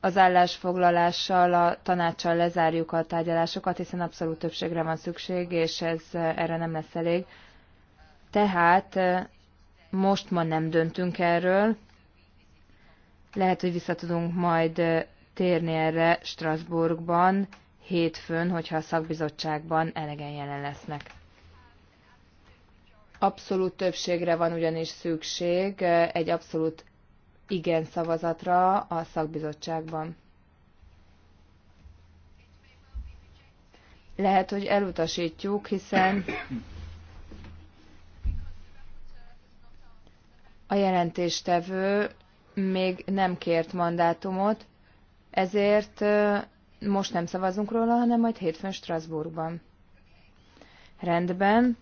az állásfoglalással, a tanácssal lezárjuk a tárgyalásokat, hiszen abszolút többségre van szükség, és ez erre nem lesz elég. Tehát most ma nem döntünk erről. Lehet, hogy visszatudunk majd térni erre Strasbourgban, hétfőn, hogyha a szakbizottságban elegen jelen lesznek. Abszolút többségre van ugyanis szükség, eh, egy abszolút igen szavazatra a szakbizottságban. Lehet, hogy elutasítjuk, hiszen a jelentéstevő még nem kért mandátumot, ezért eh, most nem szavazunk róla, hanem majd hétfőn Strasbourgban. Rendben.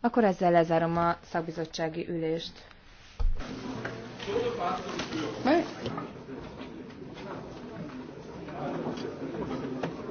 Akkor ezzel lezárom a szakbizottsági ülést. Mert?